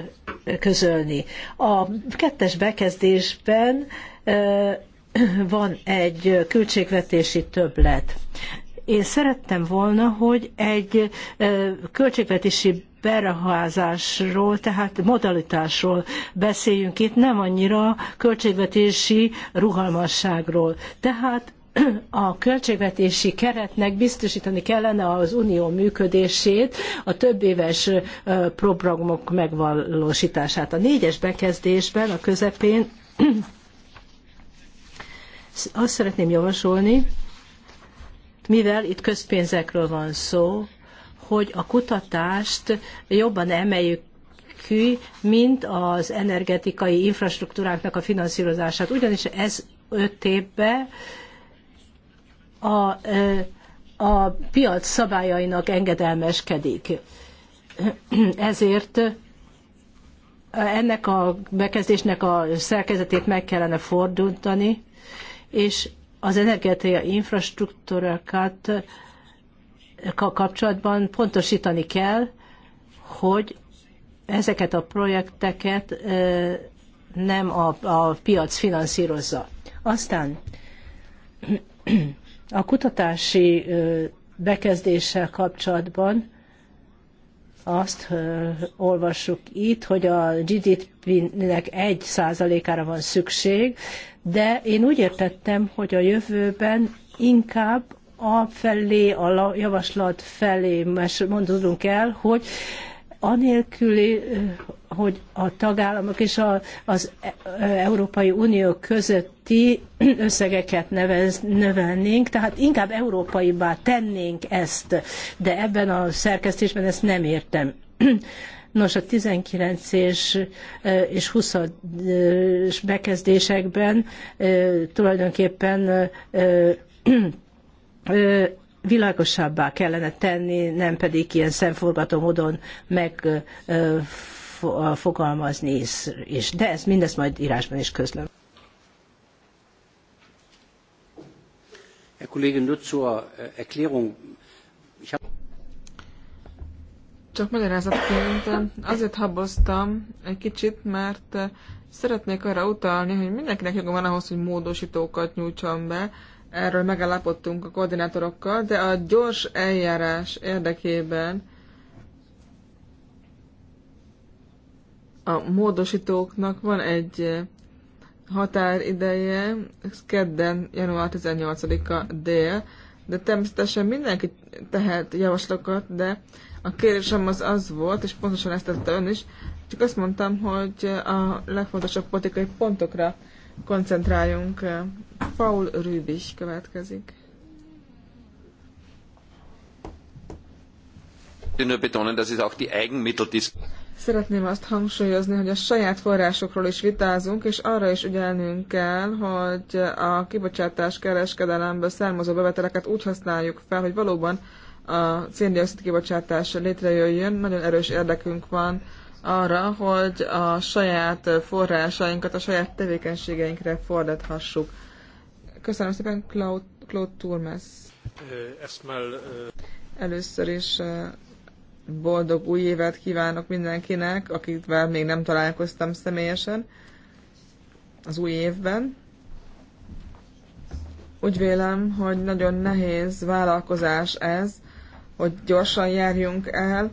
közölni. A kettes bekezdésben ö, van egy költségvetési többlet. Én szerettem volna, hogy egy költségvetési beruházásról, tehát modalitásról beszéljünk itt, nem annyira költségvetési rugalmasságról. Tehát a költségvetési keretnek biztosítani kellene az unió működését, a többéves programok megvalósítását. A négyes bekezdésben, a közepén azt szeretném javasolni, mivel itt közpénzekről van szó, hogy a kutatást jobban emeljük ki, mint az energetikai infrastruktúráknak a finanszírozását. Ugyanis ez öt évben a, a piac szabályainak engedelmeskedik. Ezért ennek a bekezdésnek a szerkezetét meg kellene fordítani, és az energetikai infrastruktúrákat kapcsolatban pontosítani kell, hogy ezeket a projekteket nem a, a piac finanszírozza. Aztán a kutatási bekezdéssel kapcsolatban azt olvassuk itt, hogy a GDP-nek egy százalékára van szükség, de én úgy értettem, hogy a jövőben inkább a felé, a javaslat felé mondulunk el, hogy anélkül, eh, hogy a tagállamok és az e, e, Európai Unió közötti összegeket nevez, növelnénk, tehát inkább európaibbá tennénk ezt, de ebben a szerkesztésben ezt nem értem. Nos, a 19 és, eh, és 20 eh, bekezdésekben tulajdonképpen világosabbá kellene tenni, nem pedig ilyen szemforgató módon megfogalmazni is. De ez mindezt majd írásban is közlöm. Äh, Csak magyarázatként azért haboztam egy kicsit, mert szeretnék arra utalni, hogy mindenkinek joga van ahhoz, hogy módosítókat nyújtson be, erről megállapodtunk a koordinátorokkal, de a gyors eljárás érdekében a módosítóknak van egy határideje, ez kedden, január 18-a dél, de természetesen mindenki tehet javaslatokat, de a kérésem az az volt, és pontosan ezt tette ön is, csak azt mondtam, hogy a legfontosabb politikai pontokra koncentráljunk. Eh, Paul Rübis következik. Szeretném azt hangsúlyozni, hogy a saját forrásokról is vitázunk, és arra is ügyelnünk kell, hogy a kibocsátás kereskedelemből származó beveteleket úgy használjuk fel, hogy valóban a széndiokszid kibocsátás létrejöjjön. Nagyon erős érdekünk van arra, hogy a saját forrásainkat a saját tevékenységeinkre fordíthassuk. Köszönöm szépen, Claude, Claude Turmes. Eh, eh, Először is eh, boldog új évet kívánok mindenkinek, akikvel még nem találkoztam személyesen az új évben. Úgy vélem, hogy nagyon nehéz vállalkozás ez, hogy gyorsan járjunk el,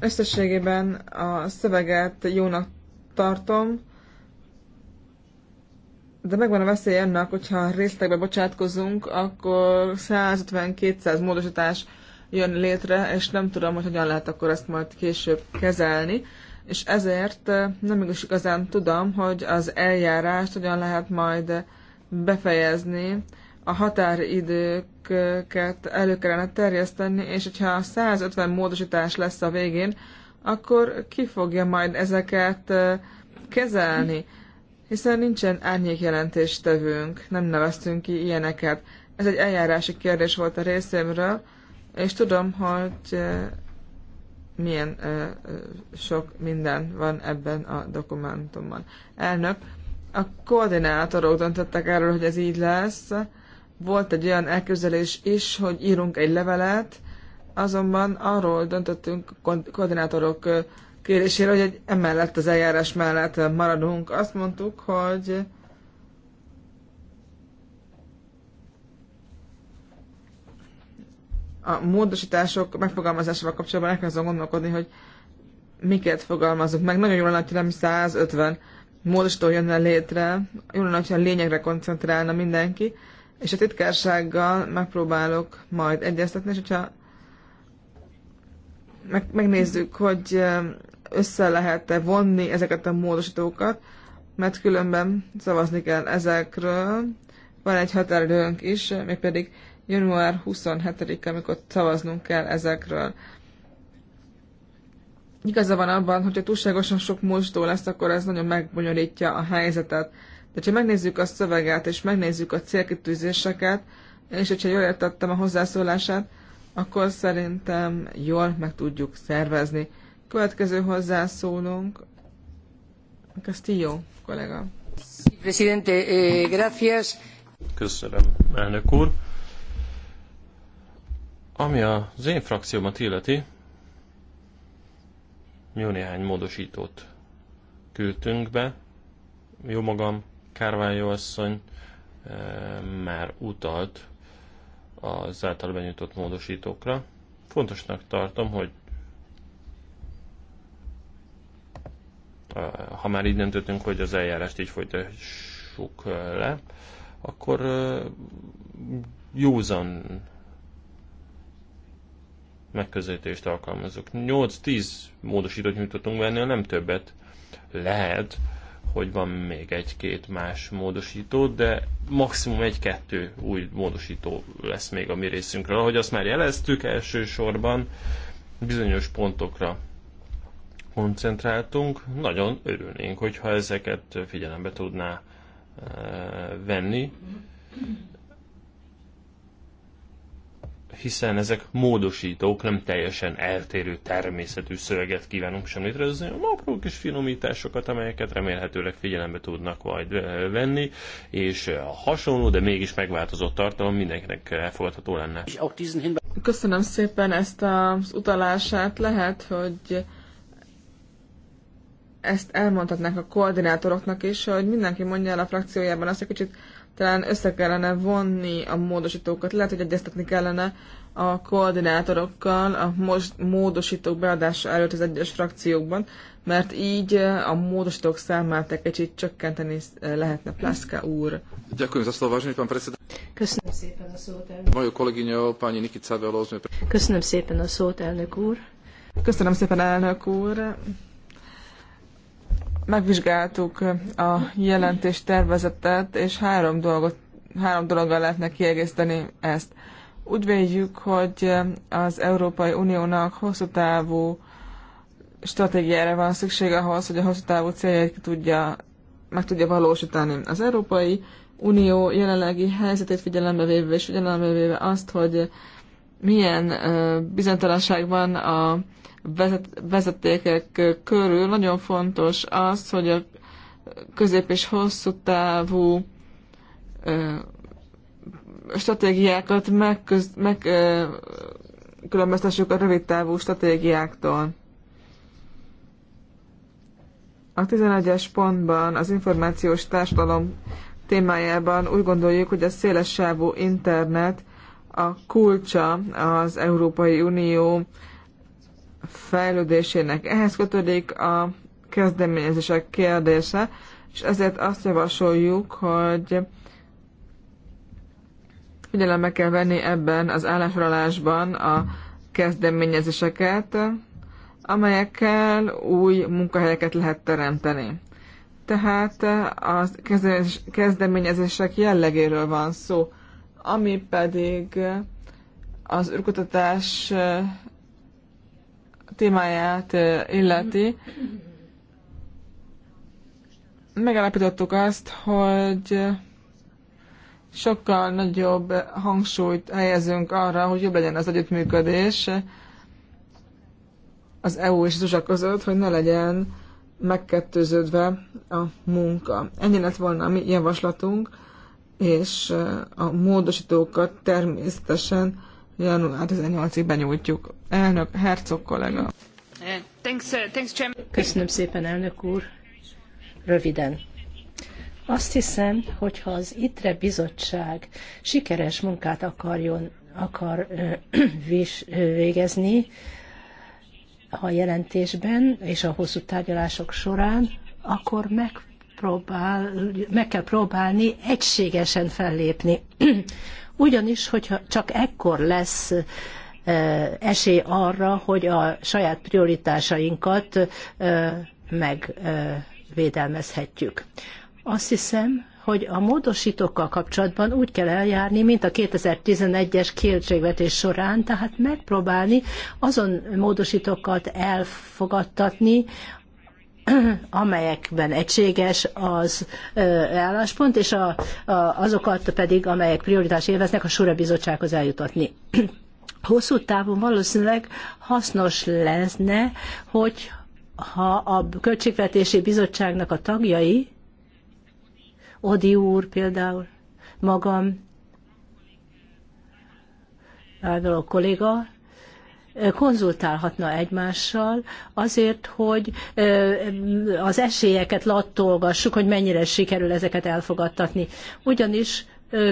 Összességében a szöveget jónak tartom, de megvan a veszély ennek, hogyha részletekbe bocsátkozunk, akkor 150-200 módosítás jön létre, és nem tudom, hogy hogyan lehet akkor ezt majd később kezelni, és ezért eh, nem is igazán tudom, hogy az eljárást hogyan lehet majd befejezni, a határidőket elő kellene terjeszteni, és hogyha 150 módosítás lesz a végén, akkor ki fogja majd ezeket kezelni? Hiszen nincsen tevünk, nem neveztünk ki ilyeneket. Ez egy eljárási kérdés volt a részemről, és tudom, hogy milyen sok minden van ebben a dokumentumban. Elnök, a koordinátorok döntöttek erről, hogy ez így lesz, volt egy olyan elképzelés is, hogy írunk egy levelet, azonban arról döntöttünk koordinátorok kérésére, hogy egy emellett az eljárás mellett maradunk. Azt mondtuk, hogy a módosítások megfogalmazásával kapcsolatban el azon gondolkodni, hogy miket fogalmazunk meg. Nagyon jól lenne, hogy nem 150 módosító jönne létre, jól lenne, hogyha lényegre koncentrálna mindenki, és a titkársággal megpróbálok majd egyeztetni, és hogyha meg, megnézzük, hogy össze lehet-e vonni ezeket a módosítókat, mert különben szavazni kell ezekről. Van egy határidőnk is, mégpedig január 27-e, amikor szavaznunk kell ezekről. Igaza van abban, hogyha túlságosan sok módosító lesz, akkor ez nagyon megbonyolítja a helyzetet. De ha megnézzük a szöveget, és megnézzük a célkitűzéseket, és hogyha jól értettem a hozzászólását, akkor szerintem jól meg tudjuk szervezni. Következő hozzászólónk, Castillo kollega. Presidente, eh, gracias. Köszönöm, elnök úr. Ami az én frakciómat illeti, jó néhány módosítót küldtünk be, jó magam, Kárványó asszony eh, már utalt az által benyújtott módosítókra. Fontosnak tartom, hogy eh, ha már így döntöttünk, hogy az eljárást így folytassuk eh, le, akkor józan megközelítést alkalmazok. 8-10 módosítót nyújtottunk be, ennél nem többet lehet hogy van még egy-két más módosító, de maximum egy-kettő új módosító lesz még a mi részünkről. Ahogy azt már jeleztük, elsősorban bizonyos pontokra koncentráltunk. Nagyon örülnénk, hogyha ezeket figyelembe tudná eh, venni, hiszen ezek módosítók, nem teljesen eltérő természetű szöveget kívánunk sem létrehozni, hanem apró kis finomításokat, amelyeket remélhetőleg figyelembe tudnak majd venni, és a hasonló, de mégis megváltozott tartalom mindenkinek elfogadható lenne. Köszönöm szépen ezt az utalását. Lehet, hogy ezt elmondhatnák a koordinátoroknak is, hogy mindenki mondja el a frakciójában azt, hogy kicsit talán össze kellene vonni a módosítókat, lehet, hogy egyeztetni kellene a koordinátorokkal a most módosítók beadása előtt az egyes frakciókban, mert így a módosítók számát egy kicsit csökkenteni lehetne. Plaszka úr. Köszönöm szépen a szót, elnök. Moju kolegyňou, pányi Nikit Köszönöm szépen a szót, elnök úr. Köszönöm szépen, elnök úr. Megvizsgáltuk a jelentés tervezetet, és három, dolgot, három dologgal lehetne kiegészíteni ezt. Úgy véljük, hogy az Európai Uniónak hosszú távú stratégiára van szükség ahhoz, hogy a hosszú távú céljait tudja, meg tudja valósítani. Az Európai Unió jelenlegi helyzetét figyelembe véve, és figyelembe véve azt, hogy milyen bizonytalanság van a vezetékek körül, nagyon fontos az, hogy a közép és hosszú távú stratégiákat megkülönböztessük meg, a rövid távú stratégiáktól. A 11-es pontban az információs társadalom témájában úgy gondoljuk, hogy a széles sávú internet a kulcsa az Európai Unió fejlődésének. Ehhez kötődik a kezdeményezések kérdése, és ezért azt javasoljuk, hogy figyelembe kell venni ebben az állásfoglalásban a kezdeményezéseket, amelyekkel új munkahelyeket lehet teremteni. Tehát a kezdeményezések jellegéről van szó. Ami pedig az űrkutatás témáját illeti, megállapítottuk azt, hogy sokkal nagyobb hangsúlyt helyezünk arra, hogy jobb legyen az együttműködés az EU és az USA között, hogy ne legyen megkettőződve a munka. Ennyi lett volna a mi javaslatunk és a módosítókat természetesen január 18-ig benyújtjuk. Elnök, Herzog kollega. Eh, eh, Köszönöm szépen, elnök úr. Röviden. Azt hiszem, hogy ha az ITRE bizottság sikeres munkát akarjon, akar végezni a jelentésben és a hosszú tárgyalások során, akkor meg próbál, meg kell próbálni egységesen fellépni. Ugyanis, hogyha csak ekkor lesz esély arra, hogy a saját prioritásainkat megvédelmezhetjük. Azt hiszem, hogy a módosítókkal kapcsolatban úgy kell eljárni, mint a 2011-es költségvetés során, tehát megpróbálni azon módosítókat elfogadtatni, amelyekben egységes az álláspont, és a, a, azokat pedig, amelyek prioritást élveznek, a Sura Bizottsághoz eljutatni. Hosszú távon valószínűleg hasznos lenne, hogy ha a Költségvetési Bizottságnak a tagjai, Odi úr például, magam, Álvaló kolléga, konzultálhatna egymással azért, hogy az esélyeket lattolgassuk, hogy mennyire sikerül ezeket elfogadtatni. Ugyanis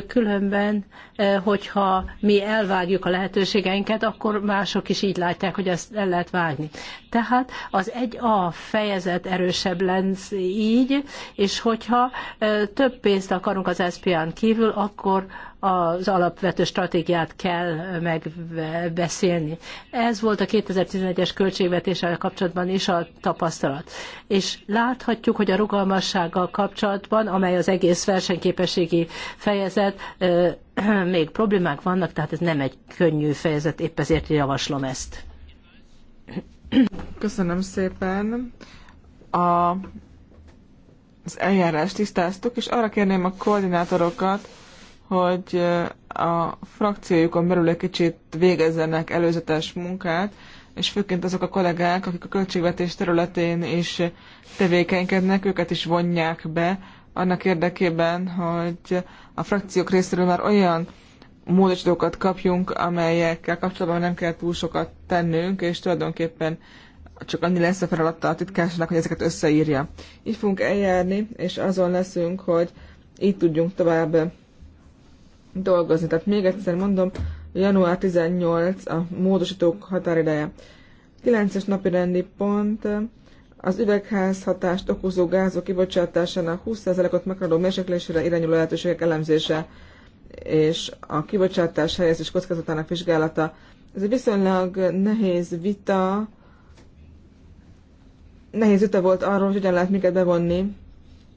különben Eh, hogyha mi elvágjuk a lehetőségeinket, akkor mások is így látják, hogy ezt el lehet vágni. Tehát az egy a fejezet erősebb lenz így, és hogyha eh, több pénzt akarunk az SPN kívül, akkor az alapvető stratégiát kell megbeszélni. Ez volt a 2011-es költségvetéssel kapcsolatban is a tapasztalat. És láthatjuk, hogy a rugalmassággal kapcsolatban, amely az egész versenyképességi fejezet eh, még problémák vannak, tehát ez nem egy könnyű fejezet, épp ezért javaslom ezt. Köszönöm szépen. A, az eljárást tisztáztuk, és arra kérném a koordinátorokat, hogy a frakciójukon belül egy kicsit végezzenek előzetes munkát, és főként azok a kollégák, akik a költségvetés területén is tevékenykednek, őket is vonják be annak érdekében, hogy a frakciók részéről már olyan módosítókat kapjunk, amelyekkel kapcsolatban nem kell túl sokat tennünk, és tulajdonképpen csak annyi lesz a feladata a titkásnak, hogy ezeket összeírja. Így fogunk eljárni, és azon leszünk, hogy így tudjunk tovább dolgozni. Tehát még egyszer mondom, január 18 a módosítók határideje. 9-es napi rendi pont az üvegházhatást okozó gázok kibocsátásának 20%-ot meghaladó mérséklésére irányuló lehetőségek elemzése és a kibocsátás helyezés kockázatának vizsgálata. Ez egy viszonylag nehéz vita, nehéz vita volt arról, hogy hogyan lehet minket bevonni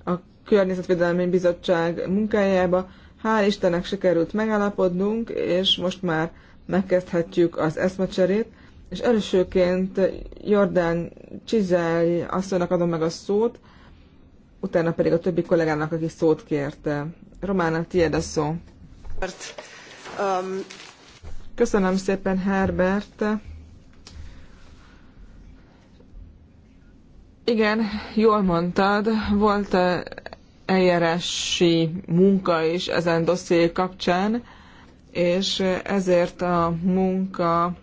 a Környezetvédelmi Bizottság munkájába. Hál' Istennek sikerült megállapodnunk, és most már megkezdhetjük az eszmecserét és elsőként Jordán Csizely asszonynak adom meg a szót, utána pedig a többi kollégának, aki szót kérte. Romána, tiéd a szó. Um, Köszönöm szépen, Herbert. Igen, jól mondtad, volt uh, eljárási munka is ezen dosszié kapcsán, és uh, ezért a munka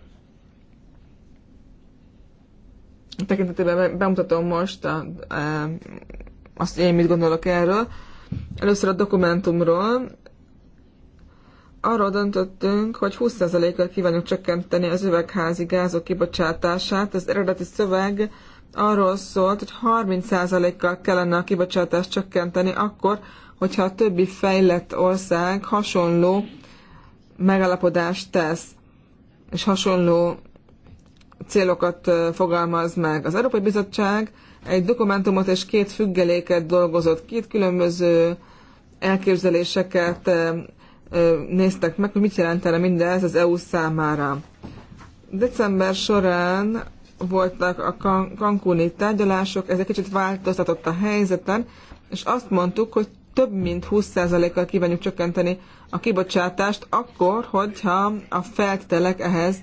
tekintetében bemutatom most a, a, azt, én mit gondolok erről. Először a dokumentumról. Arról döntöttünk, hogy 20%-kal kívánjuk csökkenteni az üvegházi gázok kibocsátását. Az eredeti szöveg arról szólt, hogy 30%-kal kellene a kibocsátást csökkenteni akkor, hogyha a többi fejlett ország hasonló megalapodást tesz, és hasonló célokat fogalmaz meg. Az Európai Bizottság egy dokumentumot és két függeléket dolgozott, két különböző elképzeléseket néztek meg, hogy mit jelentene mindez az EU számára. December során voltak a kankúni tárgyalások, ez egy kicsit változtatott a helyzeten, és azt mondtuk, hogy több mint 20%-kal kívánjuk csökkenteni a kibocsátást akkor, hogyha a feltételek ehhez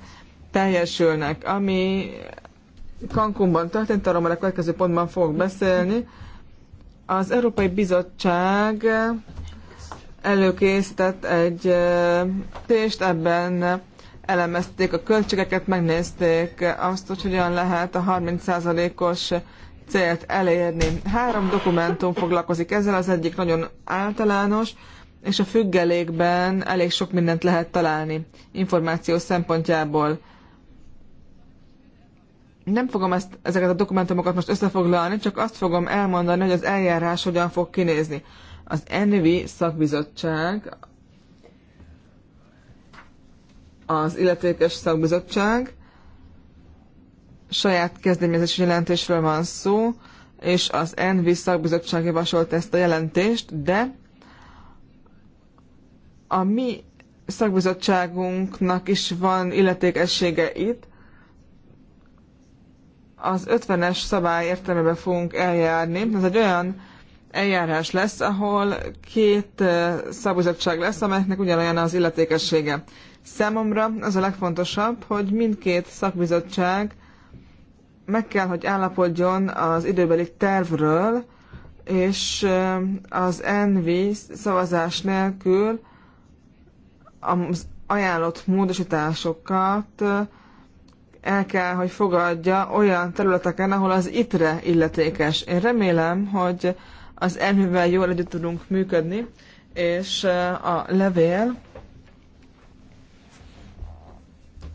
teljesülnek. Ami Cancúnban történt, arról már a következő pontban fogok beszélni. Az Európai Bizottság előkészített egy tést, ebben elemezték a költségeket, megnézték azt, hogy hogyan lehet a 30%-os célt elérni. Három dokumentum foglalkozik ezzel, az egyik nagyon általános, és a függelékben elég sok mindent lehet találni információ szempontjából. Nem fogom ezt, ezeket a dokumentumokat most összefoglalni, csak azt fogom elmondani, hogy az eljárás hogyan fog kinézni. Az ENVI szakbizottság, az illetékes szakbizottság, saját kezdeményezési jelentésről van szó, és az ENVI szakbizottság javasolt ezt a jelentést, de a mi szakbizottságunknak is van illetékessége itt, az 50-es szabály értelmében fogunk eljárni. Ez egy olyan eljárás lesz, ahol két szabizottság lesz, amelynek ugyanolyan az illetékessége. Számomra az a legfontosabb, hogy mindkét szakbizottság meg kell, hogy állapodjon az időbeli tervről, és az NV szavazás nélkül az ajánlott módosításokat el kell, hogy fogadja olyan területeken, ahol az ITRE illetékes. Én remélem, hogy az elművel jól együtt tudunk működni, és eh, a levél,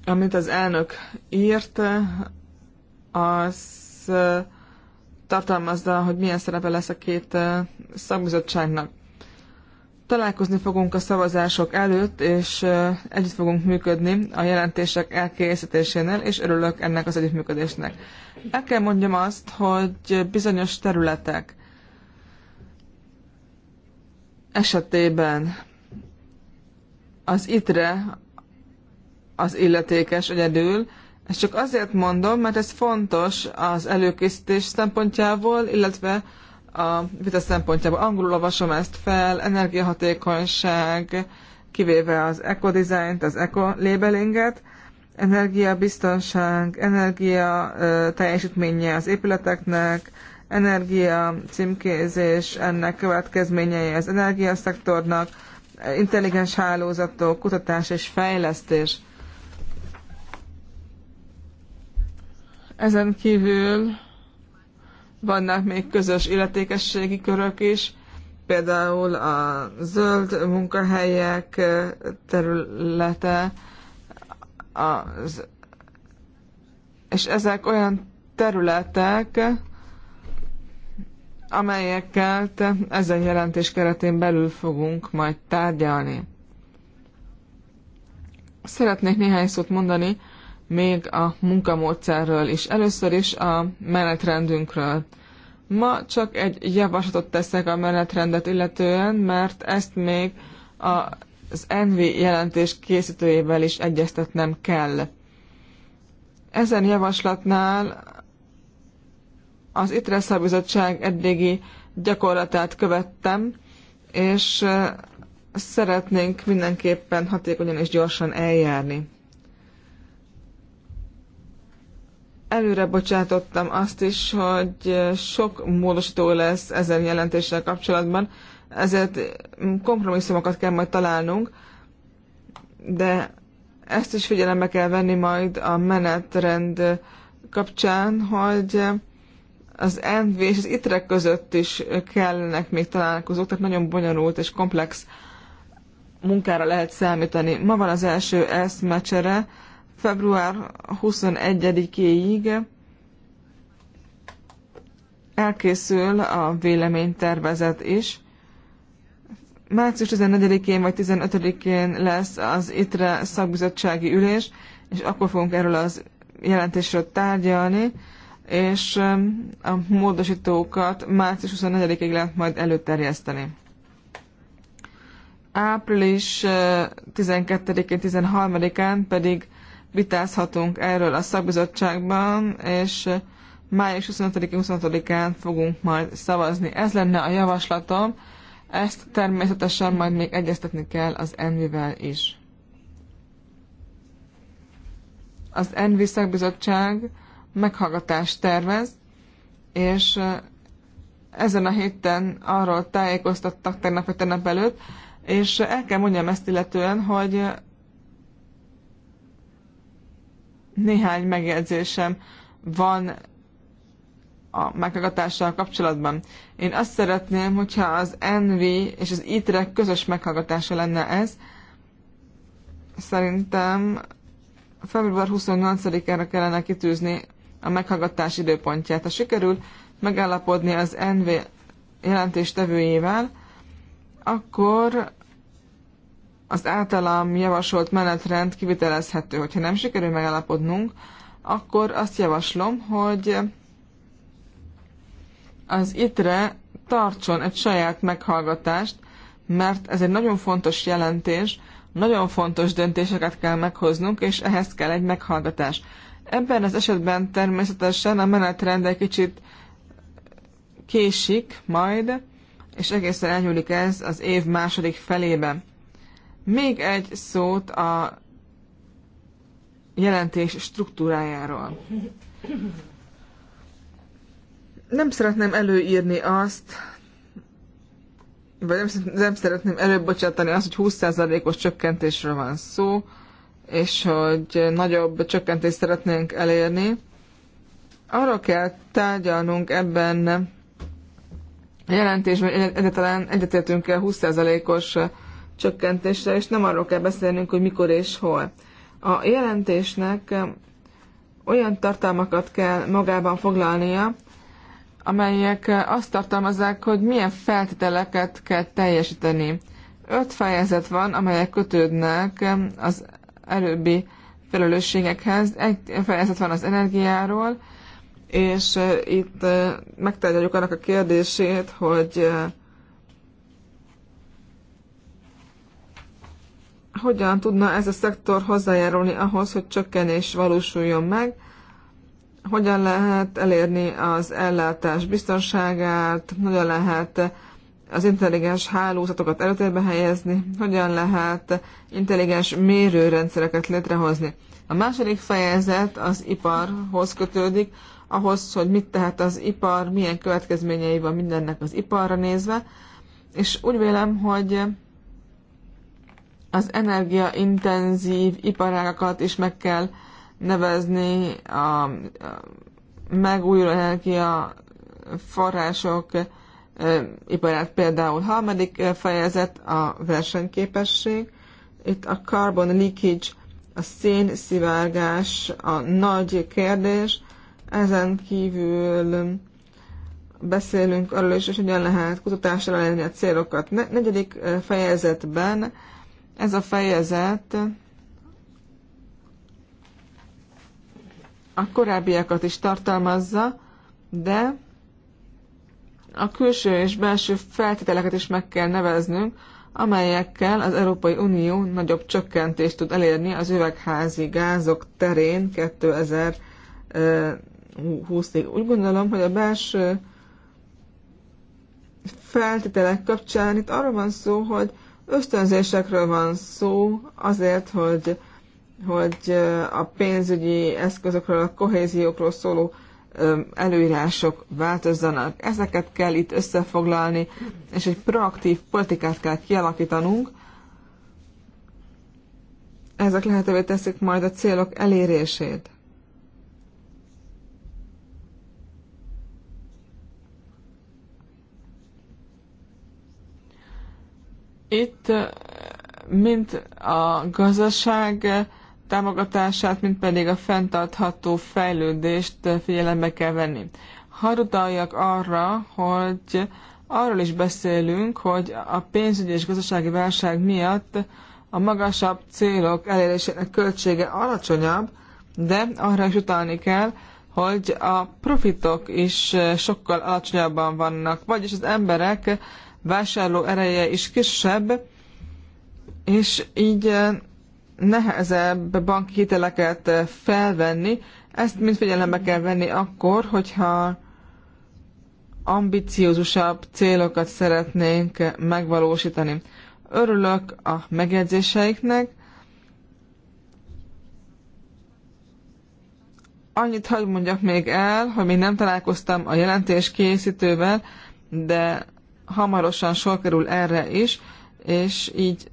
amit az elnök írt, az eh, tartalmazza, hogy milyen szerepe lesz a két eh, szakbizottságnak. Találkozni fogunk a szavazások előtt, és együtt fogunk működni a jelentések elkészítésénél, és örülök ennek az együttműködésnek. El kell mondjam azt, hogy bizonyos területek esetében az itre az illetékes egyedül, ezt csak azért mondom, mert ez fontos az előkészítés szempontjából, illetve a vita szempontjából. Angolul olvasom ezt fel, energiahatékonyság, kivéve az ekodizájnt, az eco eco-labelinget, energiabiztonság, energia teljesítménye az épületeknek, energia címkézés, ennek következményei az energiaszektornak, intelligens hálózatok, kutatás és fejlesztés. Ezen kívül vannak még közös illetékességi körök is, például a zöld munkahelyek területe, az, és ezek olyan területek, amelyekkel ezen jelentés keretén belül fogunk majd tárgyalni. Szeretnék néhány szót mondani még a munkamódszerről is. Először is a menetrendünkről. Ma csak egy javaslatot teszek a menetrendet illetően, mert ezt még az ENVI jelentés készítőjével is egyeztetnem kell. Ezen javaslatnál az ITRE szabizottság eddigi gyakorlatát követtem, és szeretnénk mindenképpen hatékonyan és gyorsan eljárni. előre bocsátottam azt is, hogy sok módosító lesz ezen jelentéssel kapcsolatban, ezért kompromisszumokat kell majd találnunk, de ezt is figyelembe kell venni majd a menetrend kapcsán, hogy az NV és az ITREK között is kellenek még találkozók, tehát nagyon bonyolult és komplex munkára lehet számítani. Ma van az első eszmecsere, február 21-éig elkészül a véleménytervezet is. Március 14-én vagy 15-én lesz az ITRE szakbizottsági ülés, és akkor fogunk erről az jelentésről tárgyalni, és a módosítókat március 24-ig lehet majd előterjeszteni. Április 12-én, eh, 13-án pedig vitázhatunk erről a szakbizottságban, és május 25-26-án fogunk majd szavazni. Ez lenne a javaslatom, ezt természetesen majd még egyeztetni kell az Envivel is. Az Envi szakbizottság meghallgatást tervez, és ezen a héten arról tájékoztattak tegnap vagy tegnap előtt, és el kell mondjam ezt illetően, hogy néhány megjegyzésem van a meghallgatással kapcsolatban. Én azt szeretném, hogyha az NV és az ITRE közös meghallgatása lenne ez. Szerintem február 28-ára kellene kitűzni a meghallgatás időpontját. Ha sikerül megállapodni az NV jelentéstevőjével, akkor az általam javasolt menetrend kivitelezhető. Hogyha nem sikerül megállapodnunk, akkor azt javaslom, hogy az ITRE tartson egy saját meghallgatást, mert ez egy nagyon fontos jelentés, nagyon fontos döntéseket kell meghoznunk, és ehhez kell egy meghallgatás. Ebben az esetben természetesen a menetrend egy kicsit késik majd, és egészen elnyúlik ez az év második felébe. Még egy szót a jelentés struktúrájáról. Nem szeretném előírni azt, vagy nem, szeretném előbocsátani azt, hogy 20%-os csökkentésről van szó, és hogy nagyobb csökkentést szeretnénk elérni. Arról kell tárgyalnunk ebben a jelentésben, hogy egyetlen egyetértünk el 20%-os csökkentésre, és nem arról kell beszélnünk, hogy mikor és hol. A jelentésnek um, olyan tartalmakat kell magában foglalnia, amelyek uh, azt tartalmazzák, hogy milyen feltételeket kell teljesíteni. Öt fejezet van, amelyek kötődnek um, az előbbi felelősségekhez. Egy fejezet van az energiáról, és uh, itt uh, megtaláljuk annak a kérdését, hogy Hogyan tudna ez a szektor hozzájárulni ahhoz, hogy csökkenés valósuljon meg? Hogyan lehet elérni az ellátás biztonságát? Hogyan lehet az intelligens hálózatokat előtérbe helyezni? Hogyan lehet intelligens mérőrendszereket létrehozni? A második fejezet az iparhoz kötődik, ahhoz, hogy mit tehet az ipar, milyen következményei van mindennek az iparra nézve, és úgy vélem, hogy az energiaintenzív iparágakat is meg kell nevezni a megújuló energia források iparát például harmadik fejezet a versenyképesség. Itt a carbon leakage, a szén szivárgás a nagy kérdés. Ezen kívül beszélünk arról is, hogy hogyan lehet kutatással elérni a célokat. Negyedik fejezetben ez a fejezet a korábbiakat is tartalmazza, de a külső és belső feltételeket is meg kell neveznünk, amelyekkel az Európai Unió nagyobb csökkentést tud elérni az üvegházi gázok terén 2020-ig. Úgy gondolom, hogy a belső feltételek kapcsán itt arról van szó, hogy ösztönzésekről van szó azért, hogy, hogy a pénzügyi eszközökről, a kohéziókról szóló előírások változzanak. Ezeket kell itt összefoglalni, és egy proaktív politikát kell kialakítanunk. Ezek lehetővé teszik majd a célok elérését. Itt mint a gazdaság támogatását, mint pedig a fenntartható fejlődést figyelembe kell venni. Hadd arra, hogy arról is beszélünk, hogy a pénzügyi és gazdasági válság miatt a magasabb célok elérésének költsége alacsonyabb, de arra is utalni kell, hogy a profitok is sokkal alacsonyabban vannak, vagyis az emberek vásárló ereje is kisebb, és így eh, nehezebb banki hiteleket eh, felvenni. Ezt mind figyelembe kell venni akkor, hogyha ambiciózusabb célokat szeretnénk megvalósítani. Örülök a megjegyzéseiknek. Annyit hagyd mondjak még el, hogy még nem találkoztam a jelentés készítővel, de hamarosan sor kerül erre is, és így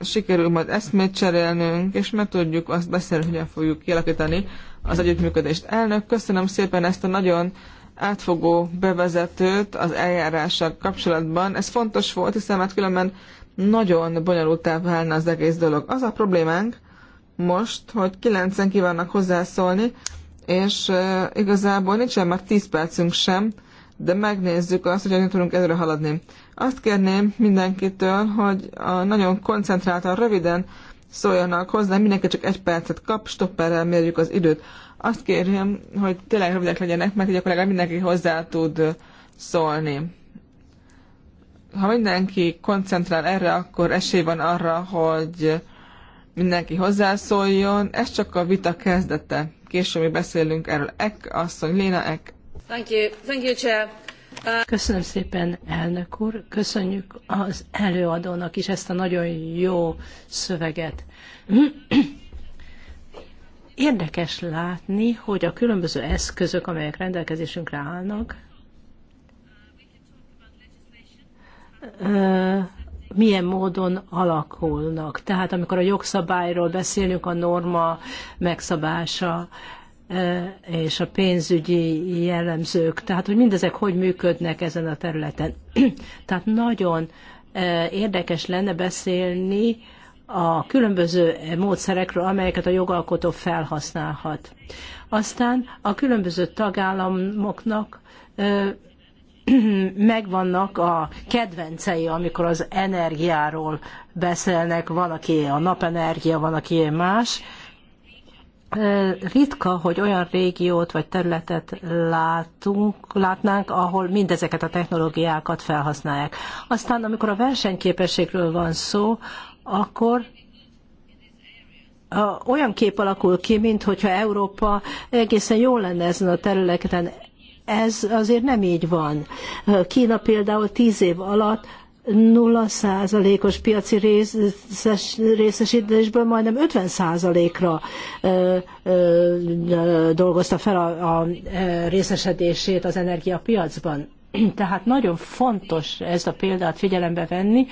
sikerül majd eszmét cserélnünk, és meg tudjuk azt beszélni, hogyan fogjuk kialakítani az együttműködést. Elnök, köszönöm szépen ezt a nagyon átfogó bevezetőt az eljárással kapcsolatban. Ez fontos volt, hiszen mert hát különben nagyon bonyolultá válna az egész dolog. Az a problémánk most, hogy kilencen kívánnak hozzászólni, és eh, igazából nincsen már 10 percünk sem, de megnézzük azt, hogy hogyan tudunk előre haladni. Azt kérném mindenkitől, hogy a nagyon koncentráltan, röviden szóljanak hozzá, mindenki csak egy percet kap, stopperrel mérjük az időt. Azt kérjem, hogy tényleg rövidek legyenek, mert így akkor legalább mindenki hozzá tud szólni. Ha mindenki koncentrál erre, akkor esély van arra, hogy mindenki hozzászóljon. Ez csak a vita kezdete. Később mi beszélünk erről. Ek, asszony, Léna Ek. Uh, Köszönöm szépen, elnök úr. Köszönjük az előadónak is ezt a nagyon jó szöveget. Érdekes látni, hogy a különböző eszközök, amelyek rendelkezésünkre állnak, uh, milyen módon alakulnak. Tehát amikor a jogszabályról beszélünk, a norma megszabása, E, és a pénzügyi jellemzők, tehát hogy mindezek hogy működnek ezen a területen. tehát nagyon e, érdekes lenne beszélni a különböző módszerekről, amelyeket a jogalkotó felhasználhat. Aztán a különböző tagállamoknak e, megvannak a kedvencei, amikor az energiáról beszélnek, van, aki a napenergia, van, aki más, ritka, hogy olyan régiót vagy területet látunk, látnánk, ahol mindezeket a technológiákat felhasználják. Aztán, amikor a versenyképességről van szó, akkor olyan kép alakul ki, mintha Európa egészen jól lenne ezen a területen. Ez azért nem így van. Kína például tíz év alatt nulla százalékos piaci részes, részesítésből majdnem 50 százalékra dolgozta fel a, a részesedését az energiapiacban. Tehát nagyon fontos ezt a példát figyelembe venni,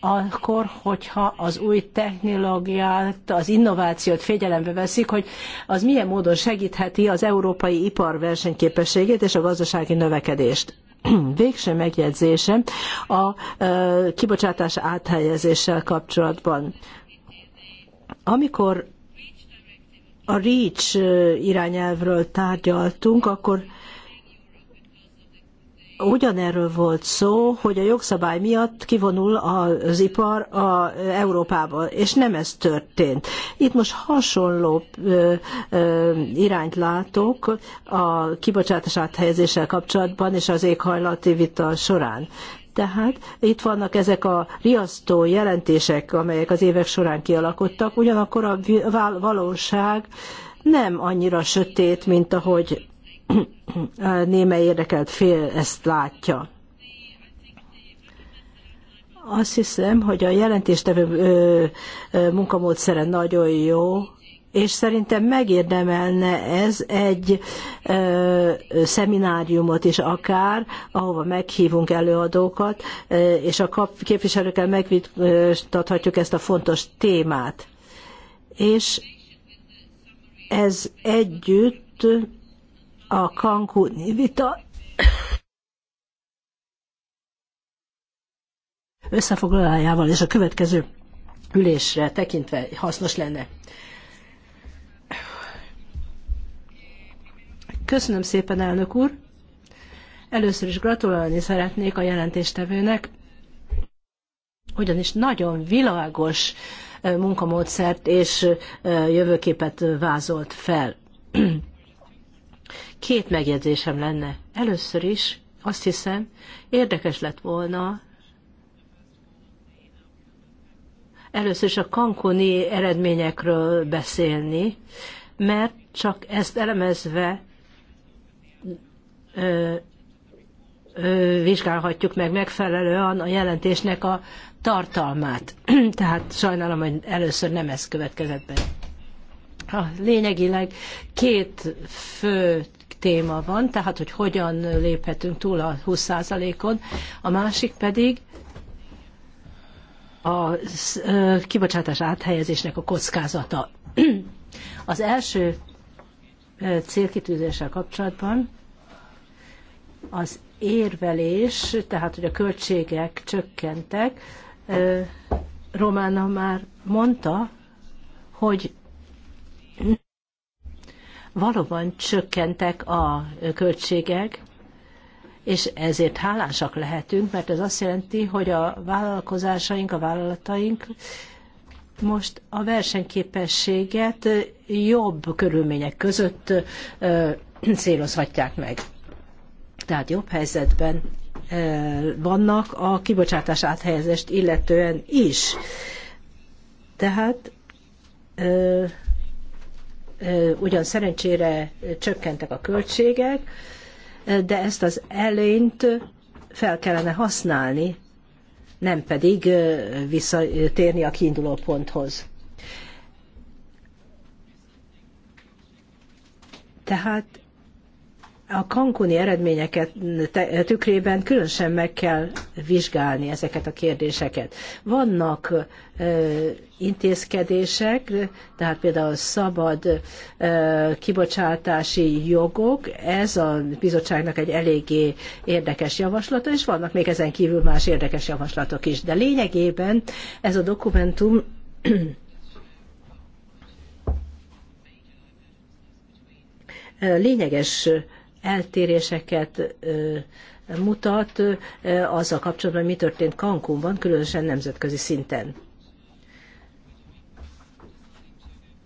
akkor, hogyha az új technológiát, az innovációt figyelembe veszik, hogy az milyen módon segítheti az európai ipar versenyképességét és a gazdasági növekedést végső megjegyzése a kibocsátás áthelyezéssel kapcsolatban. Amikor a REACH irányelvről tárgyaltunk, akkor ugyanerről volt szó, hogy a jogszabály miatt kivonul az ipar a Európába, és nem ez történt. Itt most hasonló irányt látok a kibocsátás áthelyezéssel kapcsolatban és az éghajlati vita során. Tehát itt vannak ezek a riasztó jelentések, amelyek az évek során kialakodtak, ugyanakkor a valóság nem annyira sötét, mint ahogy némely érdekelt fél ezt látja. Azt hiszem, hogy a jelentéstevő munkamódszere nagyon jó, és szerintem megérdemelne ez egy ö, szemináriumot is akár, ahova meghívunk előadókat, ö, és a kap, képviselőkkel megvitathatjuk ezt a fontos témát. És ez együtt a kankúni vita összefoglalájával és a következő ülésre tekintve hasznos lenne. Köszönöm szépen, elnök úr! Először is gratulálni szeretnék a jelentéstevőnek, ugyanis nagyon világos eh, munkamódszert és eh, jövőképet vázolt fel. Két megjegyzésem lenne. Először is azt hiszem, érdekes lett volna először is a kankoni eredményekről beszélni, mert csak ezt elemezve ö, ö, vizsgálhatjuk meg megfelelően a jelentésnek a tartalmát. Tehát sajnálom, hogy először nem ez következett be lényegileg két fő téma van, tehát hogy hogyan léphetünk túl a 20%-on, a másik pedig a kibocsátás áthelyezésnek a kockázata. Az első célkitűzéssel kapcsolatban az érvelés, tehát hogy a költségek csökkentek, Romána már mondta, hogy Valóban csökkentek a költségek, és ezért hálásak lehetünk, mert ez azt jelenti, hogy a vállalkozásaink, a vállalataink most a versenyképességet jobb körülmények között célozhatják meg. Tehát jobb helyzetben vannak a kibocsátás áthelyezést illetően is. Tehát ugyan szerencsére csökkentek a költségek, de ezt az előnyt fel kellene használni, nem pedig visszatérni a kiinduló ponthoz. Tehát a kankuni eredményeket tükrében különösen meg kell vizsgálni ezeket a kérdéseket. Vannak intézkedések, tehát például szabad kibocsátási jogok, ez a bizottságnak egy eléggé érdekes javaslata, és vannak még ezen kívül más érdekes javaslatok is. De lényegében ez a dokumentum lényeges eltéréseket mutat azzal kapcsolatban, mi történt Cancúnban, különösen nemzetközi szinten.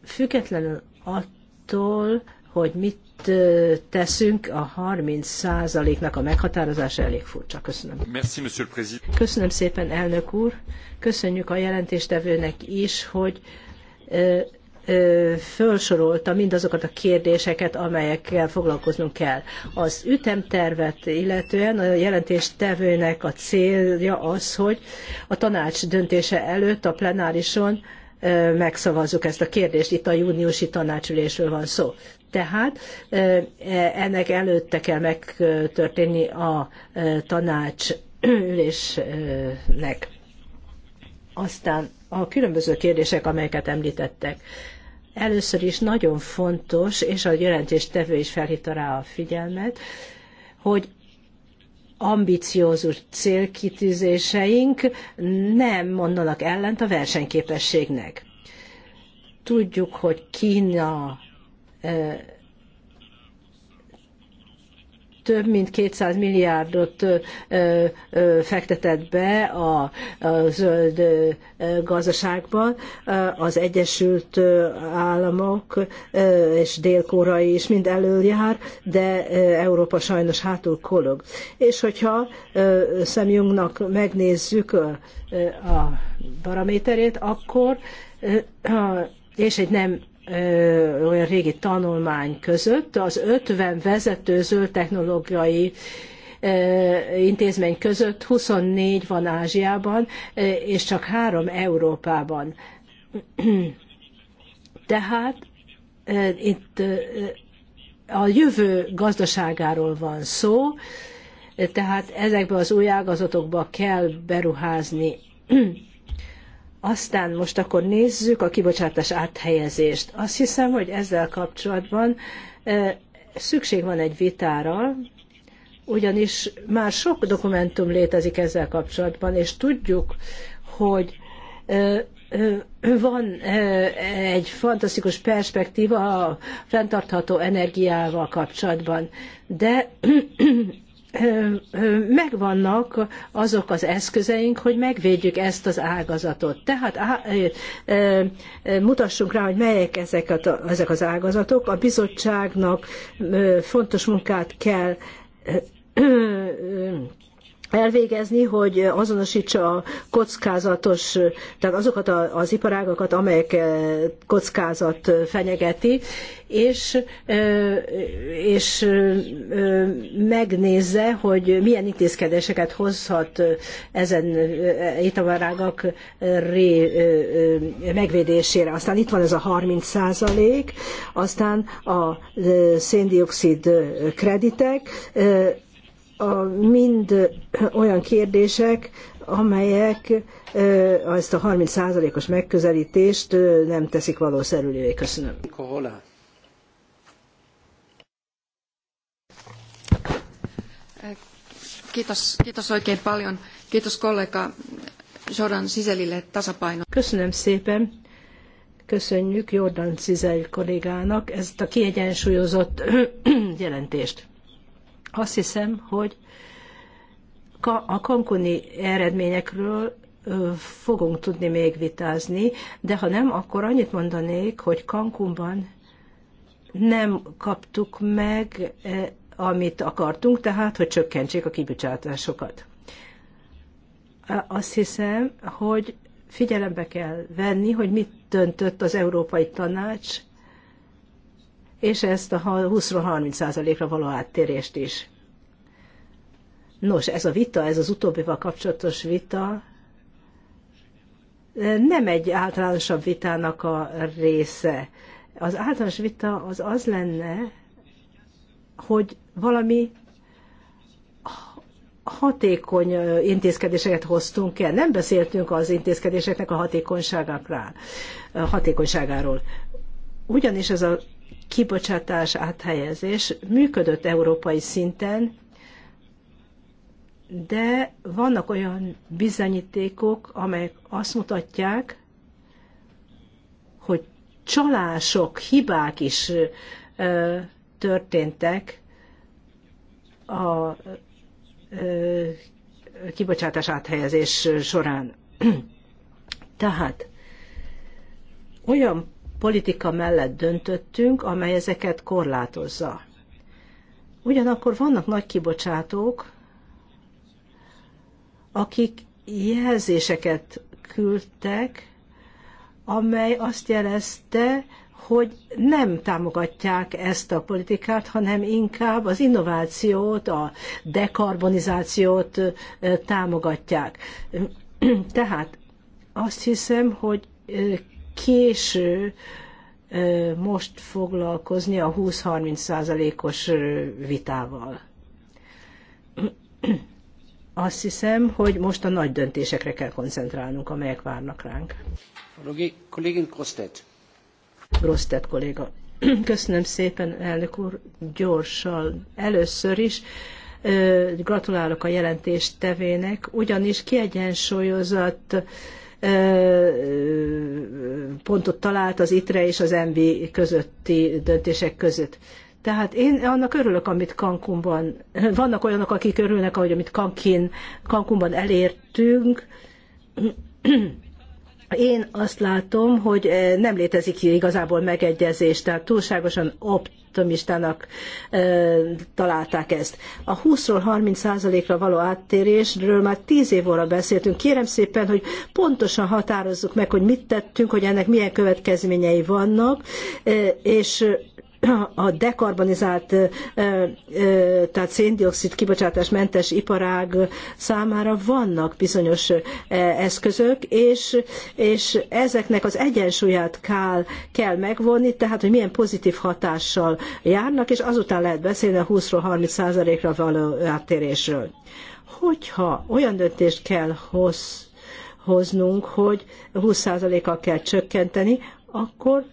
Függetlenül attól, hogy mit teszünk, a 30 százaléknak a meghatározása elég furcsa. Köszönöm. Merci, Köszönöm szépen, elnök úr. Köszönjük a jelentéstevőnek is, hogy felsorolta mindazokat a kérdéseket, amelyekkel foglalkoznunk kell. Az ütemtervet illetően a jelentéstevőnek a célja az, hogy a tanács döntése előtt a plenárison megszavazzuk ezt a kérdést. Itt a júniusi tanácsülésről van szó. Tehát ennek előtte kell megtörténni a tanács ülésnek. Aztán a különböző kérdések, amelyeket említettek. Először is nagyon fontos, és a jelentéstevő is felhívta rá a figyelmet, hogy ambiciózus célkitűzéseink nem mondanak ellent a versenyképességnek. Tudjuk, hogy Kína több mint 200 milliárdot fektetett be a zöld gazdaságba. Az Egyesült Államok és Dél-Korai is mind előjár, de Európa sajnos hátul kolog. És hogyha szemjünknek megnézzük a paraméterét, akkor és egy nem olyan régi tanulmány között, az 50 vezető zöld technológiai intézmény között 24 van Ázsiában, és csak három Európában. Tehát itt a jövő gazdaságáról van szó, tehát ezekbe az új ágazatokba kell beruházni. Aztán most akkor nézzük a kibocsátás áthelyezést. Azt hiszem, hogy ezzel kapcsolatban szükség van egy vitára, ugyanis már sok dokumentum létezik ezzel kapcsolatban, és tudjuk, hogy van egy fantasztikus perspektíva a fenntartható energiával kapcsolatban, de megvannak azok az eszközeink, hogy megvédjük ezt az ágazatot. Tehát á, ö, ö, mutassunk rá, hogy melyek ezek, a, ezek az ágazatok. A bizottságnak ö, fontos munkát kell elvégezni, hogy azonosítsa a kockázatos, tehát azokat az iparágakat, amelyek eh, kockázat fenyegeti, és, eh, és eh, megnézze, hogy milyen intézkedéseket hozhat ezen iparágak megvédésére. Aztán itt van ez a 30 százalék, aztán a széndiokszid kreditek, a, mind olyan kérdések, amelyek ezt a 30%-os megközelítést nem teszik valószerűvé. Köszönöm. Kohola. Kiitos, kiitos oikein paljon. Kiitos kollega Jordan Siselille tasapaino. Köszönöm szépen. Köszönjük Jordan Sisel kollégának ezt a kiegyensúlyozott jelentést. Azt hiszem, hogy a kankuni eredményekről fogunk tudni még vitázni, de ha nem, akkor annyit mondanék, hogy Cancunban nem kaptuk meg, amit akartunk, tehát, hogy csökkentsék a kibocsátásokat. Azt hiszem, hogy figyelembe kell venni, hogy mit döntött az Európai Tanács és ezt a 20-30%-ra való áttérést is. Nos, ez a vita, ez az utóbbival kapcsolatos vita eh, nem egy általánosabb vitának a része. Az általános vita az az lenne, hogy valami hatékony eh, intézkedéseket hoztunk el. Nem beszéltünk az intézkedéseknek a hatékonyságáról. Ugyanis ez a kibocsátás áthelyezés működött európai szinten, de vannak olyan bizonyítékok, amelyek azt mutatják, hogy csalások, hibák is ö, történtek a ö, kibocsátás áthelyezés során. Tehát olyan politika mellett döntöttünk, amely ezeket korlátozza. Ugyanakkor vannak nagy kibocsátók, akik jelzéseket küldtek, amely azt jelezte, hogy nem támogatják ezt a politikát, hanem inkább az innovációt, a dekarbonizációt támogatják. Tehát azt hiszem, hogy késő most foglalkozni a 20-30 százalékos vitával. Azt hiszem, hogy most a nagy döntésekre kell koncentrálnunk, amelyek várnak ránk. Kollégin Rostet kolléga. Köszönöm szépen, elnök úr, gyorsan. Először is gratulálok a jelentést tevének. ugyanis kiegyensúlyozott pontot talált az ITRE és az MV közötti döntések között. Tehát én annak örülök, amit Cancunban, vannak olyanok, akik örülnek, ahogy amit Cancun, Cancunban elértünk. Én azt látom, hogy nem létezik igazából megegyezés, tehát túlságosan opt optimistának találták ezt. A 20-ról 30 ra való áttérésről már 10 év óra beszéltünk. Kérem szépen, hogy pontosan határozzuk meg, hogy mit tettünk, hogy ennek milyen következményei vannak, és a dekarbonizált, tehát széndiokszid mentes iparág számára vannak bizonyos eszközök, és, és ezeknek az egyensúlyát kell, kell megvonni, tehát hogy milyen pozitív hatással járnak, és azután lehet beszélni a 20-ról 30 százalékra való áttérésről. Hogyha olyan döntést kell hoz, hoznunk, hogy 20%-kal kell csökkenteni, akkor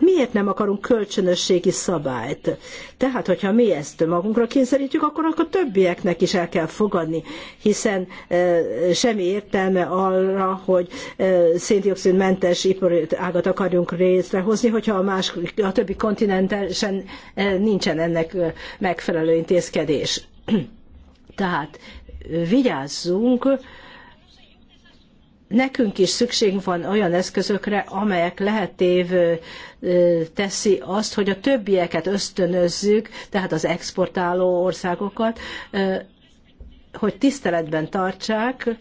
miért nem akarunk kölcsönösségi szabályt? Tehát, hogyha mi ezt magunkra kényszerítjük, akkor, akkor többieknek is el kell fogadni, hiszen e, semmi értelme arra, hogy e, széndiokszidmentes iparágat akarjunk részrehozni, hogyha a, más, a többi kontinensen e, nincsen ennek megfelelő intézkedés. Tehát vigyázzunk, nekünk is szükségünk van olyan eszközökre, amelyek lehetév teszi azt, hogy a többieket ösztönözzük, tehát az exportáló országokat, hogy tiszteletben tartsák,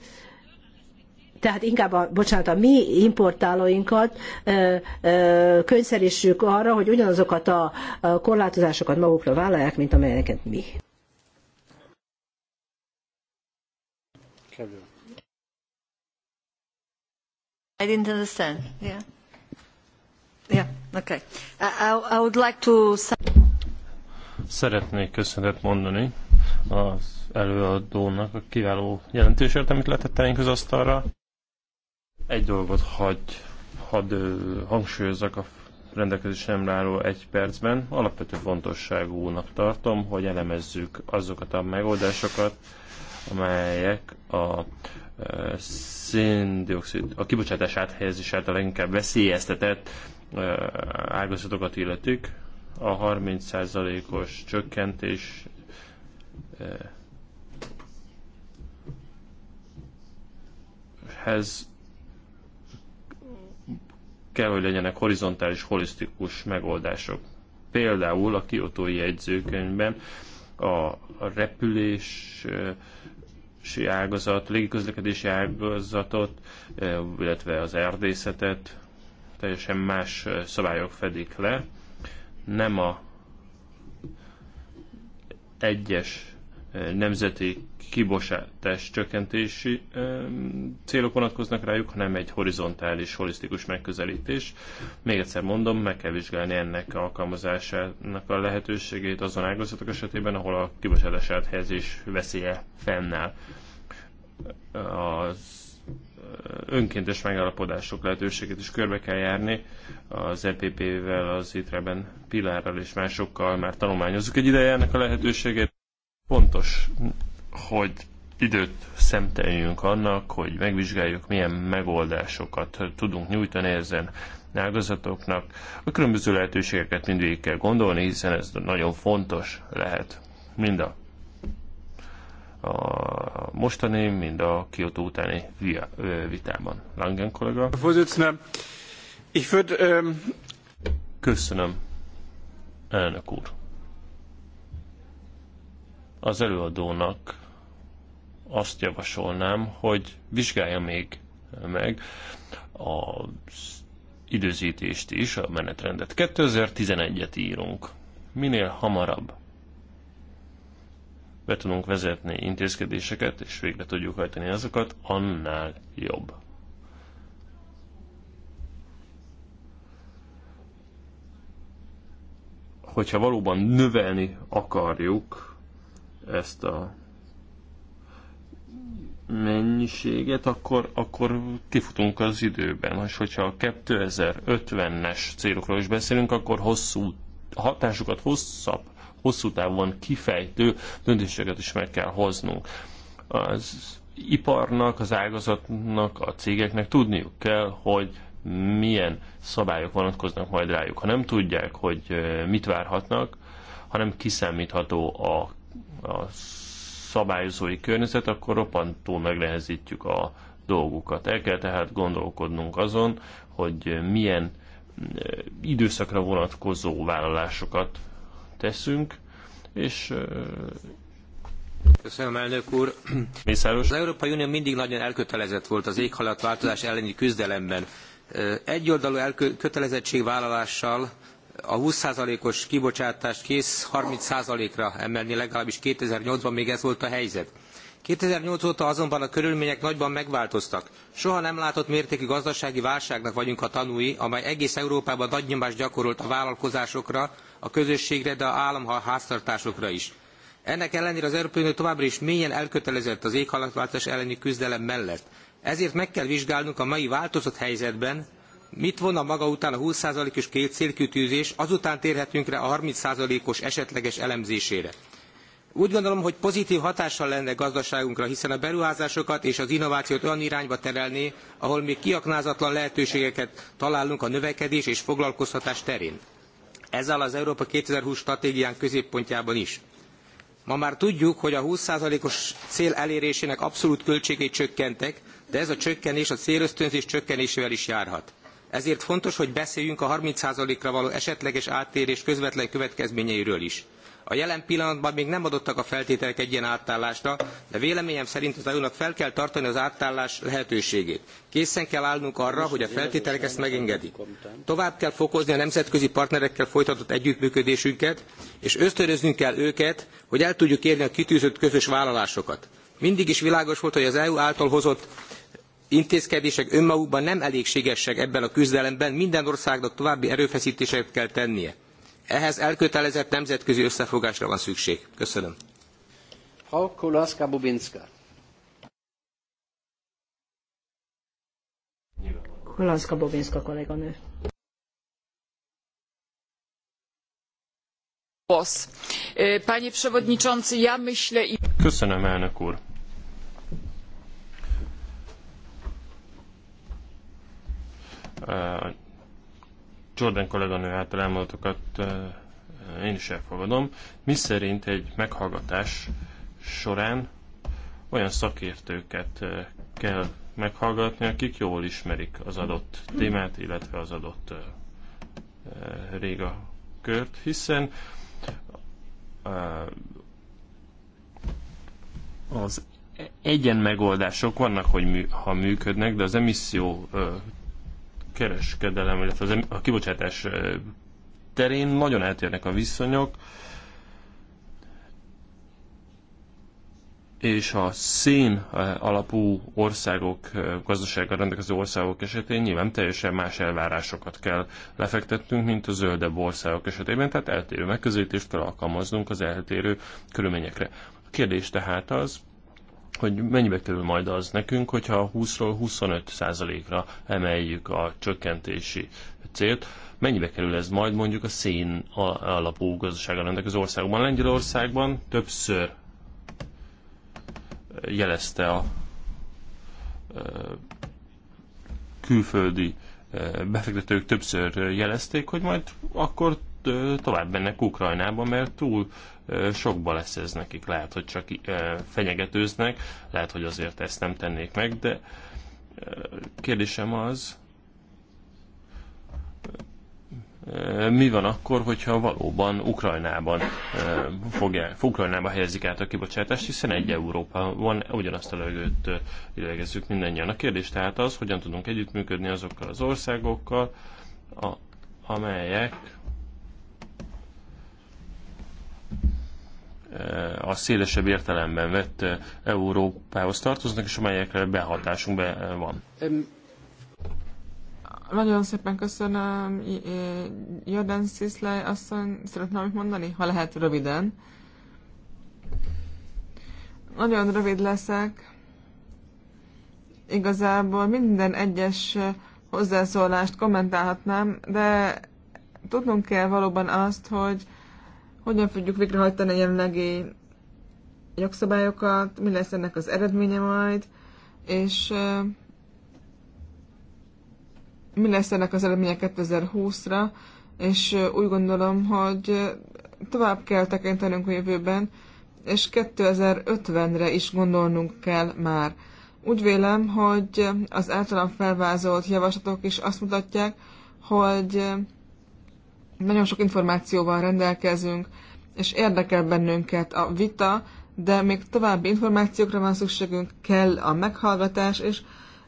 tehát inkább, a, bocsánat, a mi importálóinkat ö, könyszerítsük arra, hogy ugyanazokat a, a korlátozásokat magukra vállalják, mint amelyeket mi. I didn't understand. Yeah. Yeah, okay. I, I would like to... Szeretnék köszönet mondani az előadónak a kiváló jelentésért, amit letett elénk az asztalra. Egy dolgot hagy, hadd hangsúlyozzak a rendelkezésemre álló egy percben. Alapvető fontosságúnak tartom, hogy elemezzük azokat a megoldásokat, amelyek a széndiokszid, a kibocsátás áthelyezés által leginkább veszélyeztetett ágazatokat illetik. A 30%-os csökkentés ehhez kell, hogy legyenek horizontális, holisztikus megoldások. Például a kiotói jegyzőkönyvben a repülés közlekedési ágazat, légiközlekedési ágazatot, eh, illetve az erdészetet teljesen más eh, szabályok fedik le. Nem a egyes eh, nemzeti kibosátás csökkentési célok vonatkoznak rájuk, hanem egy horizontális, holisztikus megközelítés. Még egyszer mondom, meg kell vizsgálni ennek alkalmazásának a lehetőségét azon ágazatok esetében, ahol a kibosátás áthelyezés veszélye fennáll. Az önkéntes megállapodások lehetőségét is körbe kell járni. Az EPP-vel, az ITRE-ben Pilárral és másokkal már tanulmányozzuk egy ideje ennek a lehetőségét. Pontos hogy időt szemteljünk annak, hogy megvizsgáljuk, milyen megoldásokat tudunk nyújtani ezen ágazatoknak. A különböző lehetőségeket mindig kell gondolni, hiszen ez nagyon fontos lehet mind a, a mostani, mind a Kyoto utáni via, vitában. Langen kollega. Ähm, Köszönöm, elnök úr. Az előadónak azt javasolnám, hogy vizsgálja még meg az időzítést is, a menetrendet. 2011-et írunk. Minél hamarabb be tudunk vezetni intézkedéseket, és végre tudjuk hajtani azokat, annál jobb. Hogyha valóban növelni akarjuk ezt a mennyiséget, akkor, akkor kifutunk az időben. És hogyha a 2050-es célokról is beszélünk, akkor hosszú hatásukat hosszabb, hosszú távon kifejtő döntéseket is meg kell hoznunk. Az iparnak, az ágazatnak, a cégeknek tudniuk kell, hogy milyen szabályok vonatkoznak majd rájuk. Ha nem tudják, hogy eh, mit várhatnak, hanem kiszámítható a, a szabályozói környezet, akkor roppantól megnehezítjük a dolgukat. El kell tehát gondolkodnunk azon, hogy milyen eh, időszakra vonatkozó vállalásokat teszünk, és eh, Köszönöm, elnök úr. Mészáros. Az Európai Unió mindig nagyon elkötelezett volt az éghajlatváltozás elleni küzdelemben. Eh, egyoldalú elkö- kötelezettségvállalással a 20%-os kibocsátást kész 30%-ra emelni, legalábbis 2008-ban még ez volt a helyzet. 2008 óta azonban a körülmények nagyban megváltoztak. Soha nem látott mértékű gazdasági válságnak vagyunk a tanúi, amely egész Európában nagy nyomást gyakorolt a vállalkozásokra, a közösségre, de a államháztartásokra is. Ennek ellenére az Európai Unió továbbra is mélyen elkötelezett az éghajlatváltozás elleni küzdelem mellett. Ezért meg kell vizsgálnunk a mai változott helyzetben, Mit vonna maga után a 20%-os két tűzés? azután térhetünk rá a 30%-os esetleges elemzésére. Úgy gondolom, hogy pozitív hatással lenne gazdaságunkra, hiszen a beruházásokat és az innovációt olyan irányba terelné, ahol még kiaknázatlan lehetőségeket találunk a növekedés és foglalkoztatás terén. Ez áll az Európa 2020 stratégián középpontjában is. Ma már tudjuk, hogy a 20%-os cél elérésének abszolút költségei csökkentek, de ez a csökkenés a célösztönzés csökkenésével is járhat. Ezért fontos, hogy beszéljünk a 30%-ra való esetleges áttérés közvetlen következményeiről is. A jelen pillanatban még nem adottak a feltételek egy ilyen átállásra, de véleményem szerint az EU-nak fel kell tartani az átállás lehetőségét. Készen kell állnunk arra, hogy a feltételek ezt megengedik. Tovább kell fokozni a nemzetközi partnerekkel folytatott együttműködésünket, és ösztönöznünk kell őket, hogy el tudjuk érni a kitűzött közös vállalásokat. Mindig is világos volt, hogy az EU által hozott intézkedések önmagukban nem elégségesek ebben a küzdelemben, minden országnak további erőfeszítéseket kell tennie. Ehhez elkötelezett nemzetközi összefogásra van szükség. Köszönöm. Frau Kolaska-Bubinska. Kolanska-Bobinska kolléganő. E, Köszönöm, elnök úr. Jordan kolléganő által elmondatokat én is elfogadom, mi szerint egy meghallgatás során olyan szakértőket kell meghallgatni, akik jól ismerik az adott témát, illetve az adott réga kört, hiszen az e-, egyen megoldások vannak, hogy mű, ha működnek, de az emisszió kereskedelem, illetve a kibocsátás terén nagyon eltérnek a viszonyok, és a szén alapú országok, gazdasággal rendelkező országok esetén nyilván teljesen más elvárásokat kell lefektetnünk, mint a zöldebb országok esetében, tehát eltérő megközelítést kell alkalmaznunk az eltérő körülményekre. A kérdés tehát az, hogy mennyibe kerül majd az nekünk, hogyha 20-ról 25%-ra emeljük a csökkentési célt, mennyibe kerül ez majd mondjuk a szén alapú gazdaságra az országban. Lengyelországban többször jelezte a külföldi befektetők többször jelezték, hogy majd akkor tovább mennek Ukrajnába, mert túl sokba lesz ez nekik. Lehet, hogy csak fenyegetőznek, lehet, hogy azért ezt nem tennék meg, de kérdésem az, mi van akkor, hogyha valóban Ukrajnában fogja, Ukrajnába helyezik át a kibocsátást, hiszen egy Európa van, ugyanazt a levegőt idegezzük mindannyian. A kérdés tehát az, hogyan tudunk együttműködni azokkal az országokkal, a, amelyek Eh, a szélesebb értelemben vett eh, Európához tartoznak, és amelyekre behatásunk be eh, van. Nagyon szépen köszönöm, Jordan Sziszlej azt szeretném amit mondani? Ha lehet, röviden. Nagyon rövid leszek. Igazából minden egyes hozzászólást kommentálhatnám, de tudnunk kell valóban azt, hogy hogyan tudjuk végrehajtani a jelenlegi jogszabályokat, mi lesz ennek az eredménye majd, és mi lesz ennek az eredménye 2020-ra, és úgy gondolom, hogy tovább kell tekintenünk a jövőben, és 2050-re is gondolnunk kell már. Úgy vélem, hogy az általam felvázolt javaslatok is azt mutatják, hogy nagyon sok információval rendelkezünk, és érdekel bennünket a vita, de még további információkra van szükségünk, kell a meghallgatás, és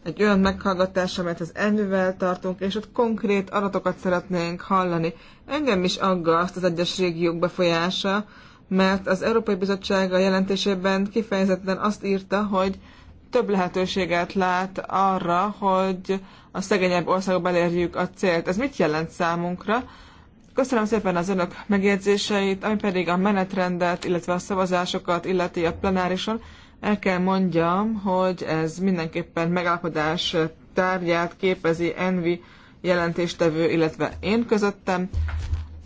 egy olyan meghallgatás, amelyet az elművel tartunk, és ott konkrét adatokat szeretnénk hallani. Engem is aggaszt az egyes régiók befolyása, mert az Európai Bizottság a jelentésében kifejezetten azt írta, hogy több lehetőséget lát arra, hogy a szegényebb országok elérjük a célt. Ez mit jelent számunkra? Köszönöm szépen az önök megjegyzéseit, ami pedig a menetrendet, illetve a szavazásokat illeti a plenárison. El kell mondjam, hogy ez mindenképpen megállapodás tárgyát képezi Envi jelentéstevő, illetve én közöttem.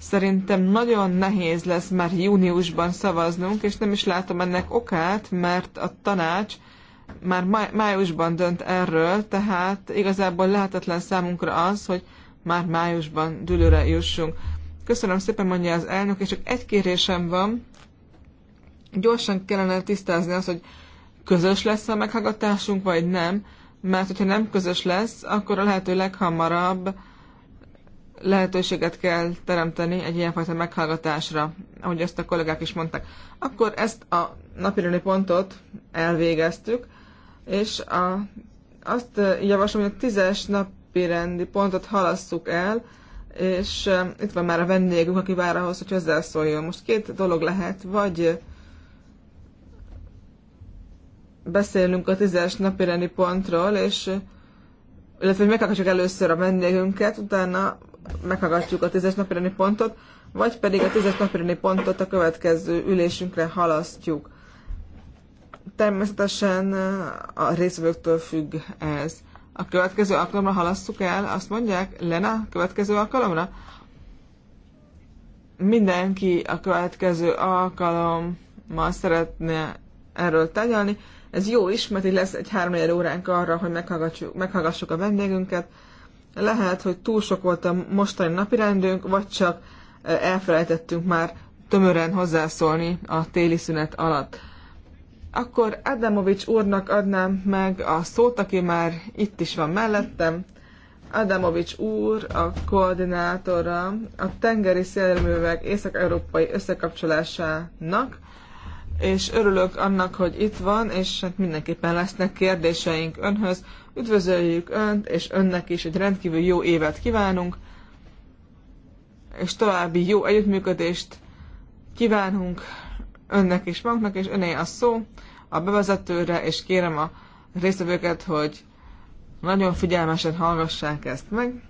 Szerintem nagyon nehéz lesz már júniusban szavaznunk, és nem is látom ennek okát, mert a tanács már májusban dönt erről, tehát igazából lehetetlen számunkra az, hogy már májusban dülőre jussunk. Köszönöm szépen, mondja az elnök, és csak egy kérésem van. Gyorsan kellene tisztázni azt, hogy közös lesz a meghallgatásunk, vagy nem, mert hogyha nem közös lesz, akkor a lehető leghamarabb lehetőséget kell teremteni egy ilyenfajta meghallgatásra, ahogy ezt a kollégák is mondták. Akkor ezt a napirőni pontot elvégeztük, és a, azt javaslom, hogy a tízes napirendi pontot halasszuk el, és itt van már a vendégünk, aki vár ahhoz, hogy szóljon. Most két dolog lehet, vagy beszélünk a tízes rendi pontról, és illetve hogy meghallgatjuk először a vendégünket, utána meghallgatjuk a tízes rendi pontot, vagy pedig a tízes rendi pontot a következő ülésünkre halasztjuk. Természetesen a részvőktől függ ez a következő alkalomra halasszuk el, azt mondják, Lena, a következő alkalomra? Mindenki a következő alkalommal szeretne erről tanulni. Ez jó is, mert így lesz egy három óránk arra, hogy meghallgassuk, meghallgassuk a vendégünket. Lehet, hogy túl sok volt a mostani napirendünk, vagy csak eh, elfelejtettünk már tömören hozzászólni a téli szünet alatt akkor Adamovics úrnak adnám meg a szót, aki már itt is van mellettem. Adamovics úr, a koordinátora a tengeri szélművek észak-európai összekapcsolásának, és örülök annak, hogy itt van, és hát mindenképpen lesznek kérdéseink önhöz. Üdvözöljük önt, és önnek is egy rendkívül jó évet kívánunk, és további jó együttműködést kívánunk önnek és magunknak, és öné a szó a bevezetőre, és kérem a résztvevőket, hogy nagyon figyelmesen hallgassák ezt meg.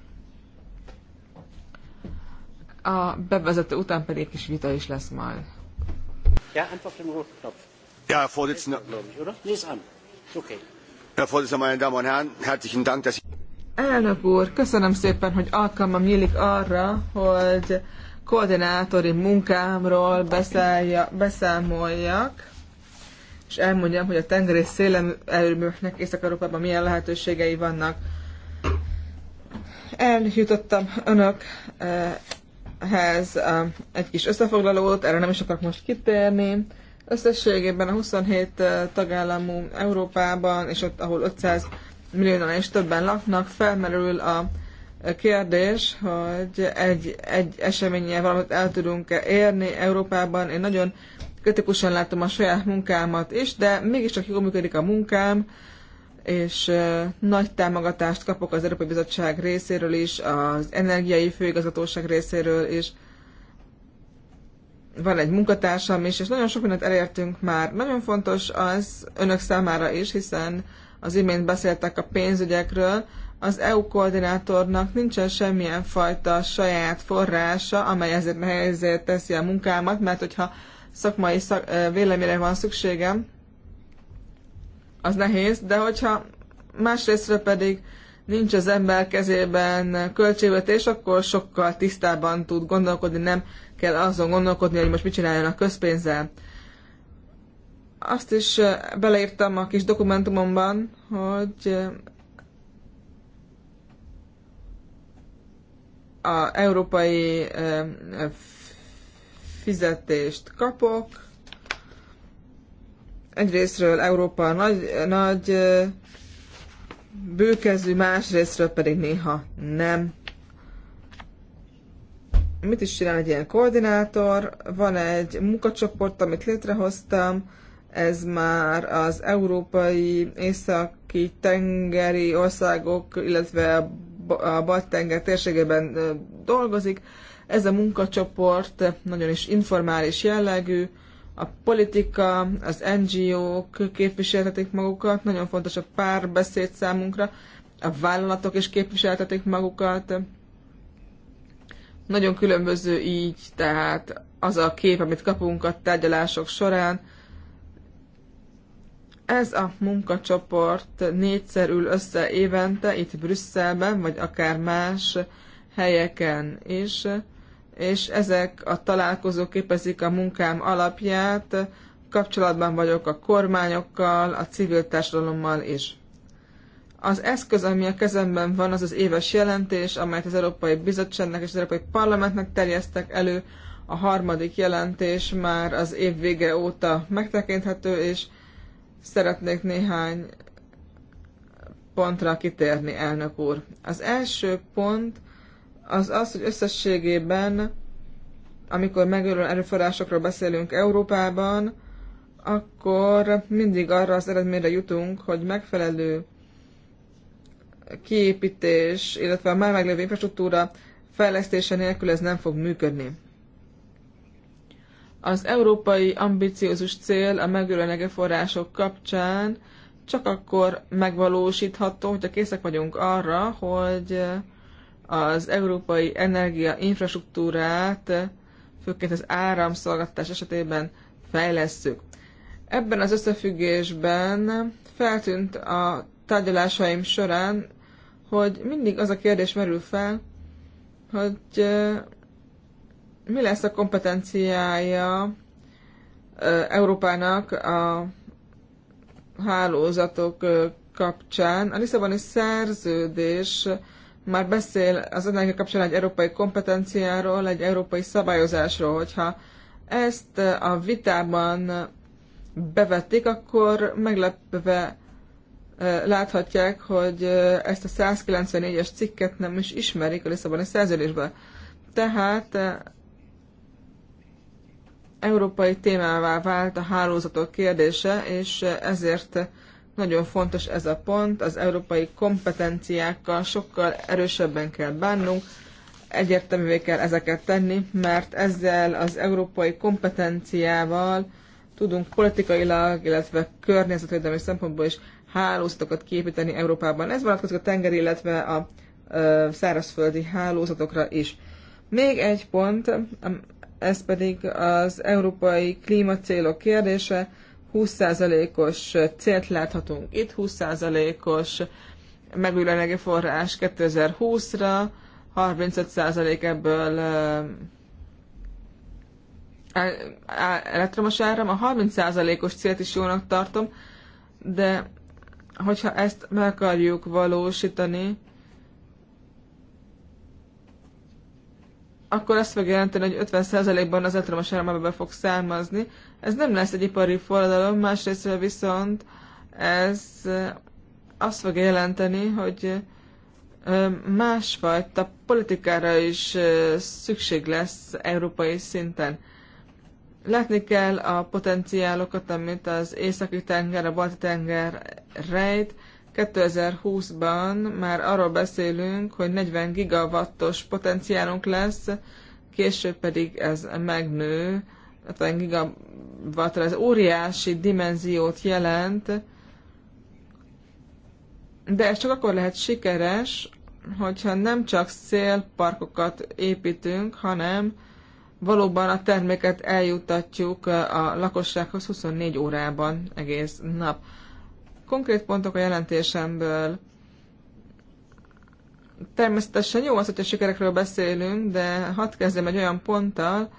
A bevezető után pedig kis vita is lesz majd. Ja, einfach den roten Knopf. Ja, Herr Vorsitzender. Okay. Herr Vorsitzender, meine Damen und Herren, herzlichen Dank, dass Elnök úr, köszönöm szépen, hogy alkalmam nyílik arra, hogy koordinátori munkámról beszállja, beszámoljak és elmondjam, hogy a tengerész előműknek Észak-Európában milyen lehetőségei vannak. Eljutottam önökhez eh, eh, egy kis összefoglalót, erre nem is akarok most kitérni. Összességében a 27 eh, tagállamú Európában, és ott, ahol 500 millióan és többen laknak, felmerül a kérdés, hogy egy, egy eseménye valamit el tudunk -e érni Európában. Én nagyon kritikusan látom a saját munkámat is, de mégiscsak jól működik a munkám, és nagy támogatást kapok az Európai Bizottság részéről is, az Energiai Főigazgatóság részéről is. Van egy munkatársam is, és nagyon sok mindent elértünk már. Nagyon fontos az önök számára is, hiszen az imént beszéltek a pénzügyekről, az EU koordinátornak nincsen semmilyen fajta saját forrása, amely ezért nehézé teszi a munkámat, mert hogyha szakmai szak, véleményre van szükségem, az nehéz, de hogyha másrésztről pedig nincs az ember kezében költségvetés, akkor sokkal tisztában tud gondolkodni, nem kell azon gondolkodni, hogy most mit a közpénzzel. Azt is beleírtam a kis dokumentumomban, hogy a európai fizetést kapok. Egyrésztről Európa nagy, nagy bőkezű, másrésztről pedig néha nem. Mit is csinál egy ilyen koordinátor? Van egy munkacsoport, amit létrehoztam, ez már az európai északi tengeri országok, illetve a Baltenger térségében dolgozik. Ez a munkacsoport nagyon is informális jellegű, a politika, az NGO-k képviseltetik magukat, nagyon fontos a párbeszéd számunkra, a vállalatok is képviseltetik magukat. Nagyon különböző így, tehát az a kép, amit kapunk a tárgyalások során. Ez a munkacsoport négyszer ül össze évente itt Brüsszelben, vagy akár más helyeken is. És és ezek a találkozók képezik a munkám alapját, kapcsolatban vagyok a kormányokkal, a civil társadalommal is. Az eszköz, ami a kezemben van, az az éves jelentés, amelyet az Európai Bizottságnak és az Európai Parlamentnek terjesztek elő. A harmadik jelentés már az év vége óta megtekinthető, és szeretnék néhány pontra kitérni, elnök úr. Az első pont az az, hogy összességében, amikor megőrülő erőforrásokról beszélünk Európában, akkor mindig arra az eredményre jutunk, hogy megfelelő kiépítés, illetve a már meglévő infrastruktúra fejlesztése nélkül ez nem fog működni. Az európai ambiciózus cél a megőrülő erőforrások kapcsán csak akkor megvalósítható, hogyha készek vagyunk arra, hogy az európai energia infrastruktúrát, főként az áramszolgáltatás esetében fejlesztjük. Ebben az összefüggésben feltűnt a tárgyalásaim során, hogy mindig az a kérdés merül fel, hogy mi lesz a kompetenciája Európának a hálózatok kapcsán. A Lisszaboni szerződés már beszél az energia kapcsán egy európai kompetenciáról, egy európai szabályozásról, hogyha ezt a vitában bevették, akkor meglepve eh, láthatják, hogy eh, ezt a 194-es cikket nem is ismerik a Lisszaboni szerződésben. Tehát eh, európai témává vált a hálózatok kérdése, és ezért nagyon fontos ez a pont, az európai kompetenciákkal sokkal erősebben kell bánnunk, egyértelművé kell ezeket tenni, mert ezzel az európai kompetenciával tudunk politikailag, illetve környezetvédelmi szempontból is hálózatokat képíteni Európában. Ez vonatkozik a tengeri illetve a szárazföldi hálózatokra is. Még egy pont, ez pedig az európai klímacélok kérdése. 20%-os célt láthatunk itt, 20%-os megújuló energiaforrás 2020-ra, 35% ebből elektromos áram. A 30%-os célt is jónak tartom, de hogyha ezt meg akarjuk valósítani, akkor azt fog jelenteni, hogy 50%-ban az elektromos áramába be fog származni. Ez nem lesz egy ipari forradalom, másrészt viszont ez eh, azt fog jelenteni, hogy eh, másfajta politikára is eh, szükség lesz európai szinten. Látni kell a potenciálokat, amit az északi tenger, a balti tenger rejt, 2020-ban már arról beszélünk, hogy 40 gigawattos potenciálunk lesz, később pedig ez megnő, Egy gigawattra, ez óriási dimenziót jelent, de ez csak akkor lehet sikeres, hogyha nem csak szélparkokat építünk, hanem valóban a terméket eljutatjuk a lakossághoz 24 órában egész nap. Konkrét pontok a jelentésemből. Természetesen jó az, hogyha sikerekről beszélünk, de hadd kezdjem egy olyan ponttal,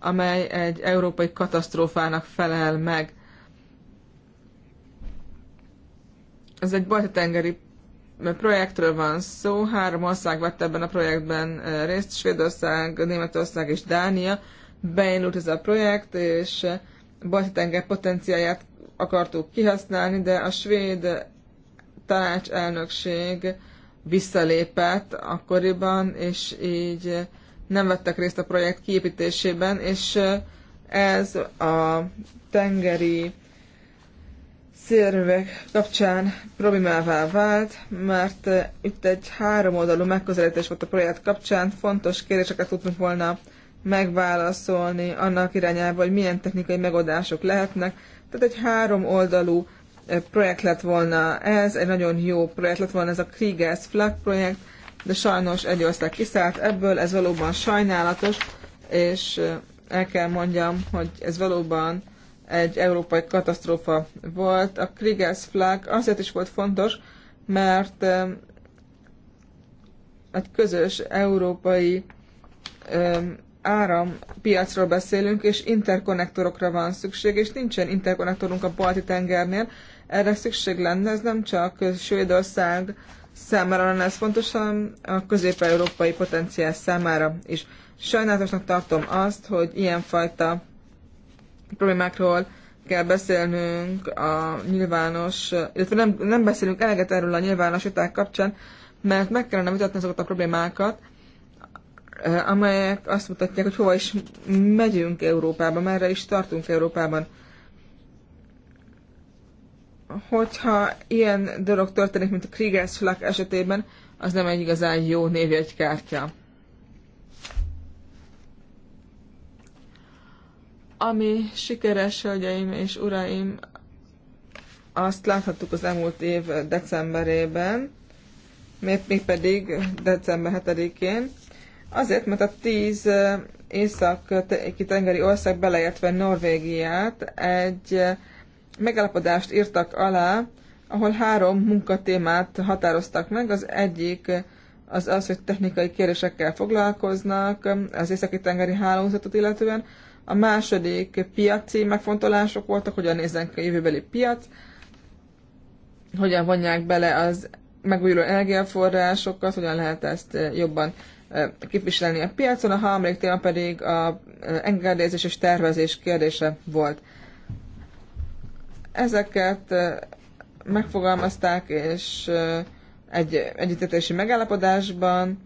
amely egy európai katasztrófának felel meg. Ez egy balti-tengeri projektről van szó, három ország vett ebben a projektben eh, részt, Svédország, Németország és Dánia. Beindult ez a projekt, és eh, balti tenger potenciáját akartuk kihasználni, de a svéd tanácselnökség visszalépett akkoriban, és így nem vettek részt a projekt kiépítésében, és ez a tengeri szélművek kapcsán problémává vált, mert itt egy háromoldalú megközelítés volt a projekt kapcsán, fontos kérdéseket tudtunk volna megválaszolni annak irányába, hogy milyen technikai megoldások lehetnek, tehát egy három oldalú e, projekt lett volna ez, egy nagyon jó projekt lett volna ez a Kriegers Flag projekt, de sajnos egy ország kiszállt ebből, ez valóban sajnálatos, és e, el kell mondjam, hogy ez valóban egy európai katasztrófa volt. A Kriegers Flag azért is volt fontos, mert e, egy közös európai árampiacról beszélünk, és interkonnektorokra van szükség, és nincsen interkonnektorunk a balti tengernél. Erre szükség lenne, ez nem csak Svédország számára lenne ez fontos, hanem a közép-európai potenciál számára is. Sajnálatosnak tartom azt, hogy ilyenfajta problémákról kell beszélnünk a nyilvános, illetve nem, nem beszélünk eleget erről a nyilvános viták kapcsán, mert meg kellene vitatni azokat a problémákat, amelyek azt mutatják, hogy hova is megyünk Európában, merre is tartunk Európában. Hogyha ilyen dolog történik, mint a Kriegerschlag esetében, az nem egy igazán jó név kártya. Ami sikeres, hölgyeim és uraim, azt láthattuk az elmúlt év decemberében, mégpedig december 7-én, Azért, mert a tíz északi tengeri ország beleértve Norvégiát egy megállapodást írtak alá, ahol három munkatémát határoztak meg. Az egyik az az, hogy technikai kérdésekkel foglalkoznak az északi tengeri hálózatot illetően. A második piaci megfontolások voltak, hogyan nézzen ki a jövőbeli piac, hogyan vonják bele az megújuló energiaforrásokat, hogyan lehet ezt jobban képviselni a piacon, a harmadik téma pedig a engedélyezés és tervezés kérdése volt. Ezeket megfogalmazták, és egy együttetési megállapodásban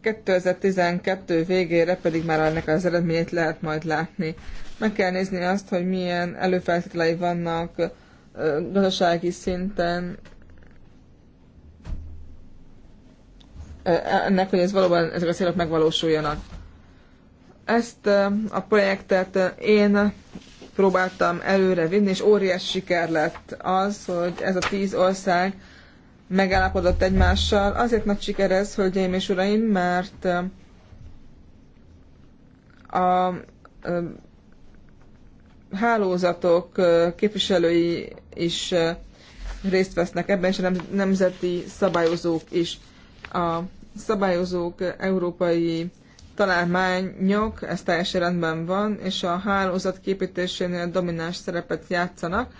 2012 végére pedig már ennek az eredményét lehet majd látni. Meg kell nézni azt, hogy milyen előfeltételei vannak gazdasági szinten ennek, hogy ez valóban ezek a célok megvalósuljanak. Ezt a projektet én próbáltam előre vinni, és óriás siker lett az, hogy ez a tíz ország megállapodott egymással. Azért nagy siker ez, hölgyeim és uraim, mert a hálózatok képviselői is részt vesznek ebben, és a nemzeti szabályozók is a szabályozók európai találmányok, ez teljesen rendben van, és a hálózat képítésénél domináns szerepet játszanak,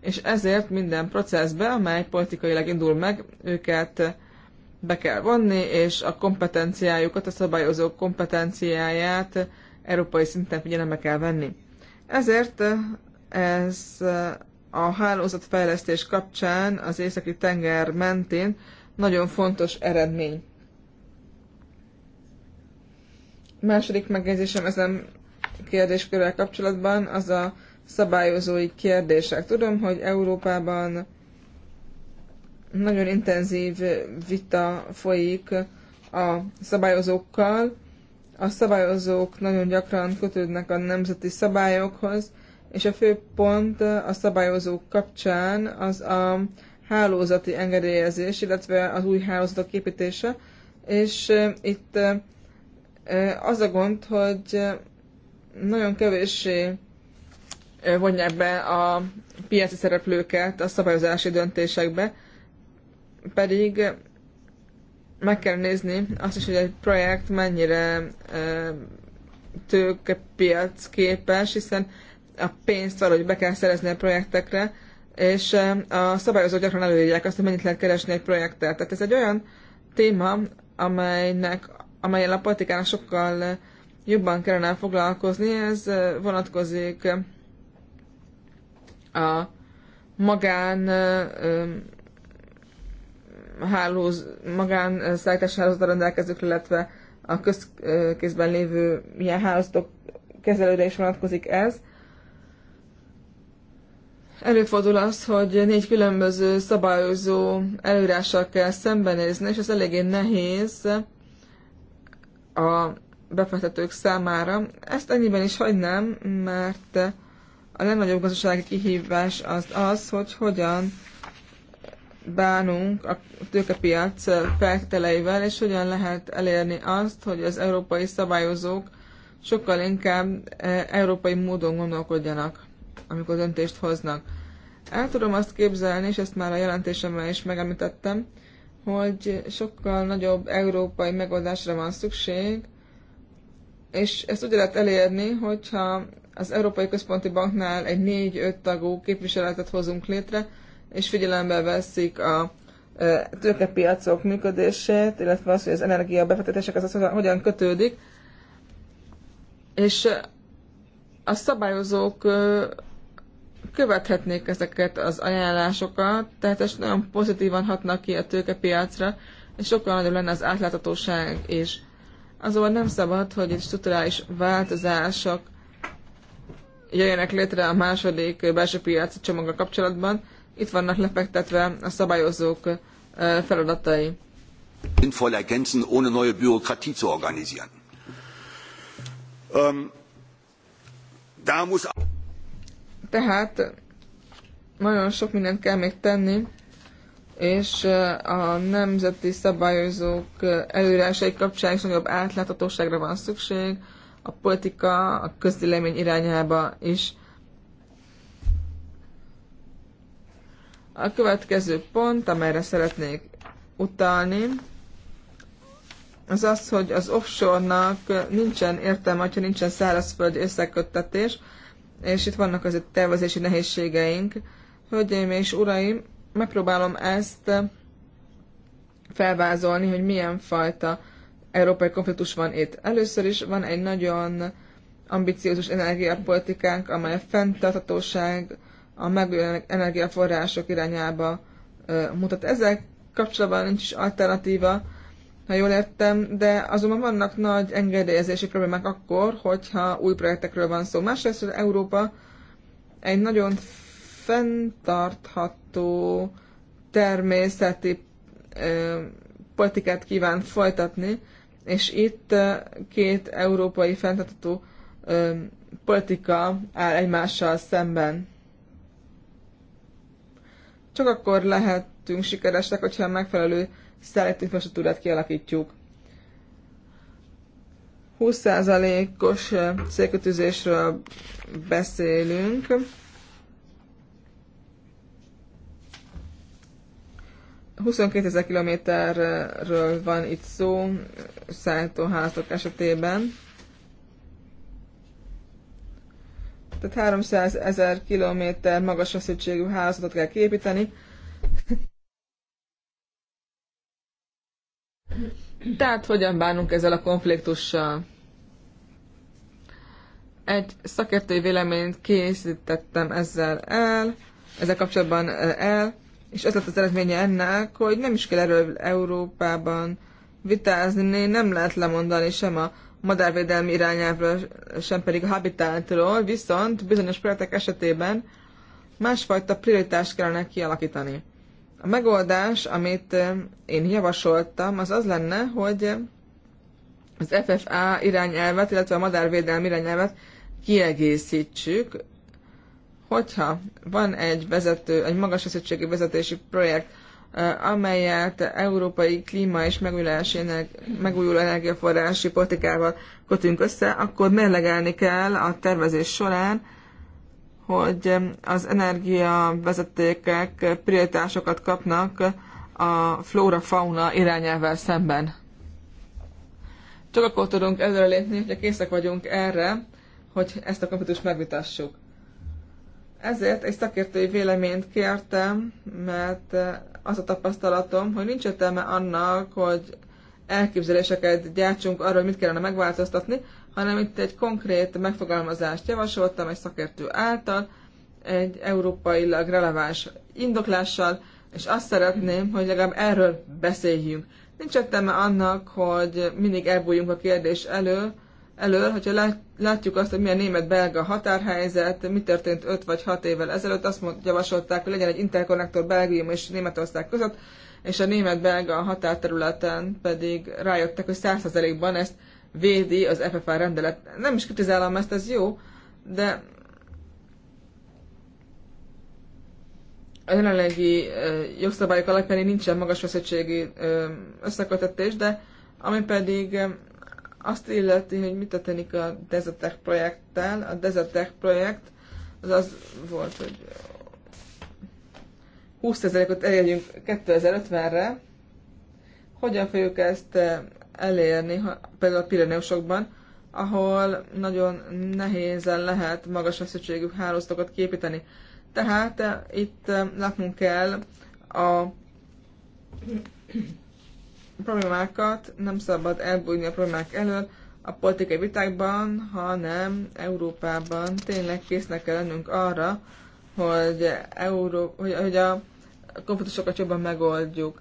és ezért minden processbe, amely politikailag indul meg, őket be kell vonni, és a kompetenciájukat, a szabályozók kompetenciáját európai szinten figyelembe kell venni. Ezért ez a hálózatfejlesztés kapcsán az északi tenger mentén nagyon fontos eredmény. Második megjegyzésem ezen kérdéskörrel kapcsolatban az a szabályozói kérdések. Tudom, hogy Európában nagyon intenzív vita folyik a szabályozókkal. A szabályozók nagyon gyakran kötődnek a nemzeti szabályokhoz, és a fő pont a szabályozók kapcsán az a hálózati engedélyezés, illetve az új hálózatok építése, és itt az a gond, hogy nagyon kevéssé vonják be a piaci szereplőket a szabályozási döntésekbe, pedig meg kell nézni azt is, hogy egy projekt mennyire tőkepiac képes, hiszen a pénzt valahogy be kell szerezni a projektekre, és a szabályozó gyakran előírják azt, hogy mennyit lehet keresni egy projekttel. Tehát ez egy olyan téma, amelynek, amelyen a politikának sokkal jobban kellene foglalkozni, ez vonatkozik a magán hálóz, magán szállítási hálózatra rendelkezők, illetve a közkézben lévő ilyen hálózatok kezelőre is vonatkozik ez. Előfordul az, hogy négy különböző szabályozó előrással kell szembenézni, és ez eléggé nehéz a befektetők számára. Ezt ennyiben is hagynám, mert a legnagyobb gazdasági kihívás az az, hogy hogyan bánunk a tőkepiac felteleivel, és hogyan lehet elérni azt, hogy az európai szabályozók sokkal inkább eh, európai módon gondolkodjanak amikor döntést hoznak. El tudom azt képzelni, és ezt már a jelentésemben is megemlítettem, hogy sokkal nagyobb európai megoldásra van szükség, és ezt úgy lehet elérni, hogyha az Európai Központi Banknál egy négy-öt tagú képviseletet hozunk létre, és figyelembe veszik a tőkepiacok működését, illetve az, hogy az energia befektetések az, az hogyan kötődik, és a szabályozók követhetnék ezeket az ajánlásokat, tehát ez nagyon pozitívan hatnak ki a tőkepiacra, és sokkal nagyobb lenne az átláthatóság is. Azonban nem szabad, hogy itt strukturális változások jöjjenek létre a második belső piaci csomaggal kapcsolatban. Itt vannak lefektetve a szabályozók feladatai. Sinnvoll ergänzen, ohne neue Bürokratie zu organisieren. Um, da muss tehát nagyon sok mindent kell még tenni, és a nemzeti szabályozók előírásai kapcsán is nagyobb átláthatóságra van szükség, a politika, a közdélemény irányába is. A következő pont, amelyre szeretnék utalni, az az, hogy az offshore-nak nincsen értelme, ha nincsen szárazföldi összeköttetés, és itt vannak az tervezési nehézségeink. Hölgyeim és uraim, megpróbálom ezt felvázolni, hogy milyen fajta európai konfliktus van itt. Először is van egy nagyon ambiciózus energiapolitikánk, amely a fenntarthatóság, a megújuló energiaforrások irányába mutat. Ezzel kapcsolatban nincs is alternatíva, ha jól értem, de azonban vannak nagy engedélyezési problémák akkor, hogyha új projektekről van szó. Másrészt Európa egy nagyon fenntartható természeti ö, politikát kíván folytatni, és itt két európai fenntartható ö, politika áll egymással szemben. Csak akkor lehetünk sikeresek, hogyha megfelelő szelektív infrastruktúrát kialakítjuk. 20%-os célkötőzésről beszélünk. ezer kilométerről van itt szó szállítóházak esetében. Tehát 300 ezer kilométer magas feszültségű házatot kell képíteni. Tehát hogyan bánunk ezzel a konfliktussal? Egy szakértői véleményt készítettem ezzel el, ezzel kapcsolatban el, és ez lett az eredménye ennek, hogy nem is kell erről Európában vitázni, nem lehet lemondani sem a madárvédelmi irányávról, sem pedig a habitátról, viszont bizonyos projektek esetében másfajta prioritást kellene kialakítani. A megoldás, amit eh, én javasoltam, az az lenne, hogy az FFA irányelvet, illetve a madárvédelmi irányelvet kiegészítsük, hogyha van egy vezető, egy magas feszültségű vezetési projekt, eh, amelyet európai klíma és megújuló energiaforrási politikával kötünk össze, akkor mérlegelni kell a tervezés során, hogy az energia vezetékek prioritásokat kapnak a flóra-fauna irányelvvel szemben. Csak akkor tudunk előre lépni, hogyha készek vagyunk erre, hogy ezt a konfliktust megvitassuk. Ezért egy szakértői véleményt kértem, mert az a tapasztalatom, hogy nincs értelme annak, hogy elképzeléseket gyártsunk arról, hogy mit kellene megváltoztatni, hanem itt egy konkrét megfogalmazást javasoltam egy szakértő által, egy európailag releváns indoklással, és azt szeretném, hogy legalább erről beszéljünk. Nincs értelme annak, hogy mindig elbújjunk a kérdés elől, elől, hogyha látjuk azt, hogy milyen német-belga határhelyzet, mi történt 5 vagy 6 évvel ezelőtt, azt mond, javasolták, hogy legyen egy interkonnektor Belgium és Németország között, és a német-belga határterületen pedig rájöttek, hogy 100%-ban ezt védi az FFA rendelet. Nem is kritizálom ezt, ez jó, de a jelenlegi jogszabályok alapján nincsen magas feszültségi összekötetés, de ami pedig azt illeti, hogy mit történik a Desertech projekttel. A Desertech projekt az az volt, hogy 20 ezerekot elérjünk 2050-re. Hogyan fogjuk ezt elérni, például a Pireneusokban, ahol nagyon nehézen lehet magas feszültségű hálózatokat képíteni. Tehát eh, itt eh, látnunk kell a problémákat, nem szabad elbújni a problémák elől a politikai vitákban, hanem Európában tényleg késznek kell lennünk arra, hogy, Euró- hogy, hogy a konfliktusokat jobban megoldjuk.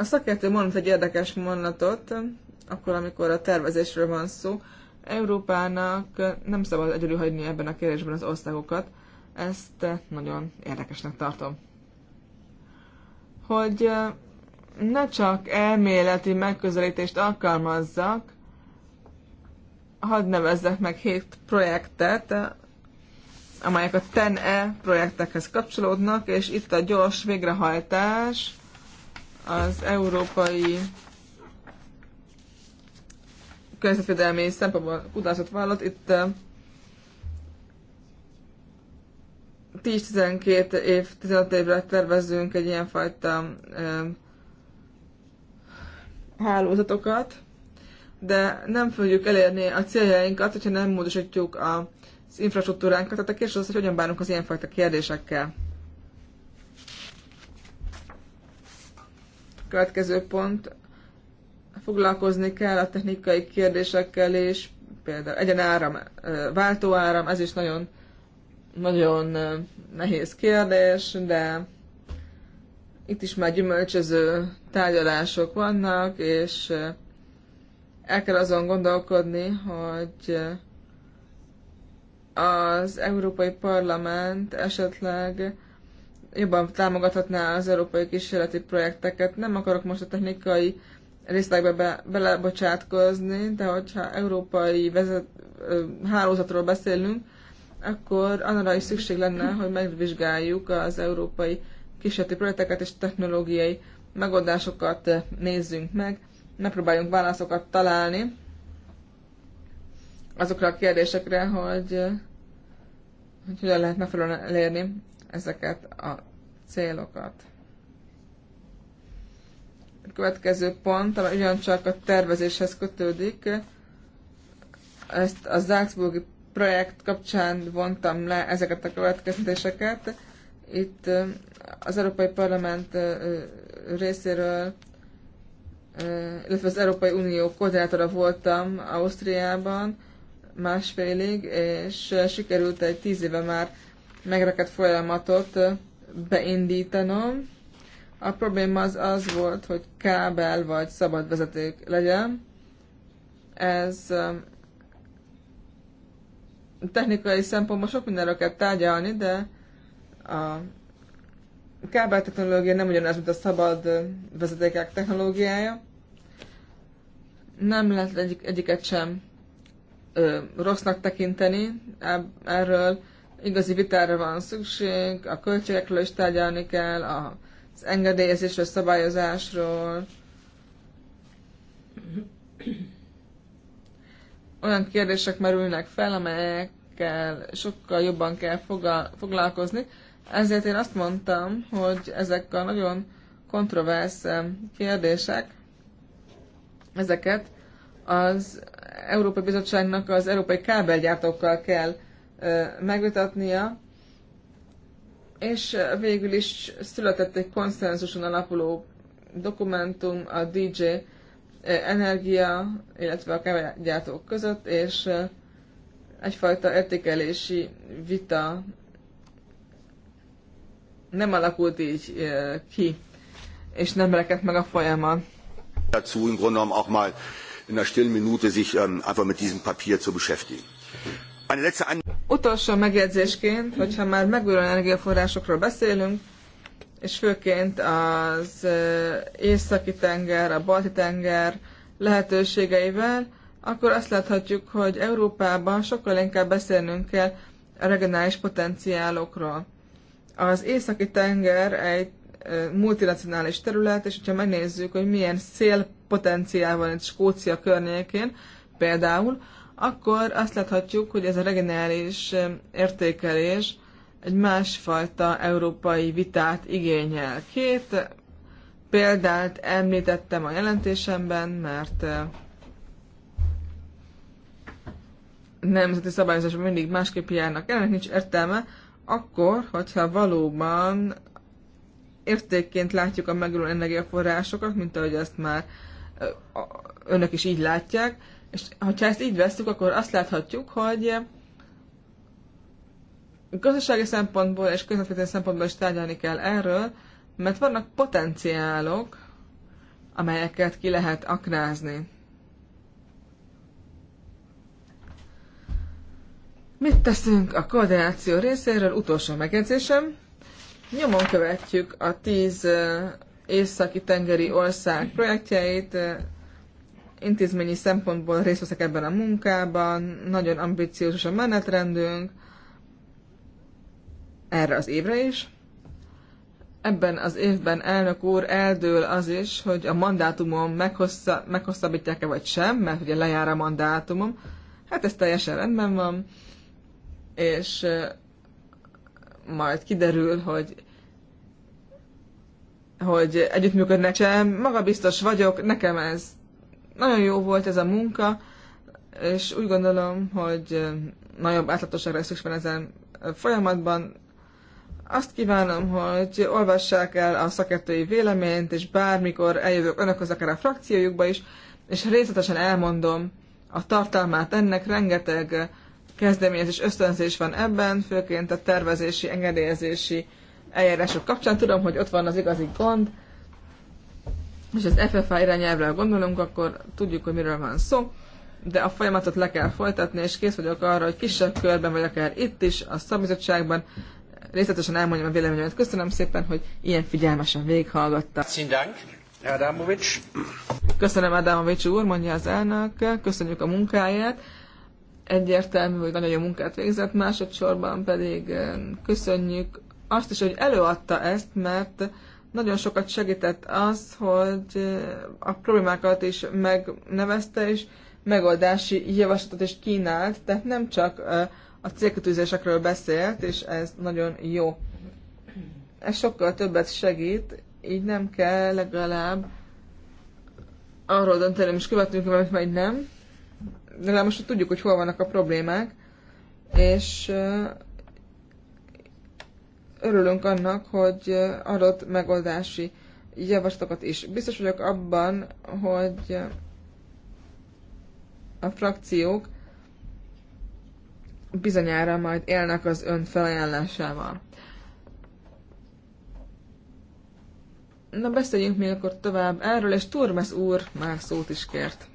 A szakértő mondott egy érdekes mondatot, akkor, amikor a tervezésről van szó. Európának nem szabad egyedül hagyni ebben a kérdésben az országokat. Ezt nagyon érdekesnek tartom. Hogy ne csak elméleti megközelítést alkalmazzak, hadd nevezzek meg hét projektet, amelyek a TEN-E projektekhez kapcsolódnak, és itt a gyors végrehajtás az európai környezetvédelmi szempontból kudarcot vállalt. Itt 10-12 év, 15 évre tervezünk egy ilyenfajta eh, hálózatokat, de nem fogjuk elérni a céljainkat, hogyha nem módosítjuk az infrastruktúránkat. Tehát a kérdés az, hogy hogyan bánunk az ilyenfajta kérdésekkel. Következő pont, foglalkozni kell a technikai kérdésekkel, és például egyenáram, váltóáram, ez is nagyon, nagyon nehéz kérdés, de itt is már gyümölcsöző tárgyalások vannak, és el kell azon gondolkodni, hogy az Európai Parlament esetleg jobban támogathatná az európai kísérleti projekteket. Nem akarok most a technikai részletekbe be, belebocsátkozni, de hogyha európai vezet, hálózatról beszélünk, akkor annál is szükség lenne, hogy megvizsgáljuk az európai kísérleti projekteket és technológiai megoldásokat nézzünk meg, megpróbáljunk válaszokat találni azokra a kérdésekre, hogy, hogy hogyan lehet megfelelően elérni ezeket a célokat. A következő pont, ami ugyancsak a tervezéshez kötődik, ezt a Salzburgi projekt kapcsán vontam le ezeket a következtetéseket. Itt az Európai Parlament részéről, illetve az Európai Unió koordinátora voltam Ausztriában másfélig, és sikerült egy tíz éve már megrekedt folyamatot beindítanom. A probléma az az volt, hogy kábel vagy szabad vezeték legyen. Ez um, technikai szempontból sok mindenről kell tárgyalni, de a kábel technológia nem ugyanaz, mint a szabad um, vezetékek technológiája. Nem lehet egyik, egyiket sem ö, rossznak tekinteni, erről igazi vitára van szükség, a költségekről is tárgyalni kell, az engedélyezésről, szabályozásról. Olyan kérdések merülnek fel, amelyekkel sokkal jobban kell foglalkozni. Ezért én azt mondtam, hogy ezek a nagyon kontroversz kérdések, ezeket az Európai Bizottságnak az európai kábelgyártókkal kell megvitatnia, és végül is született egy konszenzuson alapuló dokumentum a DJ energia, illetve a kávégyártók között, és egyfajta értékelési vita nem alakult így ki, és nem rekedt meg a folyamat. Dazu im Grunde genommen auch mal in einer stillen Minute sich ähm, einfach mit diesem Papier zu beschäftigen. Utolsó megjegyzésként, hogyha már megújuló energiaforrásokról beszélünk, és főként az északi tenger, a balti tenger lehetőségeivel, akkor azt láthatjuk, hogy Európában sokkal inkább beszélnünk kell a regionális potenciálokról. Az északi tenger egy multinacionális terület, és hogyha megnézzük, hogy milyen szélpotenciál van itt Skócia környékén, például, akkor azt láthatjuk, hogy ez a regionális értékelés egy másfajta európai vitát igényel. Két példát említettem a jelentésemben, mert nemzeti szabályozásban mindig másképp járnak. Ennek nincs értelme, akkor, hogyha valóban értékként látjuk a megújuló energiaforrásokat, mint ahogy ezt már önök is így látják, és ha ezt így veszük, akkor azt láthatjuk, hogy gazdasági szempontból és közvetlen szempontból is tárgyalni kell erről, mert vannak potenciálok, amelyeket ki lehet aknázni. Mit teszünk a koordináció részéről? Utolsó megjegyzésem. Nyomon követjük a tíz északi tengeri ország projektjeit, intézményi szempontból részt veszek ebben a munkában, nagyon ambiciózus a menetrendünk, erre az évre is. Ebben az évben elnök úr eldől az is, hogy a mandátumom meghossza, meghosszabbítják-e vagy sem, mert ugye lejár a mandátumom. Hát ez teljesen rendben van, és majd kiderül, hogy hogy együttműködnek sem, magabiztos vagyok, nekem ez nagyon jó volt ez a munka, és úgy gondolom, hogy nagyobb átlatosságra szükség van ezen folyamatban. Azt kívánom, hogy olvassák el a szakértői véleményt, és bármikor eljövök önökhoz, akár a frakciójukba is, és részletesen elmondom a tartalmát ennek. Rengeteg kezdeményezés, ösztönzés van ebben, főként a tervezési, engedélyezési eljárások kapcsán. Tudom, hogy ott van az igazi gond, és az FFA irányelvre gondolunk, akkor tudjuk, hogy miről van szó, de a folyamatot le kell folytatni, és kész vagyok arra, hogy kisebb körben, vagy akár itt is, a szabizottságban részletesen elmondjam a véleményemet. Köszönöm szépen, hogy ilyen figyelmesen végighallgatta. Adamovics. Köszönöm Adamovics úr, mondja az elnök, köszönjük a munkáját. Egyértelmű, hogy nagyon jó munkát végzett, másodszorban pedig eh, köszönjük azt is, hogy előadta ezt, mert nagyon sokat segített az, hogy eh, a problémákat is megnevezte, és megoldási javaslatot is kínált, tehát nem csak eh, a célkötőzésekről beszélt, és ez nagyon jó. Ez sokkal többet segít, így nem kell legalább arról dönteni, és követnünk, amit majd nem. De most tudjuk, hogy hol vannak a problémák, és eh, örülünk annak, hogy adott megoldási javaslatokat is. Biztos vagyok abban, hogy a frakciók bizonyára majd élnek az ön felajánlásával. Na beszéljünk még akkor tovább erről, és Turmes úr már szót is kért.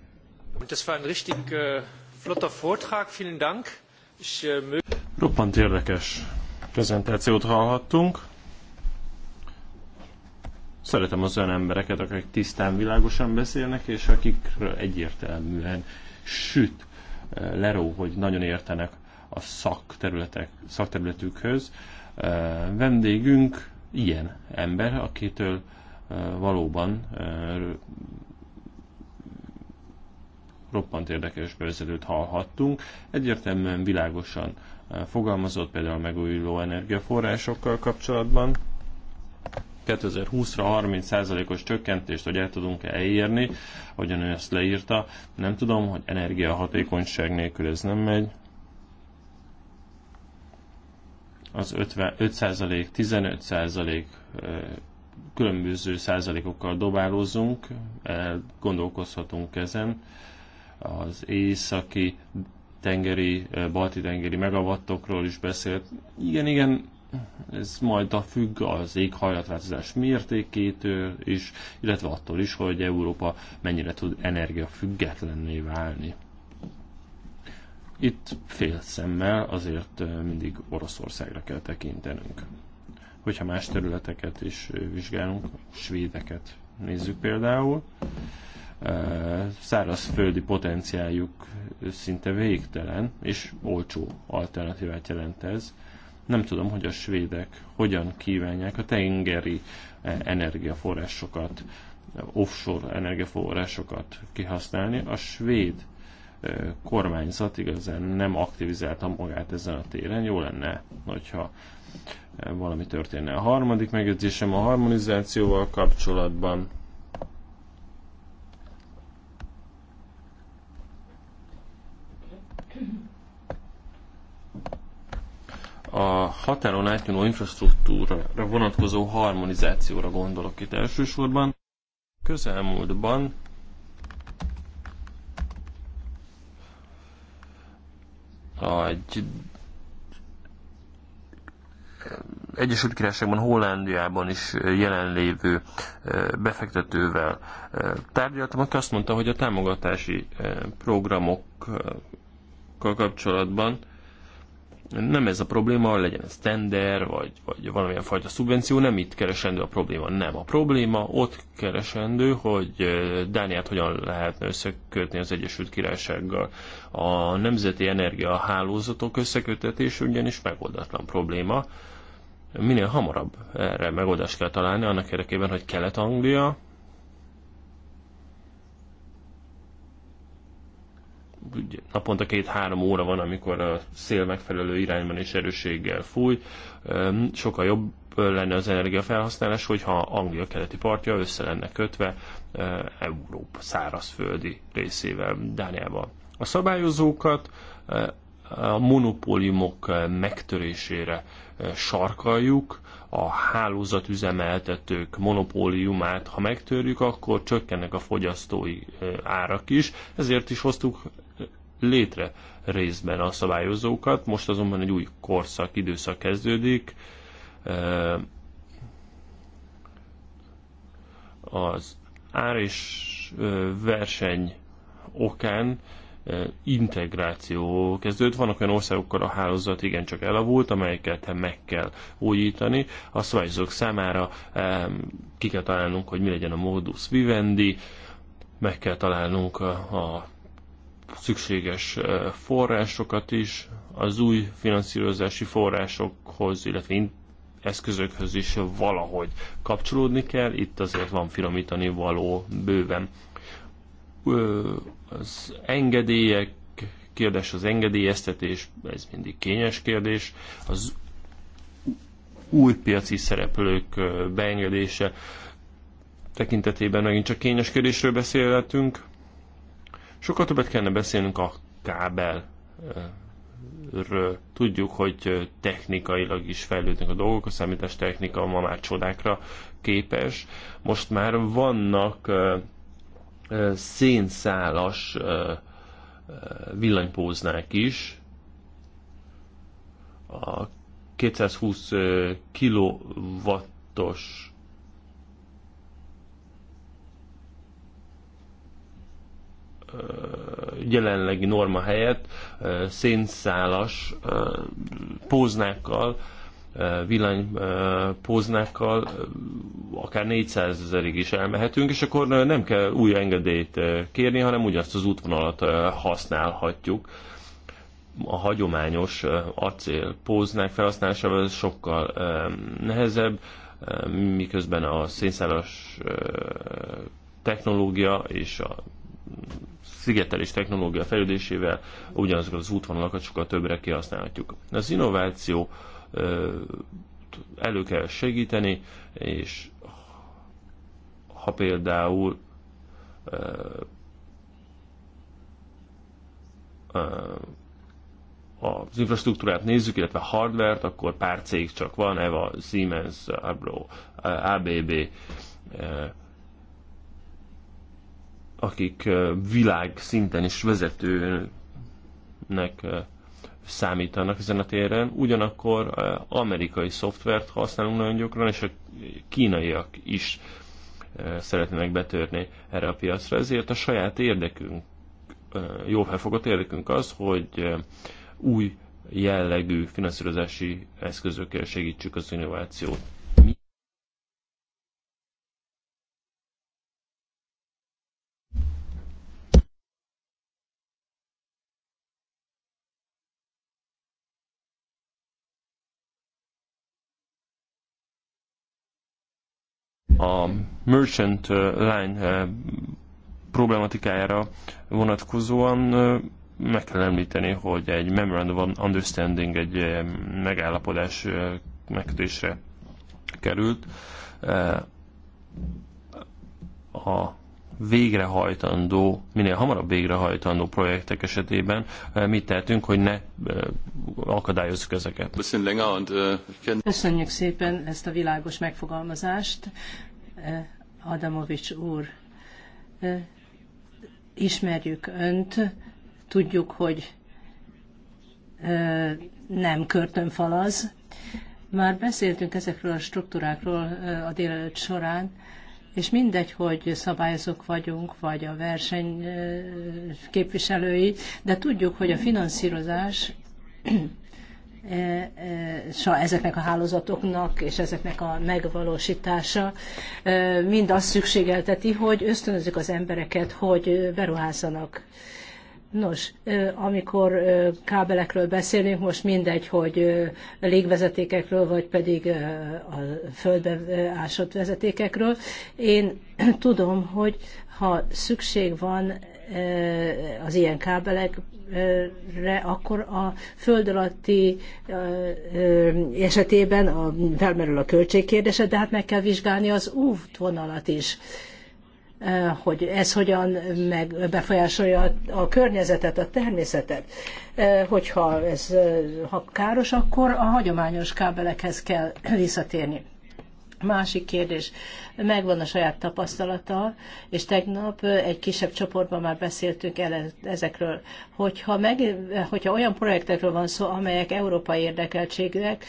Das war ein richtig äh, flotter Vortrag, vielen Dank. Äh, Roppant érdekes prezentációt hallhattunk. Szeretem az olyan embereket, akik tisztán világosan beszélnek, és akikről egyértelműen süt leró, hogy nagyon értenek a szakterületek, szakterületükhöz. Vendégünk ilyen ember, akitől valóban roppant érdekes bevezetőt hallhattunk. Egyértelműen világosan fogalmazott, például a megújuló energiaforrásokkal kapcsolatban. 2020-ra 30%-os csökkentést, hogy el tudunk-e elérni, ahogyan ő ezt leírta. Nem tudom, hogy energiahatékonyság nélkül ez nem megy. Az 50, 5%, 15% különböző százalékokkal dobálózunk, gondolkozhatunk ezen. Az északi tengeri, eh, balti tengeri megavattokról is beszélt. Igen, igen, ez majd a függ az éghajlatváltozás mértékétől is, illetve attól is, hogy Európa mennyire tud energiafüggetlenné válni. Itt fél szemmel azért eh, mindig Oroszországra kell tekintenünk. Hogyha más területeket is eh, vizsgálunk, svédeket nézzük például, szárazföldi potenciáljuk szinte végtelen és olcsó alternatívát jelent ez. Nem tudom, hogy a svédek hogyan kívánják a tengeri eh, energiaforrásokat, offshore energiaforrásokat kihasználni. A svéd eh, kormányzat igazán nem aktivizálta magát ezen a téren. Jó lenne, hogyha eh, valami történne. A harmadik megjegyzésem a harmonizációval kapcsolatban a határon átnyúló infrastruktúra vonatkozó harmonizációra gondolok itt elsősorban. Közelmúltban egy Egyesült Királyságban, Hollandiában is jelenlévő befektetővel tárgyaltam, aki azt mondta, hogy a támogatási programok dolgokkal kapcsolatban nem ez a probléma, legyen ez tender, vagy, vagy valamilyen fajta szubvenció, nem itt keresendő a probléma, nem. A probléma ott keresendő, hogy eh, Dániát hogyan lehetne összekötni az Egyesült Királysággal. A nemzeti energiahálózatok összekötetés ugyanis megoldatlan probléma. Minél hamarabb erre megoldást kell találni, annak érdekében, hogy Kelet-Anglia naponta két-három óra van, amikor a szél megfelelő irányban és erősséggel fúj. Sokkal jobb lenne az energiafelhasználás, hogyha Anglia keleti partja össze lenne kötve Európa szárazföldi részével, Dániával. A szabályozókat a monopóliumok megtörésére sarkaljuk, a hálózatüzemeltetők monopóliumát, ha megtörjük, akkor csökkennek a fogyasztói árak is. Ezért is hoztuk létre részben a szabályozókat. Most azonban egy új korszak, időszak kezdődik. Az ár és verseny okán integráció kezdődött. Vannak olyan országokkal a hálózat igencsak elavult, amelyeket meg kell újítani. A szabályozók számára ki kell találnunk, hogy mi legyen a modus vivendi, meg kell találnunk a, a szükséges forrásokat is, az új finanszírozási forrásokhoz, illetve eszközökhöz is valahogy kapcsolódni kell, itt azért van finomítani való bőven. Az engedélyek, kérdés az engedélyeztetés, ez mindig kényes kérdés, az új piaci szereplők beengedése tekintetében megint csak kényes kérdésről beszélhetünk, Sokkal többet kellene beszélnünk a kábelről. Tudjuk, hogy technikailag is fejlődnek a dolgok, a technika ma már csodákra képes. Most már vannak szénszálas villanypóznák is. A 220 kilovattos jelenlegi norma helyett szénszálas póznákkal, villanypóznákkal akár 400 ezerig is elmehetünk, és akkor nem kell új engedélyt kérni, hanem ugyanazt az útvonalat használhatjuk. A hagyományos acél póznák felhasználásával sokkal nehezebb, miközben a szénszálas technológia és a szigetelés technológia fejlődésével ugyanazokat az útvonalakat sokkal többre kihasználhatjuk. Az innováció elő kell segíteni, és ha például az infrastruktúrát nézzük, illetve hardvert, akkor pár cég csak van, Eva, Siemens, Abro, ABB, akik világ szinten is vezetőnek számítanak ezen a téren. Ugyanakkor amerikai szoftvert használunk nagyon gyakran, és a kínaiak is szeretnének betörni erre a piacra. Ezért a saját érdekünk, jó felfogott érdekünk az, hogy új jellegű finanszírozási eszközökkel segítsük az innovációt. a merchant line problematikájára vonatkozóan meg kell említeni, hogy egy Memorandum of Understanding, egy megállapodás megkötésre került. A végrehajtandó, minél hamarabb végrehajtandó projektek esetében mit tehetünk, hogy ne akadályozzuk ezeket. Äh, Köszönjük szépen ezt a világos megfogalmazást. Eh, Adamovics úr, eh, ismerjük önt, tudjuk, hogy eh, nem körtönfalaz. Már beszéltünk ezekről a struktúrákról a délelőtt során, és mindegy, hogy szabályozók vagyunk, vagy a verseny képviselői, de tudjuk, hogy a finanszírozás E, e, ezeknek a hálózatoknak és ezeknek a megvalósítása e, mind azt szükségelteti, hogy ösztönözzük az embereket, hogy beruházzanak. Nos, amikor kábelekről beszélünk, most mindegy, hogy légvezetékekről, vagy pedig a földbe ásott vezetékekről. Én tudom, hogy ha szükség van az ilyen kábelek akkor a föld alatti esetében a, felmerül a költségkérdése, de hát meg kell vizsgálni az útvonalat is hogy ez hogyan meg befolyásolja a környezetet, a természetet. Hogyha ez ha káros, akkor a hagyományos kábelekhez kell visszatérni. Másik kérdés, megvan a saját tapasztalata, és tegnap egy kisebb csoportban már beszéltünk el ezekről. Hogyha, meg, hogyha olyan projektekről van szó, amelyek európai érdekeltségűek,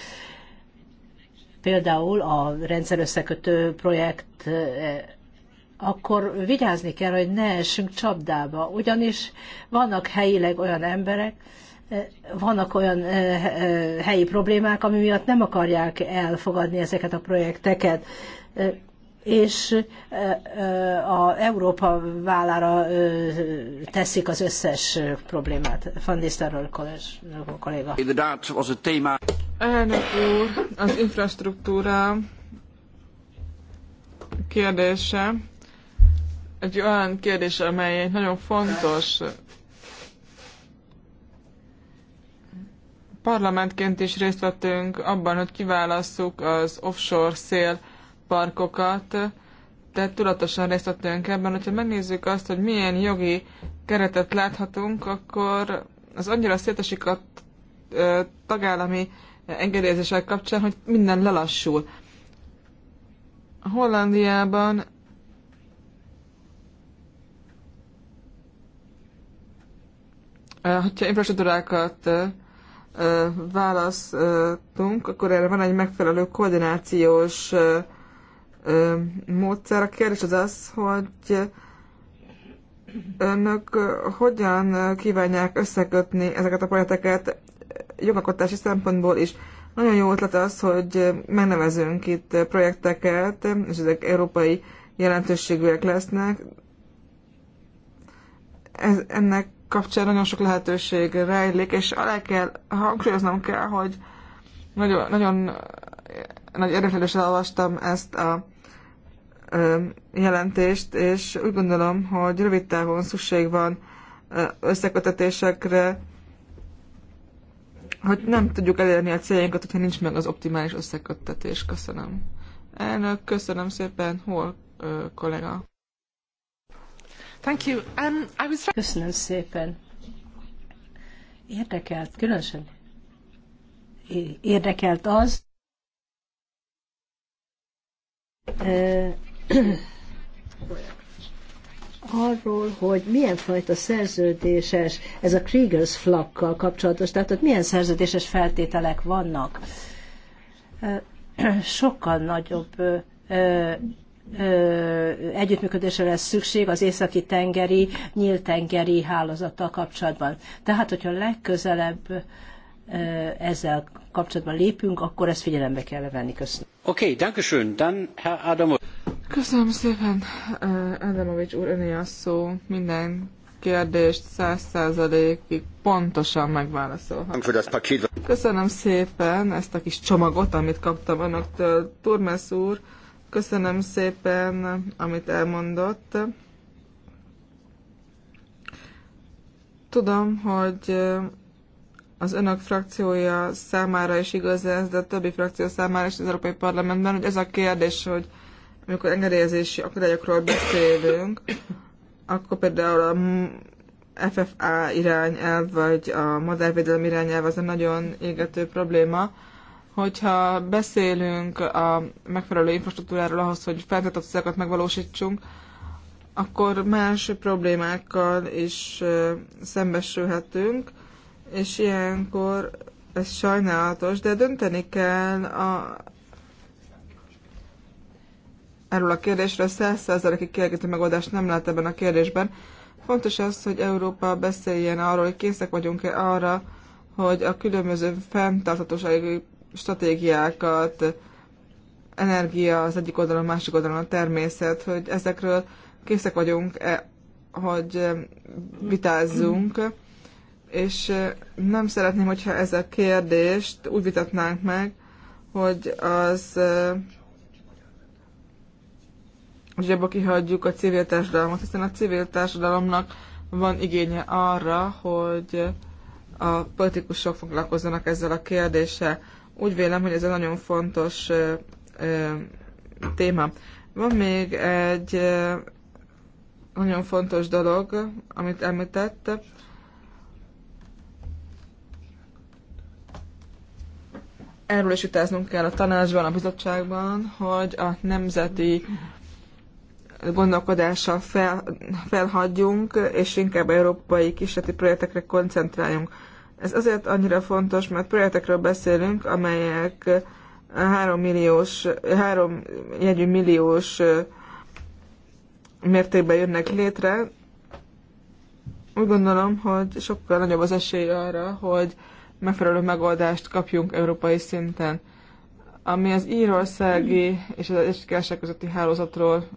például a rendszerösszekötő projekt, akkor vigyázni kell, hogy ne essünk csapdába, ugyanis vannak helyileg olyan emberek, vannak olyan eh, eh, helyi problémák, ami miatt nem akarják elfogadni ezeket a projekteket. Eh, és a Európa vállára teszik az összes problémát. Van Nisztelről kolléga. Elnök úr, az infrastruktúra kérdése egy olyan kérdés, amely egy nagyon fontos parlamentként is részt vettünk abban, hogy kiválasszuk az offshore szél parkokat, tehát tudatosan részt vettünk ebben. Hogyha megnézzük azt, hogy milyen jogi keretet láthatunk, akkor az annyira szétesik a tagállami engedélyezések kapcsán, hogy minden lelassul. Hollandiában hogyha infrastruktúrákat választunk, akkor erre van egy megfelelő koordinációs módszer. A kérdés az az, hogy önök hogyan kívánják összekötni ezeket a projekteket jogakotási szempontból is. Nagyon jó ötlet az, hogy megnevezünk itt projekteket, és ezek európai jelentőségűek lesznek. Ez, ennek kapcsán nagyon sok lehetőség rejlik, és alá kell, hangsúlyoznom kell, hogy nagyon, nagyon eh, nagy érdeklődéssel olvastam ezt a jelentést, és úgy gondolom, hogy rövid távon szükség van összekötetésekre, hogy nem tudjuk elérni a céljainkat, hogyha nincs meg az optimális összekötetés Köszönöm. Elnök, köszönöm szépen. Hol ö, kollega? Um, Köszönöm szépen. Érdekelt, különösen érdekelt az, arról, hogy milyen fajta szerződéses, ez a Kriegers flakkal kapcsolatos, tehát ott milyen szerződéses feltételek vannak. Sokkal nagyobb együttműködésre lesz szükség az északi tengeri, nyílt tengeri hálózattal kapcsolatban. Tehát, hogyha legközelebb ezzel kapcsolatban lépünk, akkor ezt figyelembe kell venni. Köszönöm. Oké, okay, dankeschön. dann Herr Adamo. Köszönöm szépen, Adamovics úr, öné a szó. Minden kérdést száz százalékig pontosan megválaszolhat. Köszönöm szépen ezt a kis csomagot, amit kaptam önöktől. Turmes úr, Köszönöm szépen, amit elmondott. Tudom, hogy eh, az önök frakciója számára is igaz ez, de a többi frakció számára is az Európai Parlamentben, hogy ez a kérdés, hogy amikor engedélyezési akadályokról beszélünk, akkor például a FFA irányelv, vagy a madárvédelmi irányelv az egy nagyon égető probléma, hogyha beszélünk a megfelelő infrastruktúráról ahhoz, hogy feltartott célokat megvalósítsunk, akkor más problémákkal is szembesülhetünk, és ilyenkor ez sajnálatos, de dönteni kell a, erről a kérdésről, 100%-ig kielégítő megoldást nem lehet ebben a kérdésben. Fontos az, hogy Európa beszéljen arról, hogy készek vagyunk-e arra, hogy a különböző fenntarthatósági stratégiákat, energia az egyik oldalon, a másik oldalon a természet, hogy ezekről készek vagyunk, -e, hogy vitázzunk, és nem szeretném, hogyha ez a kérdést úgy vitatnánk meg, hogy az hogy abba kihagyjuk a civil társadalmat, hiszen a civil társadalomnak van igénye arra, hogy a politikusok foglalkozzanak ezzel a kérdéssel. Úgy vélem, hogy ez egy nagyon fontos téma. Van még egy nagyon fontos dolog, amit említett. Erről is utáznunk kell a tanácsban, a bizottságban, hogy a nemzeti gondolkodással fel, felhagyjunk, és inkább európai kísérleti projektekre koncentráljunk. Ez azért annyira fontos, mert projektekről beszélünk, amelyek 3 milliós, 3 jegyű milliós mértékben jönnek létre. Úgy gondolom, hogy sokkal nagyobb az esély arra, hogy megfelelő megoldást kapjunk európai szinten. Ami az írországi és az Egyesült közötti hálózatról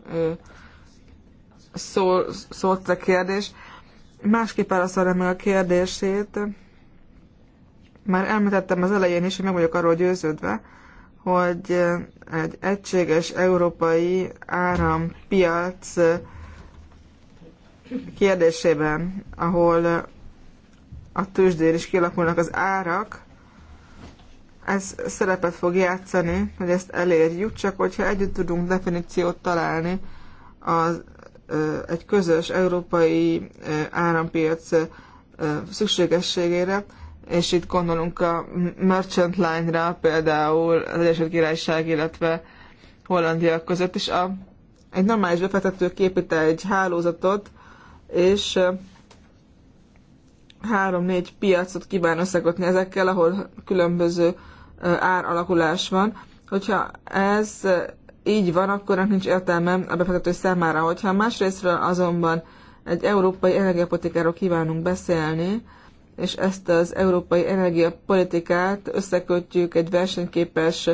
szól, szólt a kérdés, másképp válaszolja meg a kérdését. Már elmetettem az elején is, hogy meg vagyok arról győződve, hogy egy egységes európai árampiac kérdésében, ahol a tőzsdér is kialakulnak az árak, ez szerepet fog játszani, hogy ezt elérjük, csak hogyha együtt tudunk definíciót találni az, egy közös európai árampiac szükségességére, és itt gondolunk a Merchant Line-ra például az Egyesült Királyság, illetve Hollandia között, és a, egy normális befektető képít egy hálózatot, és három-négy piacot kíván összekötni ezekkel, ahol különböző áralakulás van. Hogyha ez így van, akkor nincs értelme a befektető számára. Hogyha másrésztről azonban egy európai energiapotikáról kívánunk beszélni, és ezt az európai energiapolitikát összekötjük egy versenyképes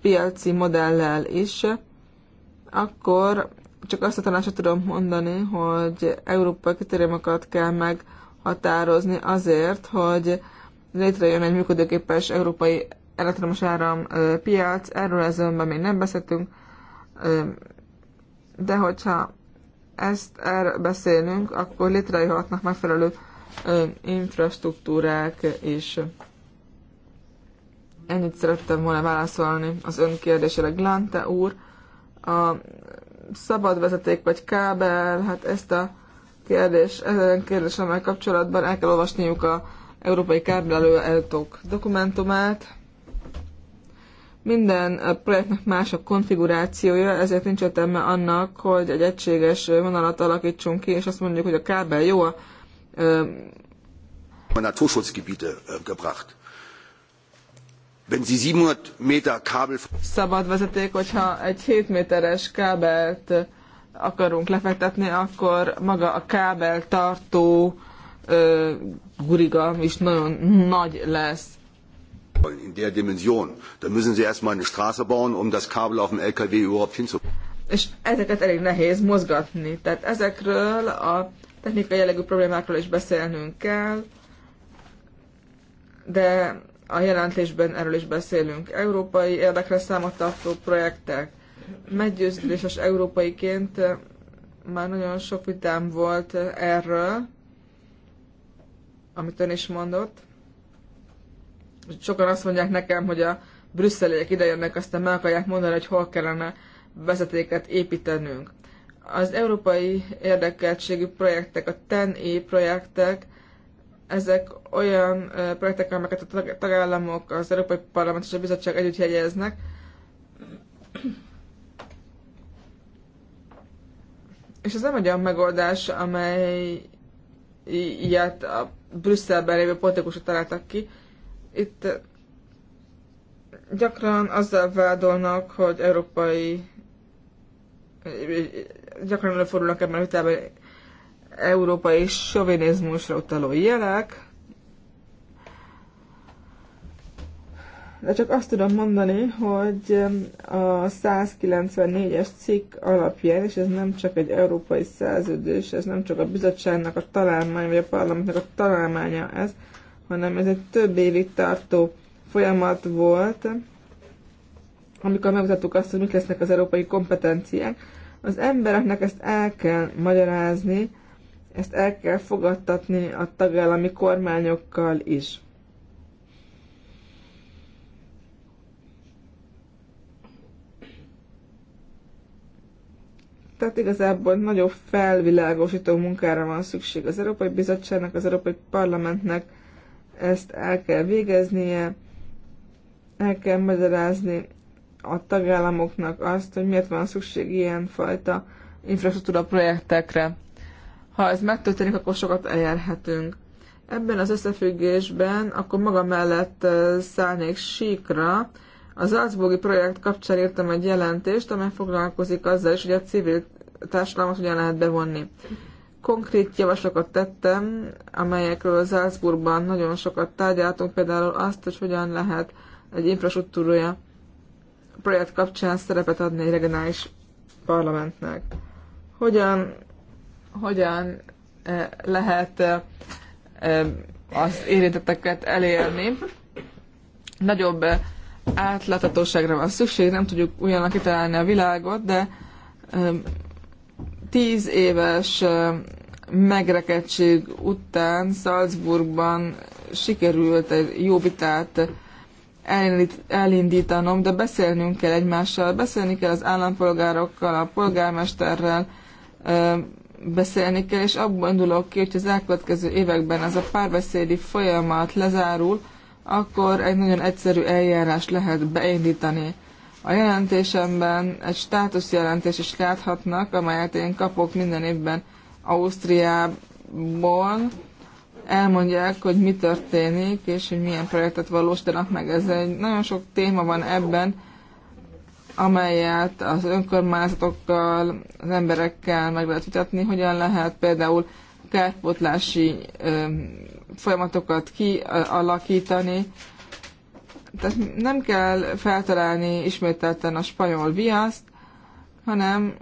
piaci modellel is, akkor csak azt a tanácsot tudom mondani, hogy európai kritériumokat kell meghatározni azért, hogy létrejön egy működőképes európai elektromos áram piac, erről azonban még nem beszéltünk, de hogyha ezt erről beszélünk, akkor létrejöhetnek megfelelő infrastruktúrák és Ennyit szerettem volna válaszolni az ön kérdésére. Glante úr, a szabad vezeték vagy kábel, hát ezt a kérdés, ezen kérdésemmel kapcsolatban el kell olvasniuk a Európai Kábelelő Eltók dokumentumát. Minden projektnek más a konfigurációja, ezért nincs értelme annak, hogy egy egységes vonalat alakítsunk ki, és azt mondjuk, hogy a kábel jó, a Naturschutzgebiete äh, äh, gebracht. Wenn Sie 700 Meter Kabel... Szabad vezeték, hogyha egy 7 méteres kábelt äh, akarunk lefektetni, akkor maga a kábel tartó guriga is nagyon nagy lesz. In der Dimension, da müssen Sie erstmal eine Straße bauen, um das Kabel auf dem LKW überhaupt hinzu. És ezeket elég nehéz mozgatni. Tehát ezekről a technikai jellegű problémákról is beszélnünk kell, de a jelentésben erről is beszélünk. Európai érdekre számottartó projektek. Meggyőződéses európaiként már nagyon sok vitám volt erről, amit ön is mondott. Sokan azt mondják nekem, hogy a brüsszeliek idejönnek, aztán meg akarják mondani, hogy hol kellene vezetéket építenünk. Az európai érdekeltségű projektek, a TEN-E projektek, ezek olyan projektek, amelyeket a tagállamok, az Európai Parlament és a Bizottság együtt jegyeznek. És ez nem egy olyan megoldás, amely ilyet a Brüsszelben lévő politikusok találtak ki. Itt gyakran azzal vádolnak, hogy európai gyakran előfordulnak ebben a vitában európai sovinizmusra utaló jelek, de csak azt tudom mondani, hogy a 194-es cikk alapján, és ez nem csak egy európai szerződés, ez nem csak a bizottságnak a találmánya, vagy a parlamentnek a találmánya ez, hanem ez egy több évig tartó folyamat volt, amikor megmutattuk azt, hogy mik lesznek az európai kompetenciák, az embereknek ezt el kell magyarázni, ezt el kell fogadtatni a tagállami kormányokkal is. Tehát igazából nagyobb felvilágosító munkára van szükség az Európai Bizottságnak, az Európai Parlamentnek ezt el kell végeznie, el kell magyarázni a tagállamoknak azt, hogy miért van szükség ilyenfajta infrastruktúra projektekre. Ha ez megtörténik, akkor sokat elérhetünk. Ebben az összefüggésben akkor maga mellett szállnék síkra. Az Alcbogi projekt kapcsán írtam egy jelentést, amely foglalkozik azzal is, hogy a civil társadalmat hogyan lehet bevonni. Konkrét javaslatokat tettem, amelyekről az Salzburgban nagyon sokat tárgyaltunk, például azt, hogy hogyan lehet egy infrastruktúrája projekt kapcsán szerepet adni egy regionális parlamentnek. Hogyan, hogyan eh, lehet eh, eh, az érintetteket elérni? Nagyobb átláthatóságra van szükség, nem tudjuk ugyanak kitalálni a világot, de tíz éves megrekedtség után Salzburgban sikerült egy jó vitát elindítanom, de beszélnünk kell egymással, beszélni kell az állampolgárokkal, a polgármesterrel, beszélni kell, és abban indulok ki, hogy az elkövetkező években ez a párbeszédi folyamat lezárul, akkor egy nagyon egyszerű eljárás lehet beindítani. A jelentésemben egy státuszjelentés is láthatnak, amelyet én kapok minden évben Ausztriából, elmondják, hogy mi történik, és hogy milyen projektet valósítanak meg. Ez egy nagyon sok téma van ebben, amelyet az önkormányzatokkal, az emberekkel meg lehet vitatni, hogyan lehet például kárpótlási ö, folyamatokat kialakítani. Tehát nem kell feltalálni ismételten a spanyol viaszt, hanem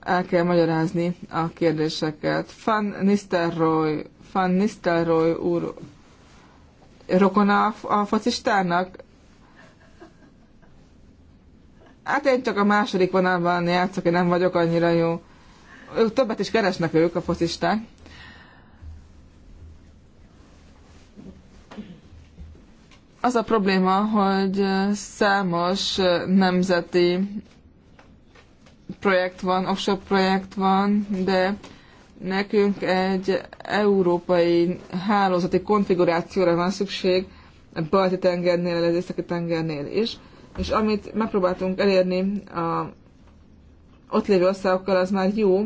el kell magyarázni a kérdéseket. Fan Nisterroy van Nistelrooy úr rokona a focistának? Hát én csak a második vonalban játszok, én nem vagyok annyira jó. Ők többet is keresnek ők, a focisták. Az a probléma, hogy számos nemzeti projekt van, offshore projekt van, de nekünk egy európai hálózati konfigurációra van szükség, a balti tengernél, az északi tengernél is, és amit megpróbáltunk elérni a ott lévő országokkal, az már jó,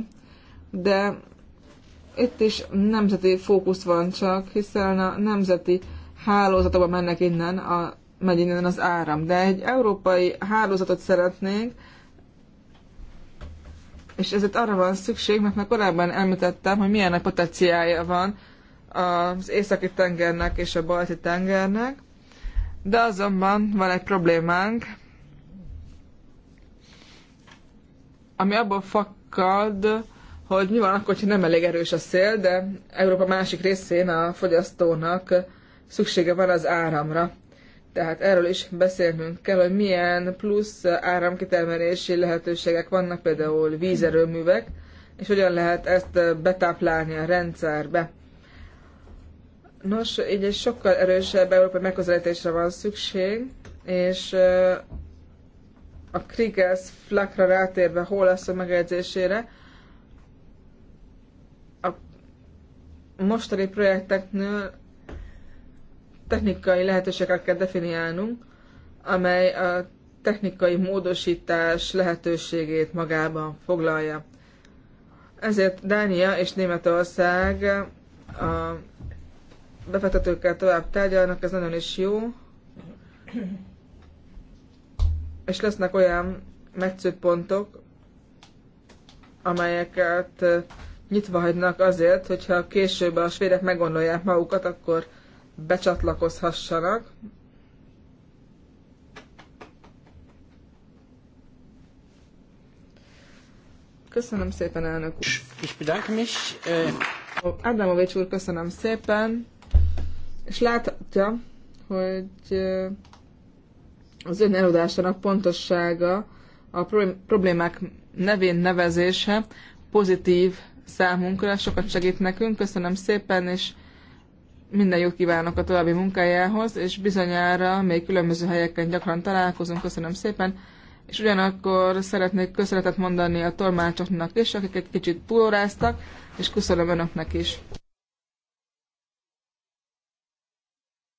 de itt is nemzeti fókusz van csak, hiszen a nemzeti hálózatokban mennek innen, a, megy innen az áram. De egy európai hálózatot szeretnénk, és ezért arra van szükség, mert már korábban említettem, hogy milyen a potenciája van az északi tengernek és a balti tengernek, de azonban van egy problémánk, ami abból fakad, hogy mi van akkor, hogyha nem elég erős a szél, de Európa másik részén a fogyasztónak szüksége van az áramra. Tehát erről is beszélnünk kell, hogy milyen plusz áramkitermelési lehetőségek vannak, például vízerőművek, és hogyan lehet ezt betáplálni a rendszerbe. Nos, így egy sokkal erősebb európai megközelítésre van szükség, és a Kriegers flakra rátérve hol lesz a megjegyzésére, a mostani projekteknél technikai lehetőségeket kell definiálnunk, amely a technikai módosítás lehetőségét magában foglalja. Ezért Dánia és Németország a befektetőkkel tovább tárgyalnak, ez nagyon is jó. És lesznek olyan megcőpontok, amelyeket nyitva hagynak azért, hogyha később a svédek meggondolják magukat, akkor becsatlakozhassanak. Köszönöm szépen, elnök úr. És bedankom is. Äh, Adamovics úr, köszönöm szépen. És láthatja, hogy az ön előadásának pontossága, a problémák nevén nevezése pozitív számunkra, sokat segít nekünk. Köszönöm szépen, és minden jót kívánok a további munkájához, és bizonyára még különböző helyeken gyakran találkozunk. Köszönöm szépen. És ugyanakkor szeretnék köszönetet mondani a tolmácsoknak is, akik egy kicsit túlóráztak, és köszönöm önöknek is.